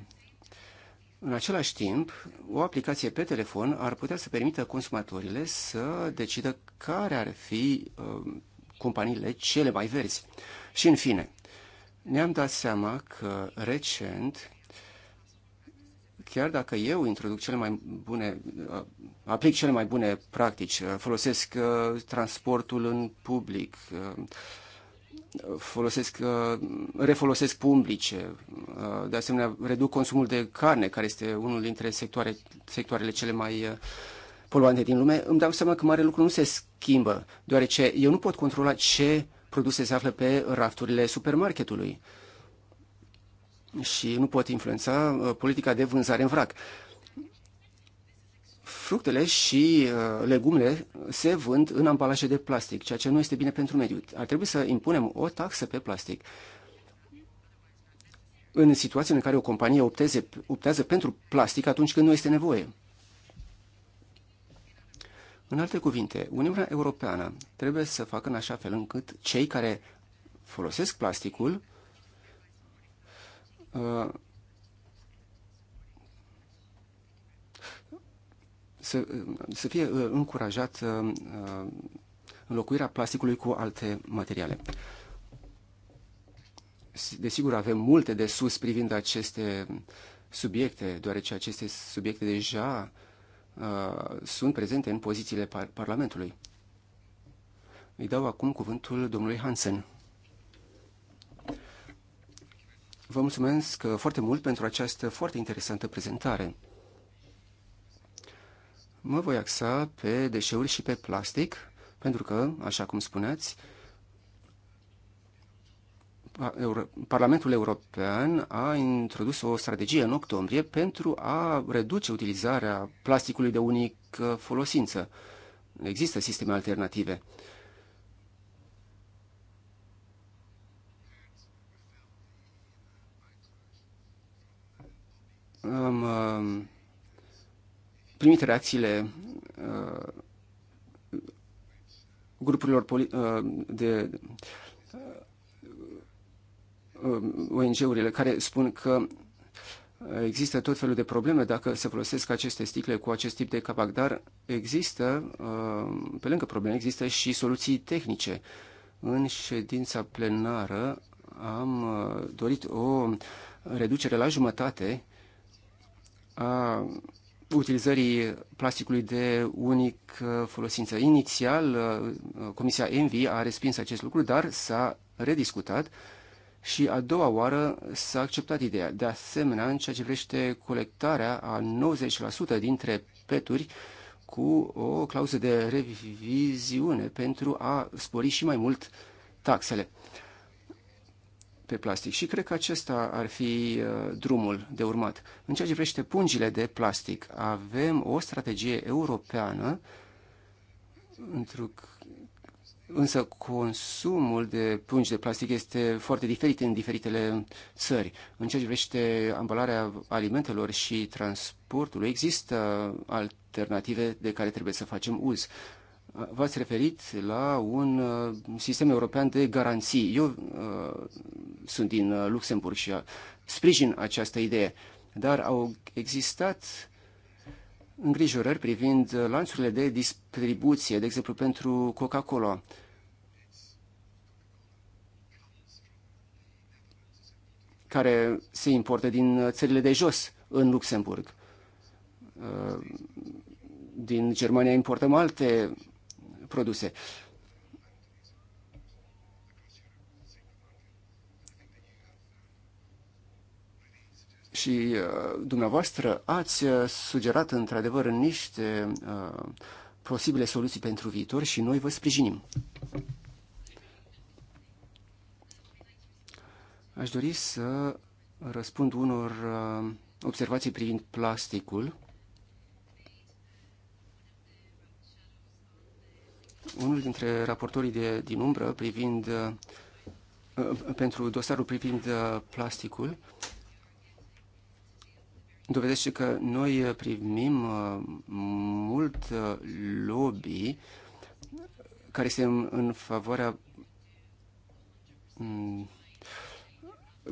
În același timp, o aplicație pe telefon ar putea să permită consumatorile să decidă care ar fi uh, companiile cele mai verzi. Și în fine, ne-am dat seama că recent, chiar dacă eu introduc cele mai bune, uh, aplic cele mai bune practici, uh, folosesc uh, transportul în public, uh, folosesc, uh, refolosesc publice, uh, de asemenea reduc consumul de carne, care este unul dintre sectoare, sectoarele cele mai uh, poluante din lume, îmi dau seama că mare lucru nu se schimbă, deoarece eu nu pot controla ce produse se află pe rafturile supermarketului și nu pot influența politica de vânzare în vrac fructele și uh, legumele se vând în ambalaje de plastic, ceea ce nu este bine pentru mediu. Ar trebui să impunem o taxă pe plastic. În situații în care o companie opteze, optează pentru plastic atunci când nu este nevoie. În alte cuvinte, Uniunea Europeană trebuie să facă în așa fel încât cei care folosesc plasticul uh, să, să fie uh, încurajat uh, uh, înlocuirea plasticului cu alte materiale. Desigur, avem multe de sus privind aceste subiecte, deoarece aceste subiecte deja uh, sunt prezente în pozițiile par Parlamentului. Îi dau acum cuvântul domnului Hansen. Vă mulțumesc foarte mult pentru această foarte interesantă prezentare. Mă voi axa pe deșeuri și pe plastic, pentru că, așa cum spuneați, Parlamentul European a introdus o strategie în octombrie pentru a reduce utilizarea plasticului de unică uh, folosință. Există sisteme alternative. Am uh, primit reacțiile uh, grupurilor uh, de uh, uh ONG-urile care spun că există tot felul de probleme dacă se folosesc aceste sticle cu acest tip de capac, dar există, uh, pe lângă probleme, există și soluții tehnice. În ședința plenară am uh, dorit o reducere la jumătate a utilizării plasticului de unic uh, folosință. Inițial, uh, uh, Comisia Envi a respins acest lucru, dar s-a rediscutat și a doua oară s-a acceptat ideea. De asemenea, în ceea ce privește colectarea a 90% dintre peturi cu o clauză de reviziune pentru a spori și mai mult taxele pe plastic și cred că acesta ar fi uh, drumul de urmat. În ceea ce privește pungile de plastic, avem o strategie europeană însă consumul de pungi de plastic este foarte diferit în diferitele țări. În ceea ce privește ambalarea alimentelor și transportul, există alternative de care trebuie să facem uz. V-ați referit la un uh, sistem european de garanții. Eu uh, sunt din uh, Luxemburg și uh, sprijin această idee, dar au existat îngrijorări privind lanțurile de distribuție, de exemplu pentru Coca-Cola. care se importă din țările de jos în Luxemburg. Din Germania importăm alte produse. Și uh, dumneavoastră ați uh, sugerat într-adevăr niște uh, posibile soluții pentru viitor și noi vă sprijinim. Aș dori să răspund unor uh, observații privind plasticul. Unul dintre raportorii de, din umbră privind uh, uh, pentru dosarul privind uh, plasticul dovedește că noi primim mult lobby care este în favoarea mm,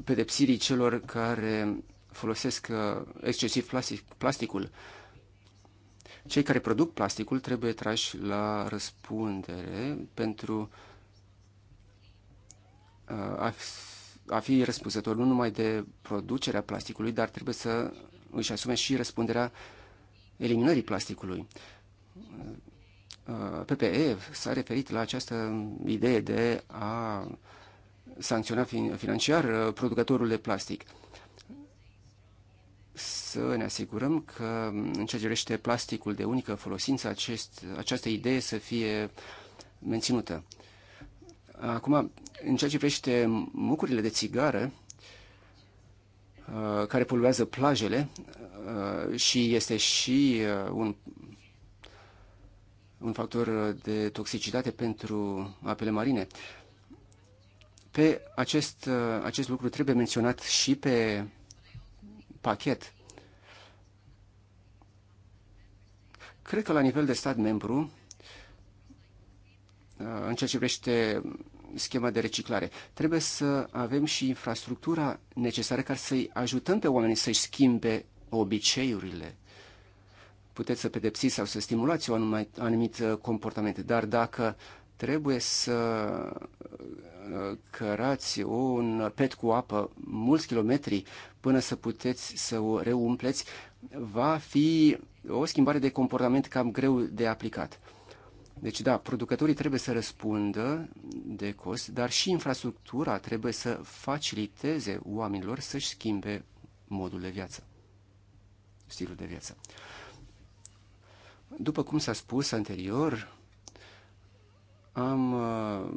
pedepsirii celor care folosesc excesiv plastic, plasticul. Cei care produc plasticul trebuie trași la răspundere pentru uh, a fi, a fi răspunzător nu numai de producerea plasticului, dar trebuie să își asume și răspunderea eliminării plasticului. Uh, uh, PPE s-a referit la această idee de a sancționa financiar producătorul de plastic să ne asigurăm că în ce privește plasticul de unică folosință, acest, această idee să fie menținută. Acum, în ceea ce privește mucurile de țigară, uh, care poluează plajele uh, și este și uh, un, un factor de toxicitate pentru apele marine. Pe acest, acest lucru trebuie menționat și pe pachet. Cred că la nivel de stat membru, uh, în ceea ce privește schema de reciclare, trebuie să avem și infrastructura necesară ca să-i ajutăm pe oameni să-și schimbe obiceiurile. Puteți să pedepsiți sau să stimulați un anumit uh, comportament, dar dacă trebuie să uh, cărați un pet cu apă mulți kilometri până să puteți să o reumpleți, va fi o schimbare de comportament cam greu de aplicat. Deci, da, producătorii trebuie să răspundă de cost, dar și infrastructura trebuie să faciliteze oamenilor să-și schimbe modul de viață, stilul de viață. După cum s-a spus anterior, am uh,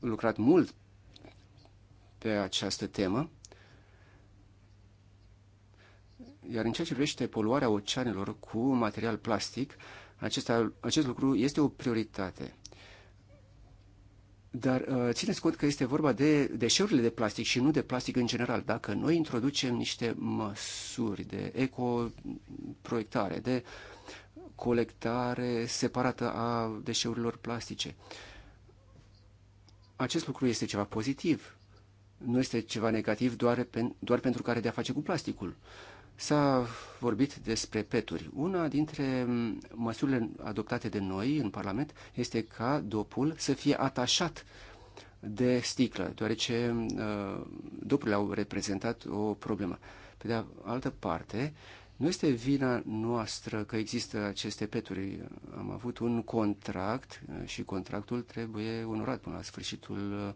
lucrat mult pe această temă iar în ceea ce privește poluarea oceanelor cu material plastic, acesta, acest lucru este o prioritate. Dar uh, țineți cont că este vorba de deșeurile de plastic și nu de plastic în general. Dacă noi introducem niște măsuri de ecoproiectare, de colectare separată a deșeurilor plastice, acest lucru este ceva pozitiv. Nu este ceva negativ doar, pen, doar pentru care de a face cu plasticul. Uh, S-a vorbit despre peturi. Una dintre măsurile adoptate de noi în Parlament este ca dopul să fie atașat de sticlă, deoarece uh, dopurile au reprezentat o problemă. Pe de altă parte, nu este vina noastră că există aceste peturi. Am avut un contract uh, și contractul trebuie onorat până la sfârșitul uh,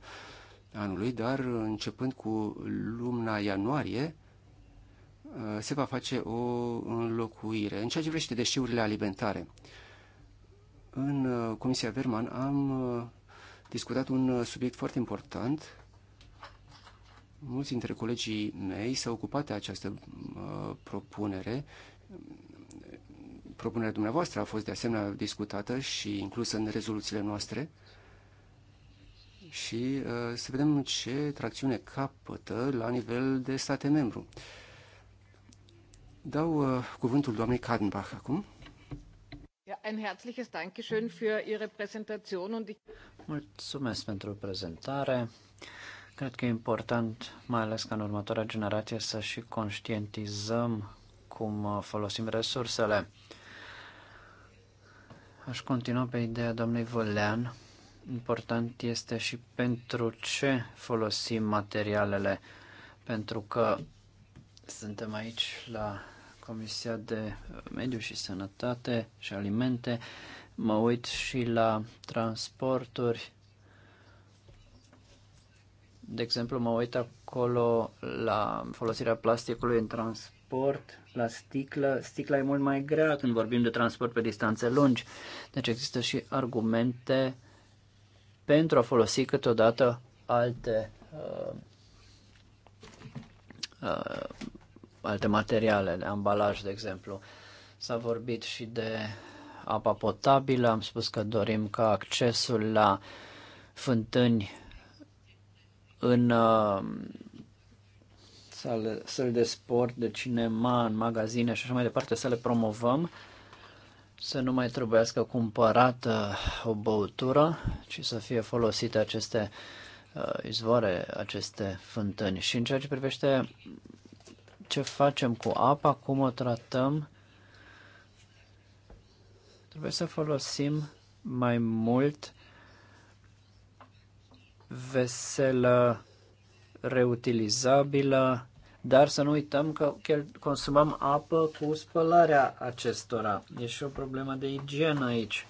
anului, dar începând cu luna ianuarie, Uh, se va face o înlocuire. În ceea ce vrește deșeurile alimentare, în uh, Comisia Verman am uh, discutat un subiect foarte important. Mulți dintre colegii mei s-au ocupat de această propunere. Propunerea dumneavoastră a fost de asemenea discutată și inclusă în rezoluțiile noastre și să vedem ce tracțiune capătă la nivel de state membru. Dau uh, cuvântul doamnei Kadenbach acum. Mulțumesc pentru prezentare. Cred că e important, mai ales ca în următoarea generație, să și conștientizăm cum uh, folosim resursele. Aș continua pe ideea doamnei Volean. Important este și pentru ce folosim materialele, pentru că suntem aici la Comisia de Mediu și Sănătate și Alimente, mă uit și la transporturi. De exemplu, mă uit acolo la folosirea plasticului în transport, la sticlă. Sticla e mult mai grea când vorbim de transport pe distanțe lungi. Deci există și argumente pentru a folosi câteodată alte uh, uh, alte materiale, de ambalaj, de exemplu. S-a vorbit și de apa potabilă, am spus că dorim ca accesul la fântâni în uh, sale, de sport, de cinema, în magazine și așa mai departe, să le promovăm, să nu mai trebuiască cumpărată o băutură, ci să fie folosite aceste uh, izvoare, aceste fântâni. Și în ceea ce privește ce facem cu apa, cum o tratăm. Trebuie să folosim mai mult veselă, reutilizabilă, dar să nu uităm că consumăm apă cu spălarea acestora. E și o problemă de igienă aici.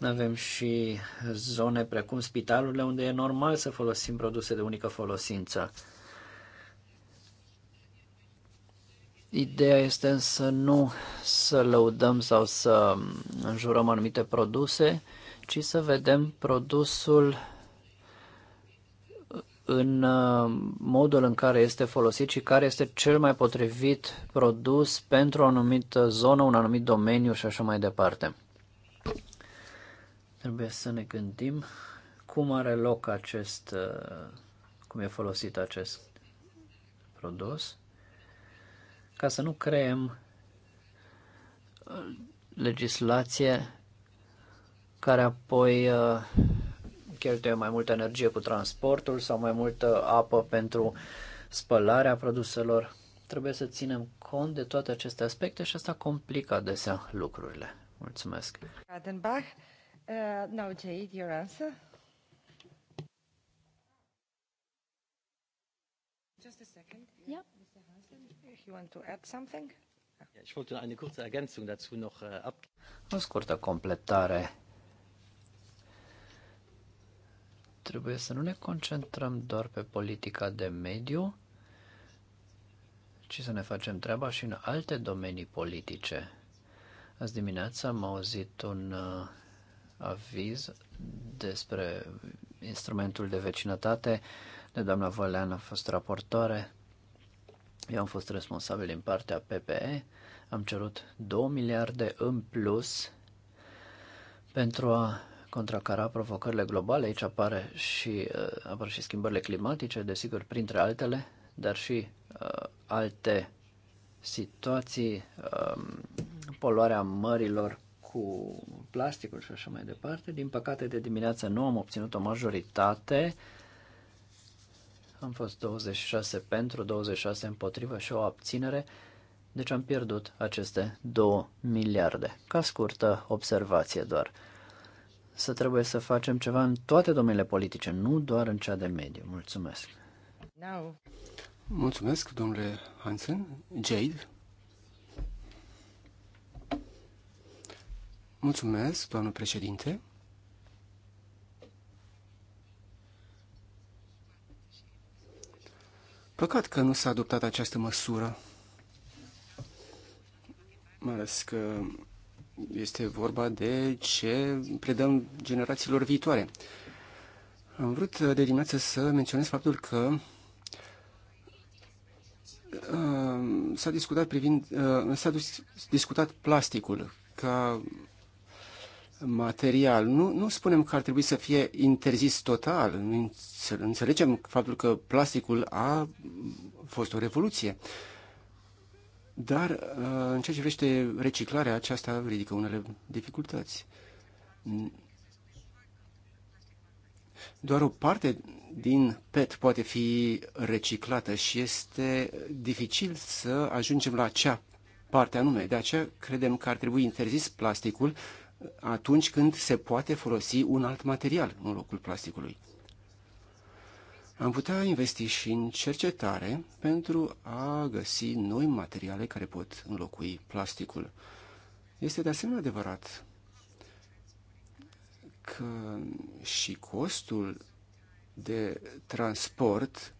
Avem și zone precum spitalurile unde e normal să folosim produse de unică folosință. Ideea este însă nu să lăudăm sau să înjurăm anumite produse, ci să vedem produsul în uh, modul în care este folosit și care este cel mai potrivit produs pentru o anumită zonă, un anumit domeniu și așa mai departe. Trebuie să ne gândim cum are loc acest, uh, cum e folosit acest produs ca să nu creăm uh, legislație care apoi uh, cheltuie mai multă energie cu transportul sau mai multă apă pentru spălarea produselor. Trebuie să ținem cont de toate aceste aspecte și asta complică adesea lucrurile. Mulțumesc. Adenbach, uh, now Jade, your answer. Just a second. Yeah you want to add something? Ich wollte eine kurze Ergänzung dazu noch äh, O scurtă completare. Trebuie să nu ne concentrăm doar pe politica de mediu, ci să ne facem treaba și în alte domenii politice. Azi dimineața am auzit un uh, aviz despre instrumentul de vecinătate de doamna Vălean a fost raportoare eu am fost responsabil din partea PPE, am cerut 2 miliarde în plus pentru a contracara provocările globale. Aici apare și, uh, apar și schimbările climatice, desigur, printre altele, dar și uh, alte situații, uh, poluarea mărilor cu plasticul și așa mai departe. Din păcate, de dimineață nu am obținut o majoritate uh, am fost 26 pentru, 26 împotrivă și o abținere, deci am pierdut aceste 2 miliarde. Ca scurtă observație doar. Să trebuie să facem ceva în toate domeniile politice, nu doar în cea de mediu. Mulțumesc. No. Mulțumesc, domnule Hansen. Jade? Mulțumesc, doamnă președinte. Păcat că nu s-a adoptat această măsură, mai ales că este vorba de ce predăm generațiilor viitoare. Am vrut de dimineață să menționez faptul că uh, s-a discutat privind uh, s-a discutat plasticul ca material. Nu, nu spunem că ar trebui să fie interzis total. Înțelegem faptul că plasticul a fost o revoluție. Dar uh, în ceea ce privește reciclarea, aceasta ridică unele dificultăți. Doar o parte din PET poate fi reciclată și este dificil să ajungem la acea parte anume. De aceea credem că ar trebui interzis plasticul atunci când se poate folosi un alt material în locul plasticului. Am putea investi și în cercetare pentru a găsi noi materiale care pot înlocui plasticul. Este de asemenea adevărat că și costul de transport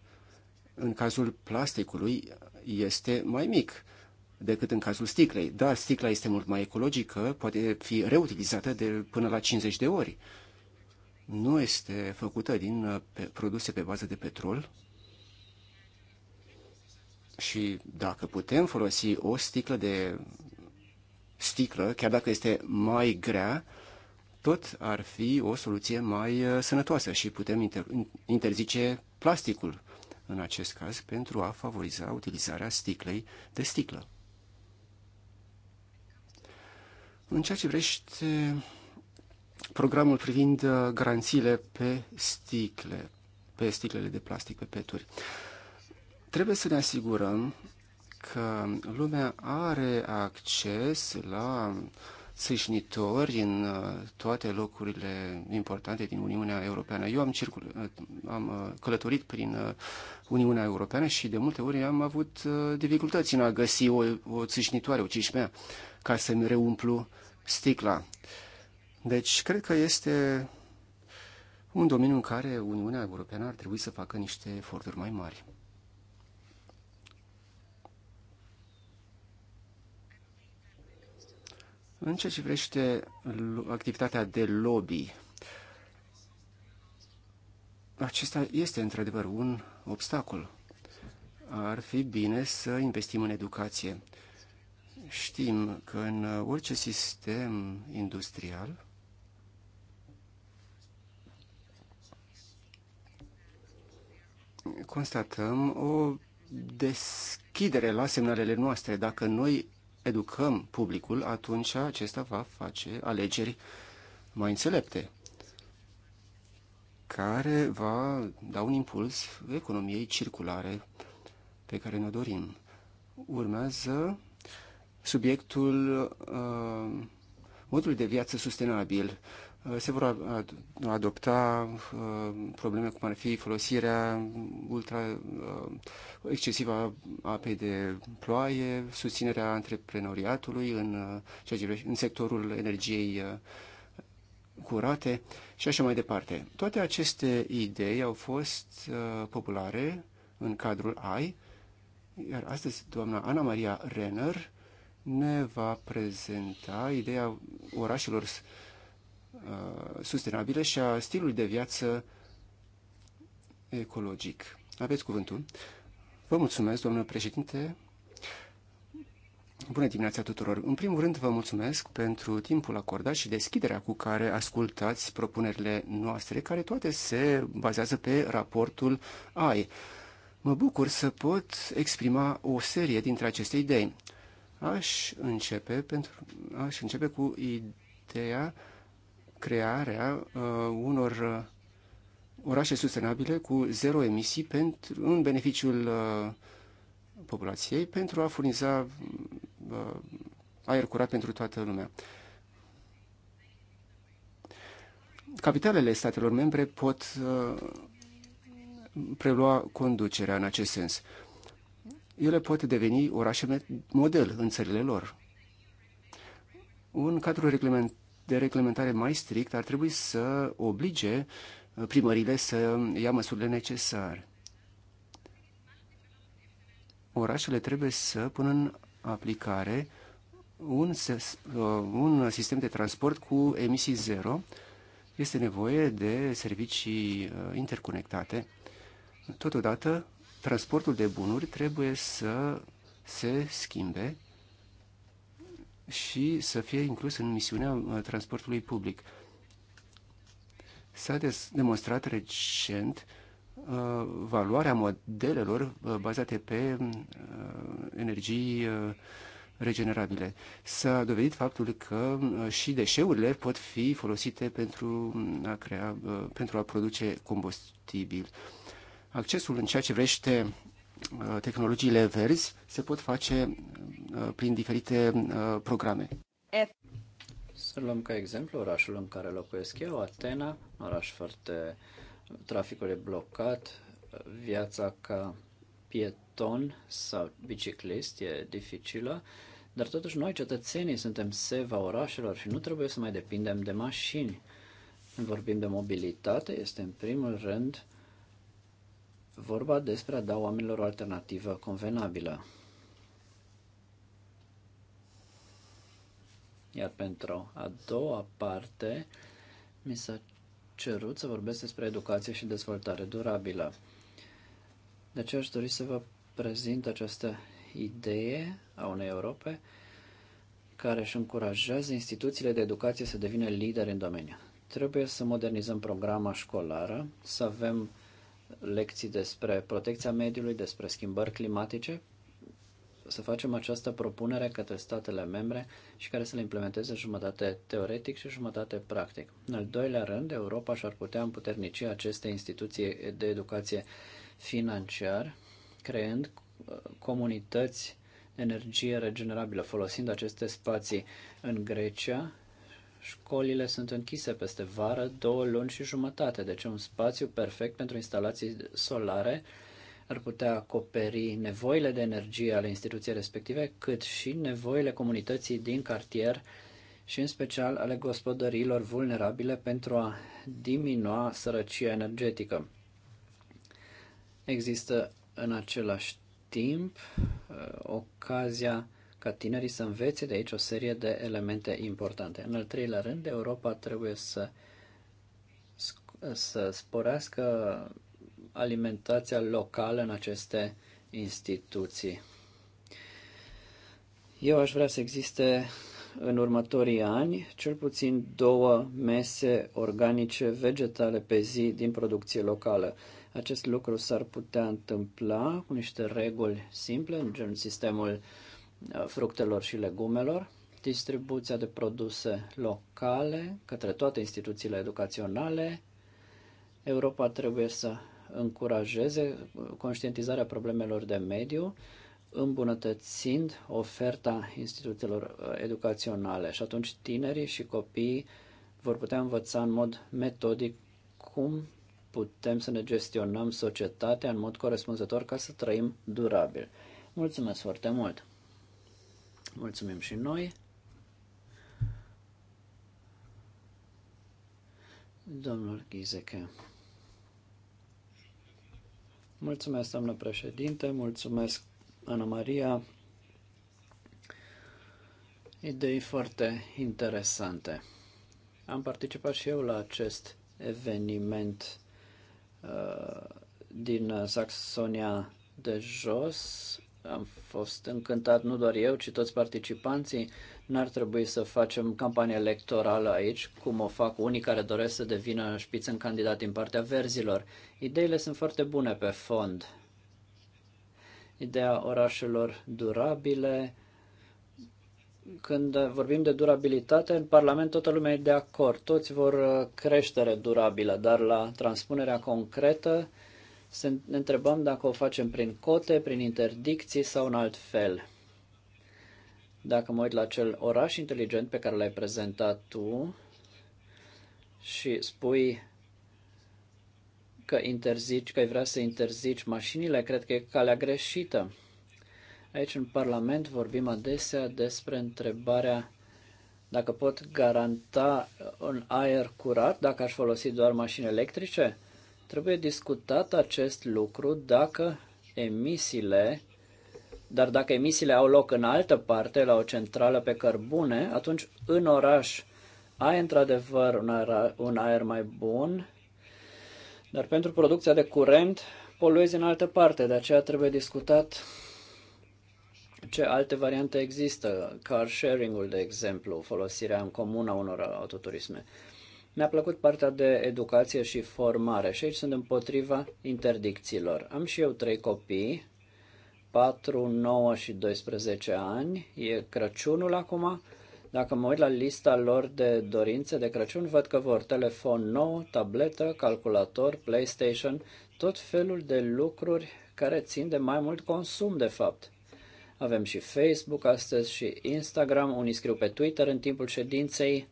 în cazul plasticului este mai mic decât în cazul sticlei. Da, sticla este mult mai ecologică, poate fi reutilizată de până la 50 de ori. Nu este făcută din uh, produse pe bază de petrol. Și dacă putem folosi o sticlă de sticlă, chiar dacă este mai grea, tot ar fi o soluție mai uh, sănătoasă și putem interzice plasticul în acest caz pentru a favoriza utilizarea sticlei de sticlă. În ceea ce vrește programul privind uh, garanțiile pe sticle, pe sticlele de plastic, pe peturi, trebuie să ne asigurăm că lumea are acces la sâșnitori în uh, toate locurile importante din Uniunea Europeană. Eu am, circul, uh, am călătorit prin Uniunea Europeană și de multe ori am avut dificultăți în a găsi o, o țâșnitoare, o cișmea, ca să-mi reumplu sticla. Deci, cred că este un domeniu în care Uniunea Europeană ar trebui să facă niște eforturi mai mari. În ceea ce privește activitatea de lobby, acesta este într-adevăr un obstacol. Ar fi bine să investim în educație. Știm că în uh, orice sistem industrial constatăm o deschidere la semnalele noastre. Dacă noi educăm publicul, atunci acesta va face alegeri mai înțelepte, care va da un impuls economiei circulare pe care ne dorim. Urmează subiectul uh, modul de viață sustenabil. Uh, se vor ad adopta uh, probleme cum ar fi folosirea ultra uh, excesivă a apei de ploaie, susținerea antreprenoriatului în, uh, în sectorul energiei uh, curate și așa mai departe. Toate aceste idei au fost uh, populare în cadrul AI, iar astăzi doamna Ana Maria Renner ne va prezenta ideea orașelor uh, sustenabile și a stilului de viață ecologic. Aveți cuvântul. Vă mulțumesc, domnule președinte. Bună dimineața tuturor! În primul rând vă mulțumesc pentru timpul acordat și deschiderea cu care ascultați propunerile noastre, care toate se bazează pe raportul AI. Mă bucur să pot exprima o serie dintre aceste idei. Aș începe, pentru, aș începe cu ideea crearea uh, unor uh, orașe sustenabile cu zero emisii pentru, în beneficiul uh, populației pentru a furniza uh, aer curat pentru toată lumea. Capitalele statelor membre pot uh, prelua conducerea în acest sens. Uh, ele pot deveni orașe model în țările lor. Un cadru de reglementare mai strict ar trebui să oblige uh, primările să ia măsurile necesare. Orașele trebuie să pună în aplicare un, uh, un sistem de transport cu emisii zero. Este nevoie de servicii uh, interconectate. Totodată, transportul de bunuri trebuie să se schimbe și să fie inclus în misiunea uh, transportului public. S-a demonstrat recent uh, valoarea modelelor uh, bazate pe uh, energii uh, regenerabile. S-a dovedit faptul că uh, și deșeurile pot fi folosite pentru mm, a, crea, pentru a produce combustibil. Accesul în ceea ce vrește uh, tehnologiile verzi se pot face uh, prin diferite uh, programe. Să luăm ca exemplu orașul în care locuiesc eu, Atena, oraș foarte traficul e blocat, viața ca pieton sau biciclist e dificilă, dar totuși noi cetățenii suntem seva orașelor și nu trebuie să mai depindem de mașini. Când vorbim de mobilitate, este în primul rând vorba despre a da oamenilor o alternativă convenabilă. Iar pentru a doua parte, mi s-a cerut să vorbesc despre educație și dezvoltare durabilă. De aceea aș dori să vă prezint această idee a unei Europe care își încurajează instituțiile de educație să devină lideri în domeniu. Trebuie să modernizăm programa școlară, să avem lecții despre protecția mediului, despre schimbări climatice, să facem această propunere către statele membre și care să le implementeze jumătate teoretic și jumătate practic. În al doilea rând, Europa și-ar putea împuternici aceste instituții de educație financiar, creând uh, comunități energie regenerabilă, folosind aceste spații în Grecia Școlile sunt închise peste vară două luni și jumătate, deci un spațiu perfect pentru instalații solare ar putea acoperi nevoile de energie ale instituției respective, cât și nevoile comunității din cartier și în special ale gospodăriilor vulnerabile pentru a diminua sărăcia energetică. Există în același timp eh, ocazia ca tinerii să învețe de aici o serie de elemente importante. În al treilea rând, Europa trebuie să, să sporească alimentația locală în aceste instituții. Eu aș vrea să existe în următorii ani cel puțin două mese organice vegetale pe zi din producție locală. Acest lucru s-ar putea întâmpla cu niște reguli simple, în sistemul uh, Uh, fructelor și legumelor, distribuția de produse locale către toate instituțiile educaționale. Europa trebuie să încurajeze uh, conștientizarea problemelor de mediu, îmbunătățind oferta instituțiilor uh, educaționale și atunci tinerii și copiii vor putea învăța în mod metodic cum putem să ne gestionăm societatea în mod corespunzător ca să trăim durabil. Mulțumesc foarte mult! Mulțumim și noi. Domnul Ghizeche. Mulțumesc, doamnă președinte, mulțumesc, Ana Maria. Idei foarte interesante. Am participat și eu la acest eveniment uh, din Saxonia de jos am fost încântat nu doar eu, ci toți participanții. N-ar trebui să facem campanie electorală aici, cum o fac unii care doresc să devină șpiță în candidat din partea verzilor. Ideile sunt foarte bune pe fond. Ideea orașelor durabile. Când vorbim de durabilitate, în Parlament toată lumea e de acord. Toți vor creștere durabilă, dar la transpunerea concretă să ne întrebăm dacă o facem prin cote, prin interdicții sau în alt fel. Dacă mă uit la acel oraș inteligent pe care l-ai prezentat tu și spui că interzici, că ai vrea să interzici mașinile, cred că e calea greșită. Aici în Parlament vorbim adesea despre întrebarea dacă pot garanta un aer curat dacă aș folosi doar mașini electrice Trebuie discutat acest lucru dacă emisiile, dar dacă emisiile au loc în altă parte, la o centrală pe cărbune, atunci în oraș ai într-adevăr un aer, un aer mai bun, dar pentru producția de curent poluezi în altă parte, de aceea trebuie discutat ce alte variante există, car sharing-ul, de exemplu, folosirea în comună a unor autoturisme. Mi-a plăcut partea de educație și formare și aici sunt împotriva interdicțiilor. Am și eu trei copii, 4, 9 și 12 ani. E Crăciunul acum. Dacă mă uit la lista lor de dorințe de Crăciun, văd că vor telefon nou, tabletă, calculator, PlayStation, tot felul de lucruri care țin de mai mult consum, de fapt. Avem și Facebook astăzi și Instagram, unii scriu pe Twitter în timpul ședinței.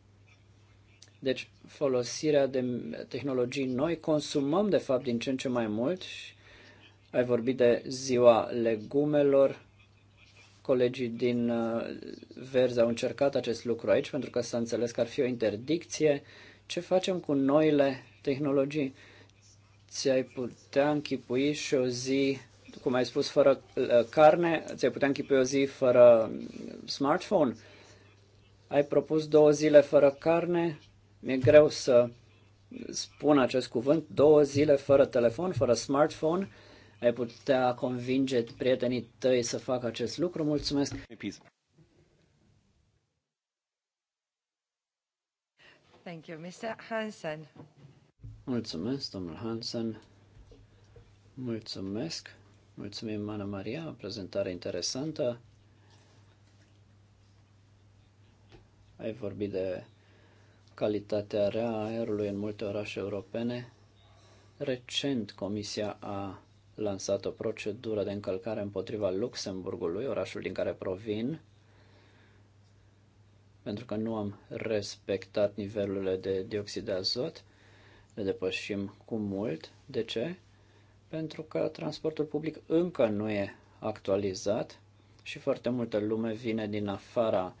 Deci folosirea de tehnologii noi, consumăm de fapt din ce în ce mai mult. Ai vorbit de ziua legumelor, colegii din uh, Verzi au încercat acest lucru aici pentru că s-a înțeles că ar fi o interdicție. Ce facem cu noile tehnologii? Ți-ai putea închipui și o zi, cum ai spus, fără uh, carne, ți-ai putea închipui o zi fără um, smartphone? Ai propus două zile fără carne, mi-e greu să spun acest cuvânt. Două zile fără telefon, fără smartphone, ai putea convinge prietenii tăi să facă acest lucru. Mulțumesc! Thank you, Mr. Hansen. Mulțumesc, domnul Hansen. Mulțumesc. Mulțumim, Ana Maria, prezentare interesantă. Ai vorbit de calitatea rea a aerului în multe orașe europene, recent Comisia a lansat o procedură de încălcare împotriva Luxemburgului, orașul din care provin, pentru că nu am respectat nivelurile de dioxid de azot, le depășim cu mult. De ce? Pentru că transportul public încă nu e actualizat și foarte multă lume vine din afara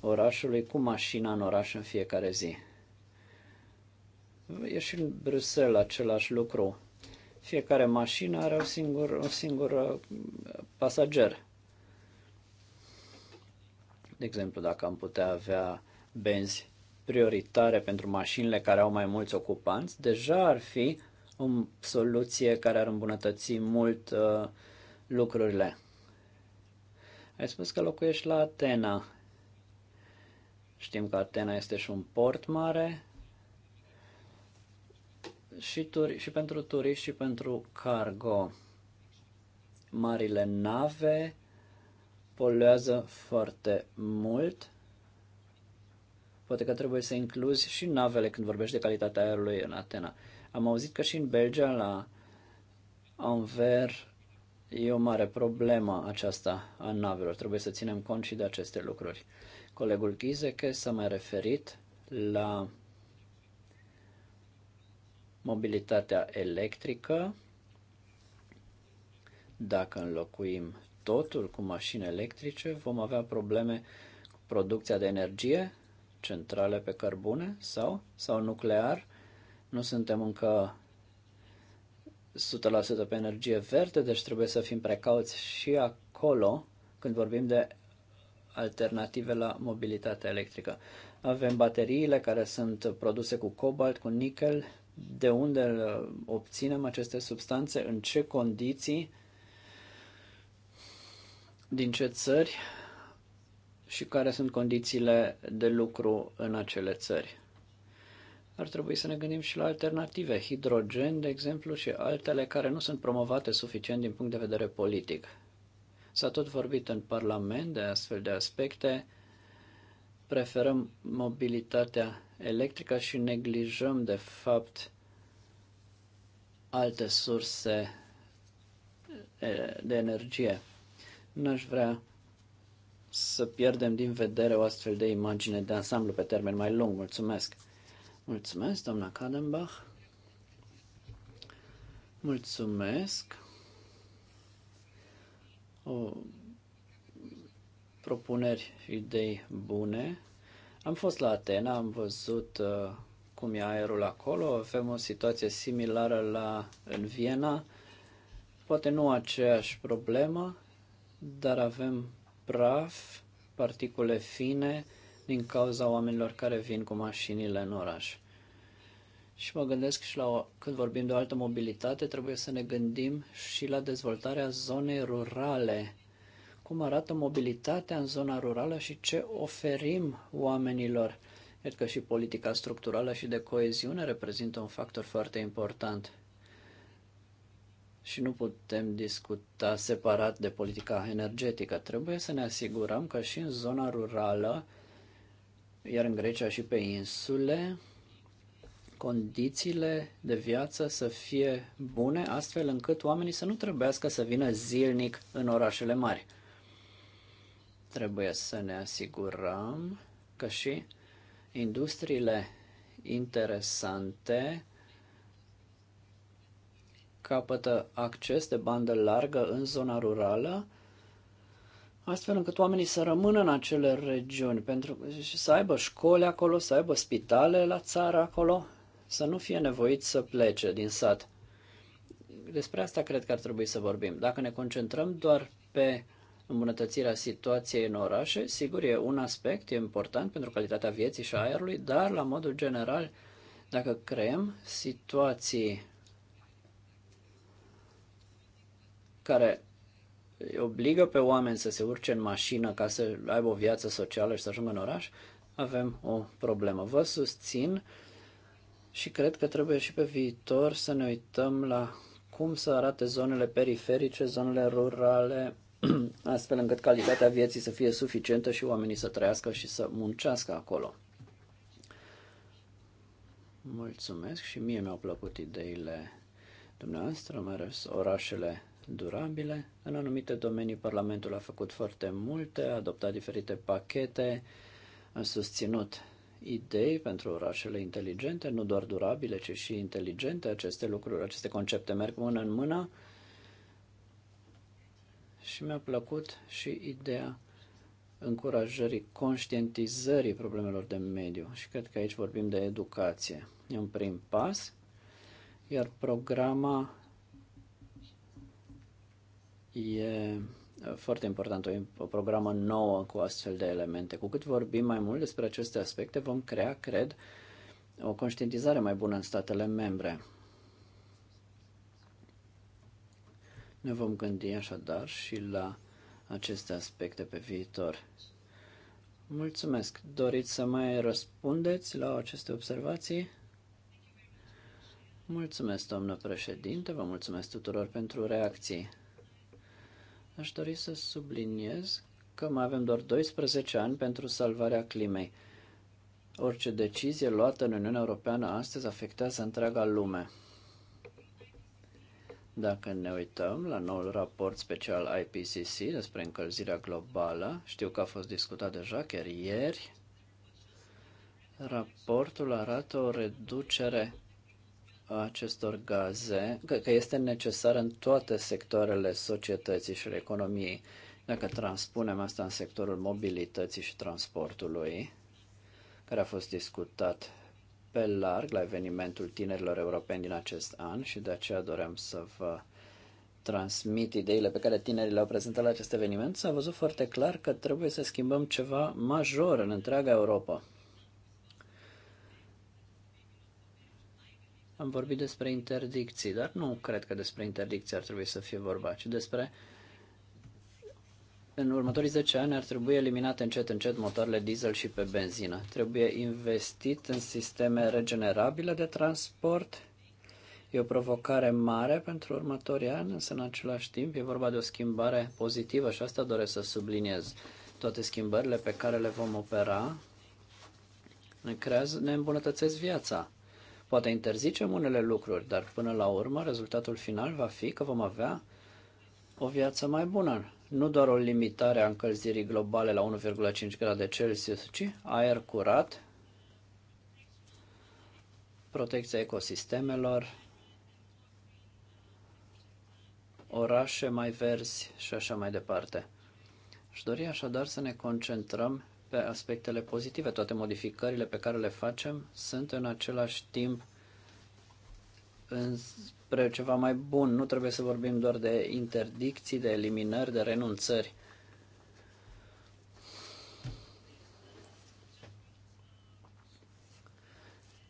orașului cu mașina în oraș în fiecare zi. E și în Bruxelles același lucru. Fiecare mașină are un singur, un singur uh, pasager. De exemplu, dacă am putea avea benzi prioritare pentru mașinile care au mai mulți ocupanți, deja ar fi o soluție care ar îmbunătăți mult uh, lucrurile. Ai spus că locuiești la Atena. Știm că Atena este și un port mare și, turi- și pentru turiști și pentru cargo. Marile nave poluează foarte mult. Poate că trebuie să incluzi și navele când vorbești de calitatea aerului în Atena. Am auzit că și în Belgia, la Anver, e o mare problemă aceasta a navelor. Trebuie să ținem cont și de aceste lucruri. Colegul Ghizeke s-a mai referit la mobilitatea electrică, dacă înlocuim totul cu mașini electrice, vom avea probleme cu producția de energie, centrale pe cărbune sau, sau nuclear. Nu suntem încă 100% pe energie verde, deci trebuie să fim precauți și acolo când vorbim de alternative la mobilitatea electrică. Avem bateriile care sunt produse cu cobalt, cu nickel, de unde uh, obținem aceste substanțe, în ce condiții, din ce țări și care sunt condițiile de lucru în acele țări. Ar trebui să ne gândim și la alternative, hidrogen, de exemplu, și altele care nu sunt promovate suficient din punct de vedere politic. S-a tot vorbit în Parlament de astfel de aspecte preferăm mobilitatea electrică și neglijăm, de fapt, alte surse de energie. Nu aș vrea să pierdem din vedere o astfel de imagine de ansamblu pe termen mai lung. Mulțumesc! Mulțumesc, doamna Kadenbach! Mulțumesc! O propuneri și idei bune. Am fost la Atena, am văzut uh, cum e aerul acolo, avem o situație similară la în Viena, poate nu aceeași problemă, dar avem praf, particule fine, din cauza oamenilor care vin cu mașinile în oraș. Și mă gândesc și la, o, când vorbim de o altă mobilitate, trebuie să ne gândim și la dezvoltarea zonei rurale, cum arată mobilitatea în zona rurală și ce oferim oamenilor. Cred că și politica structurală și de coeziune reprezintă un factor foarte important. Și nu putem discuta separat de politica energetică. Trebuie să ne asigurăm că și în zona rurală, iar în Grecia și pe insule, condițiile de viață să fie bune, astfel încât oamenii să nu trebuiască să vină zilnic în orașele mari. Trebuie să ne asigurăm că și industriile interesante capătă acces de bandă largă în zona rurală, astfel încât oamenii să rămână în acele regiuni pentru, și să aibă școli acolo, să aibă spitale la țară acolo, să nu fie nevoit să plece din sat. Despre asta cred că ar trebui să vorbim. Dacă ne concentrăm doar pe Îmbunătățirea situației în orașe, sigur, e un aspect, e important pentru calitatea vieții și aerului, dar, la modul general, dacă creăm situații care obligă pe oameni să se urce în mașină ca să aibă o viață socială și să ajungă în oraș, avem o problemă. Vă susțin și cred că trebuie și pe viitor să ne uităm la cum să arate zonele periferice, zonele rurale, astfel încât calitatea vieții să fie suficientă și oamenii să trăiască și să muncească acolo. Mulțumesc și mie mi-au plăcut ideile dumneavoastră, mai ales orașele durabile. În anumite domenii Parlamentul a făcut foarte multe, a adoptat diferite pachete, a susținut idei pentru orașele inteligente, nu doar durabile, ci și inteligente. Aceste lucruri, aceste concepte merg mână în mână și mi-a plăcut și ideea încurajării conștientizării problemelor de mediu și cred că aici vorbim de educație. E un prim pas, iar programa e foarte importantă, o programă nouă cu astfel de elemente. Cu cât vorbim mai mult despre aceste aspecte, vom crea, cred, o conștientizare mai bună în statele membre. Ne vom gândi așadar și la aceste aspecte pe viitor. Mulțumesc! Doriți să mai răspundeți la aceste observații? Mulțumesc, doamnă președinte, vă mulțumesc tuturor pentru reacții. Aș dori să subliniez că mai avem doar 12 ani pentru salvarea climei. Orice decizie luată în Uniunea Europeană astăzi afectează întreaga lume. Dacă ne uităm la noul raport special IPCC despre încălzirea globală, știu că a fost discutat deja chiar ieri, raportul arată o reducere a acestor gaze, că, că este necesară în toate sectoarele societății și economiei. Dacă transpunem asta în sectorul mobilității și transportului, care a fost discutat pe larg la evenimentul tinerilor europeni din acest an și de aceea dorem să vă transmit ideile pe care tinerii le-au prezentat la acest eveniment, s-a văzut foarte clar că trebuie să schimbăm ceva major în întreaga Europa. Am vorbit despre interdicții, dar nu cred că despre interdicții ar trebui să fie vorba, ci despre uh, în următorii 10 ani ar trebui eliminate încet încet motoarele diesel și pe benzină. Trebuie investit în sisteme regenerabile de transport. E o provocare mare pentru următorii ani, însă în același timp e vorba de o schimbare pozitivă și asta doresc să subliniez. Toate schimbările pe care le vom opera ne, creează, ne îmbunătățesc viața. Poate interzicem unele lucruri, dar până la urmă rezultatul final va fi că vom avea o viață mai bună nu doar o limitare a încălzirii globale la 1,5 grade Celsius, ci aer curat, protecția ecosistemelor, orașe mai verzi și așa mai departe. Aș dori așadar să ne concentrăm pe aspectele pozitive. Toate modificările pe care le facem sunt în același timp în spre ceva mai bun. Nu trebuie să vorbim doar de interdicții, de eliminări, de renunțări.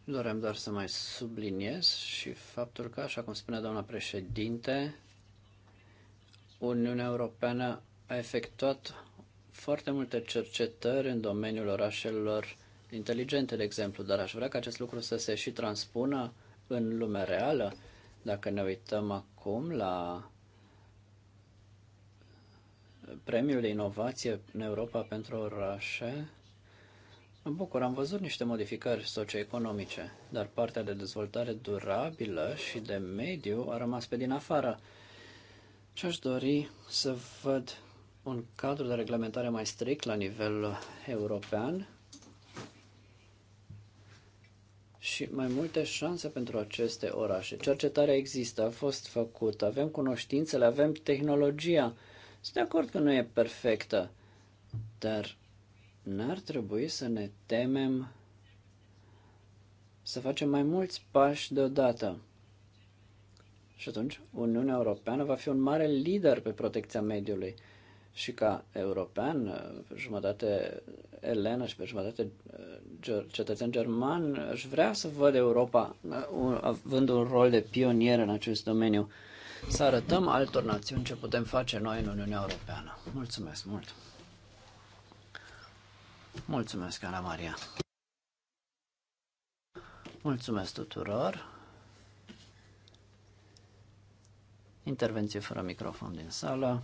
Doream doar să mai subliniez și faptul că, așa cum spunea doamna președinte, Uniunea Europeană a efectuat foarte multe cercetări în domeniul orașelor inteligente, de exemplu, dar aș vrea ca acest lucru să se și transpună în lumea reală. Dacă ne uităm acum la premiul de inovație în Europa pentru orașe, mă bucur, am văzut niște modificări socioeconomice, dar partea de dezvoltare durabilă și de mediu a rămas pe din afară. Și aș dori să văd un cadru de reglementare mai strict la nivel european și mai multe șanse pentru aceste orașe. Cercetarea există, a fost făcută, avem cunoștințele, avem tehnologia. Sunt de acord că nu e perfectă, dar n-ar trebui să ne temem să facem mai mulți pași deodată. Și atunci Uniunea Europeană va fi un mare lider pe protecția mediului și ca european, pe uh, jumătate elenă și pe jumătate uh, cetățen german, aș vrea să văd Europa uh, având un rol de pionier în acest domeniu, să arătăm altor națiuni ce putem face noi în Uniunea Europeană. Mulțumesc mult! Mulțumesc, Ana Maria! Mulțumesc tuturor! Intervenție fără microfon din sală.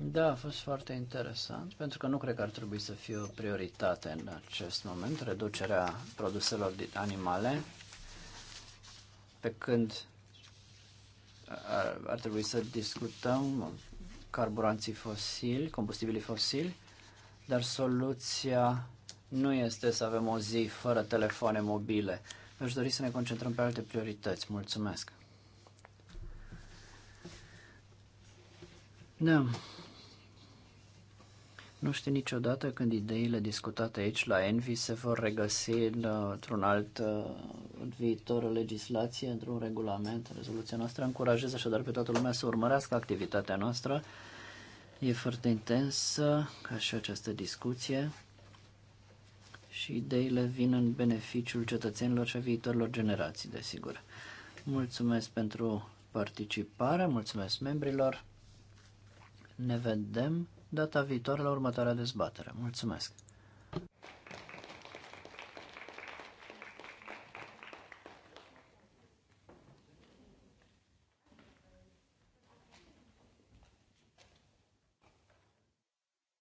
Da, a fost foarte interesant, pentru că nu cred că ar trebui să fie o prioritate în acest moment, reducerea produselor din animale, pe când ar, ar trebui să discutăm carburanții fosili, combustibilii fosili, dar soluția nu este să avem o zi fără telefoane mobile. Aș dori să ne concentrăm pe alte priorități. Mulțumesc! Da. Nu știu niciodată când ideile discutate aici la Envi se vor regăsi uh, într-un alt uh, în viitor o legislație, într-un regulament. Rezoluția noastră Încurajez așadar pe toată lumea să urmărească activitatea noastră. E foarte intensă, ca și această discuție, și ideile vin în beneficiul cetățenilor și a viitorilor generații, desigur. Mulțumesc pentru participare, mulțumesc membrilor. Ne vedem data viitoare la următoarea dezbatere. Mulțumesc!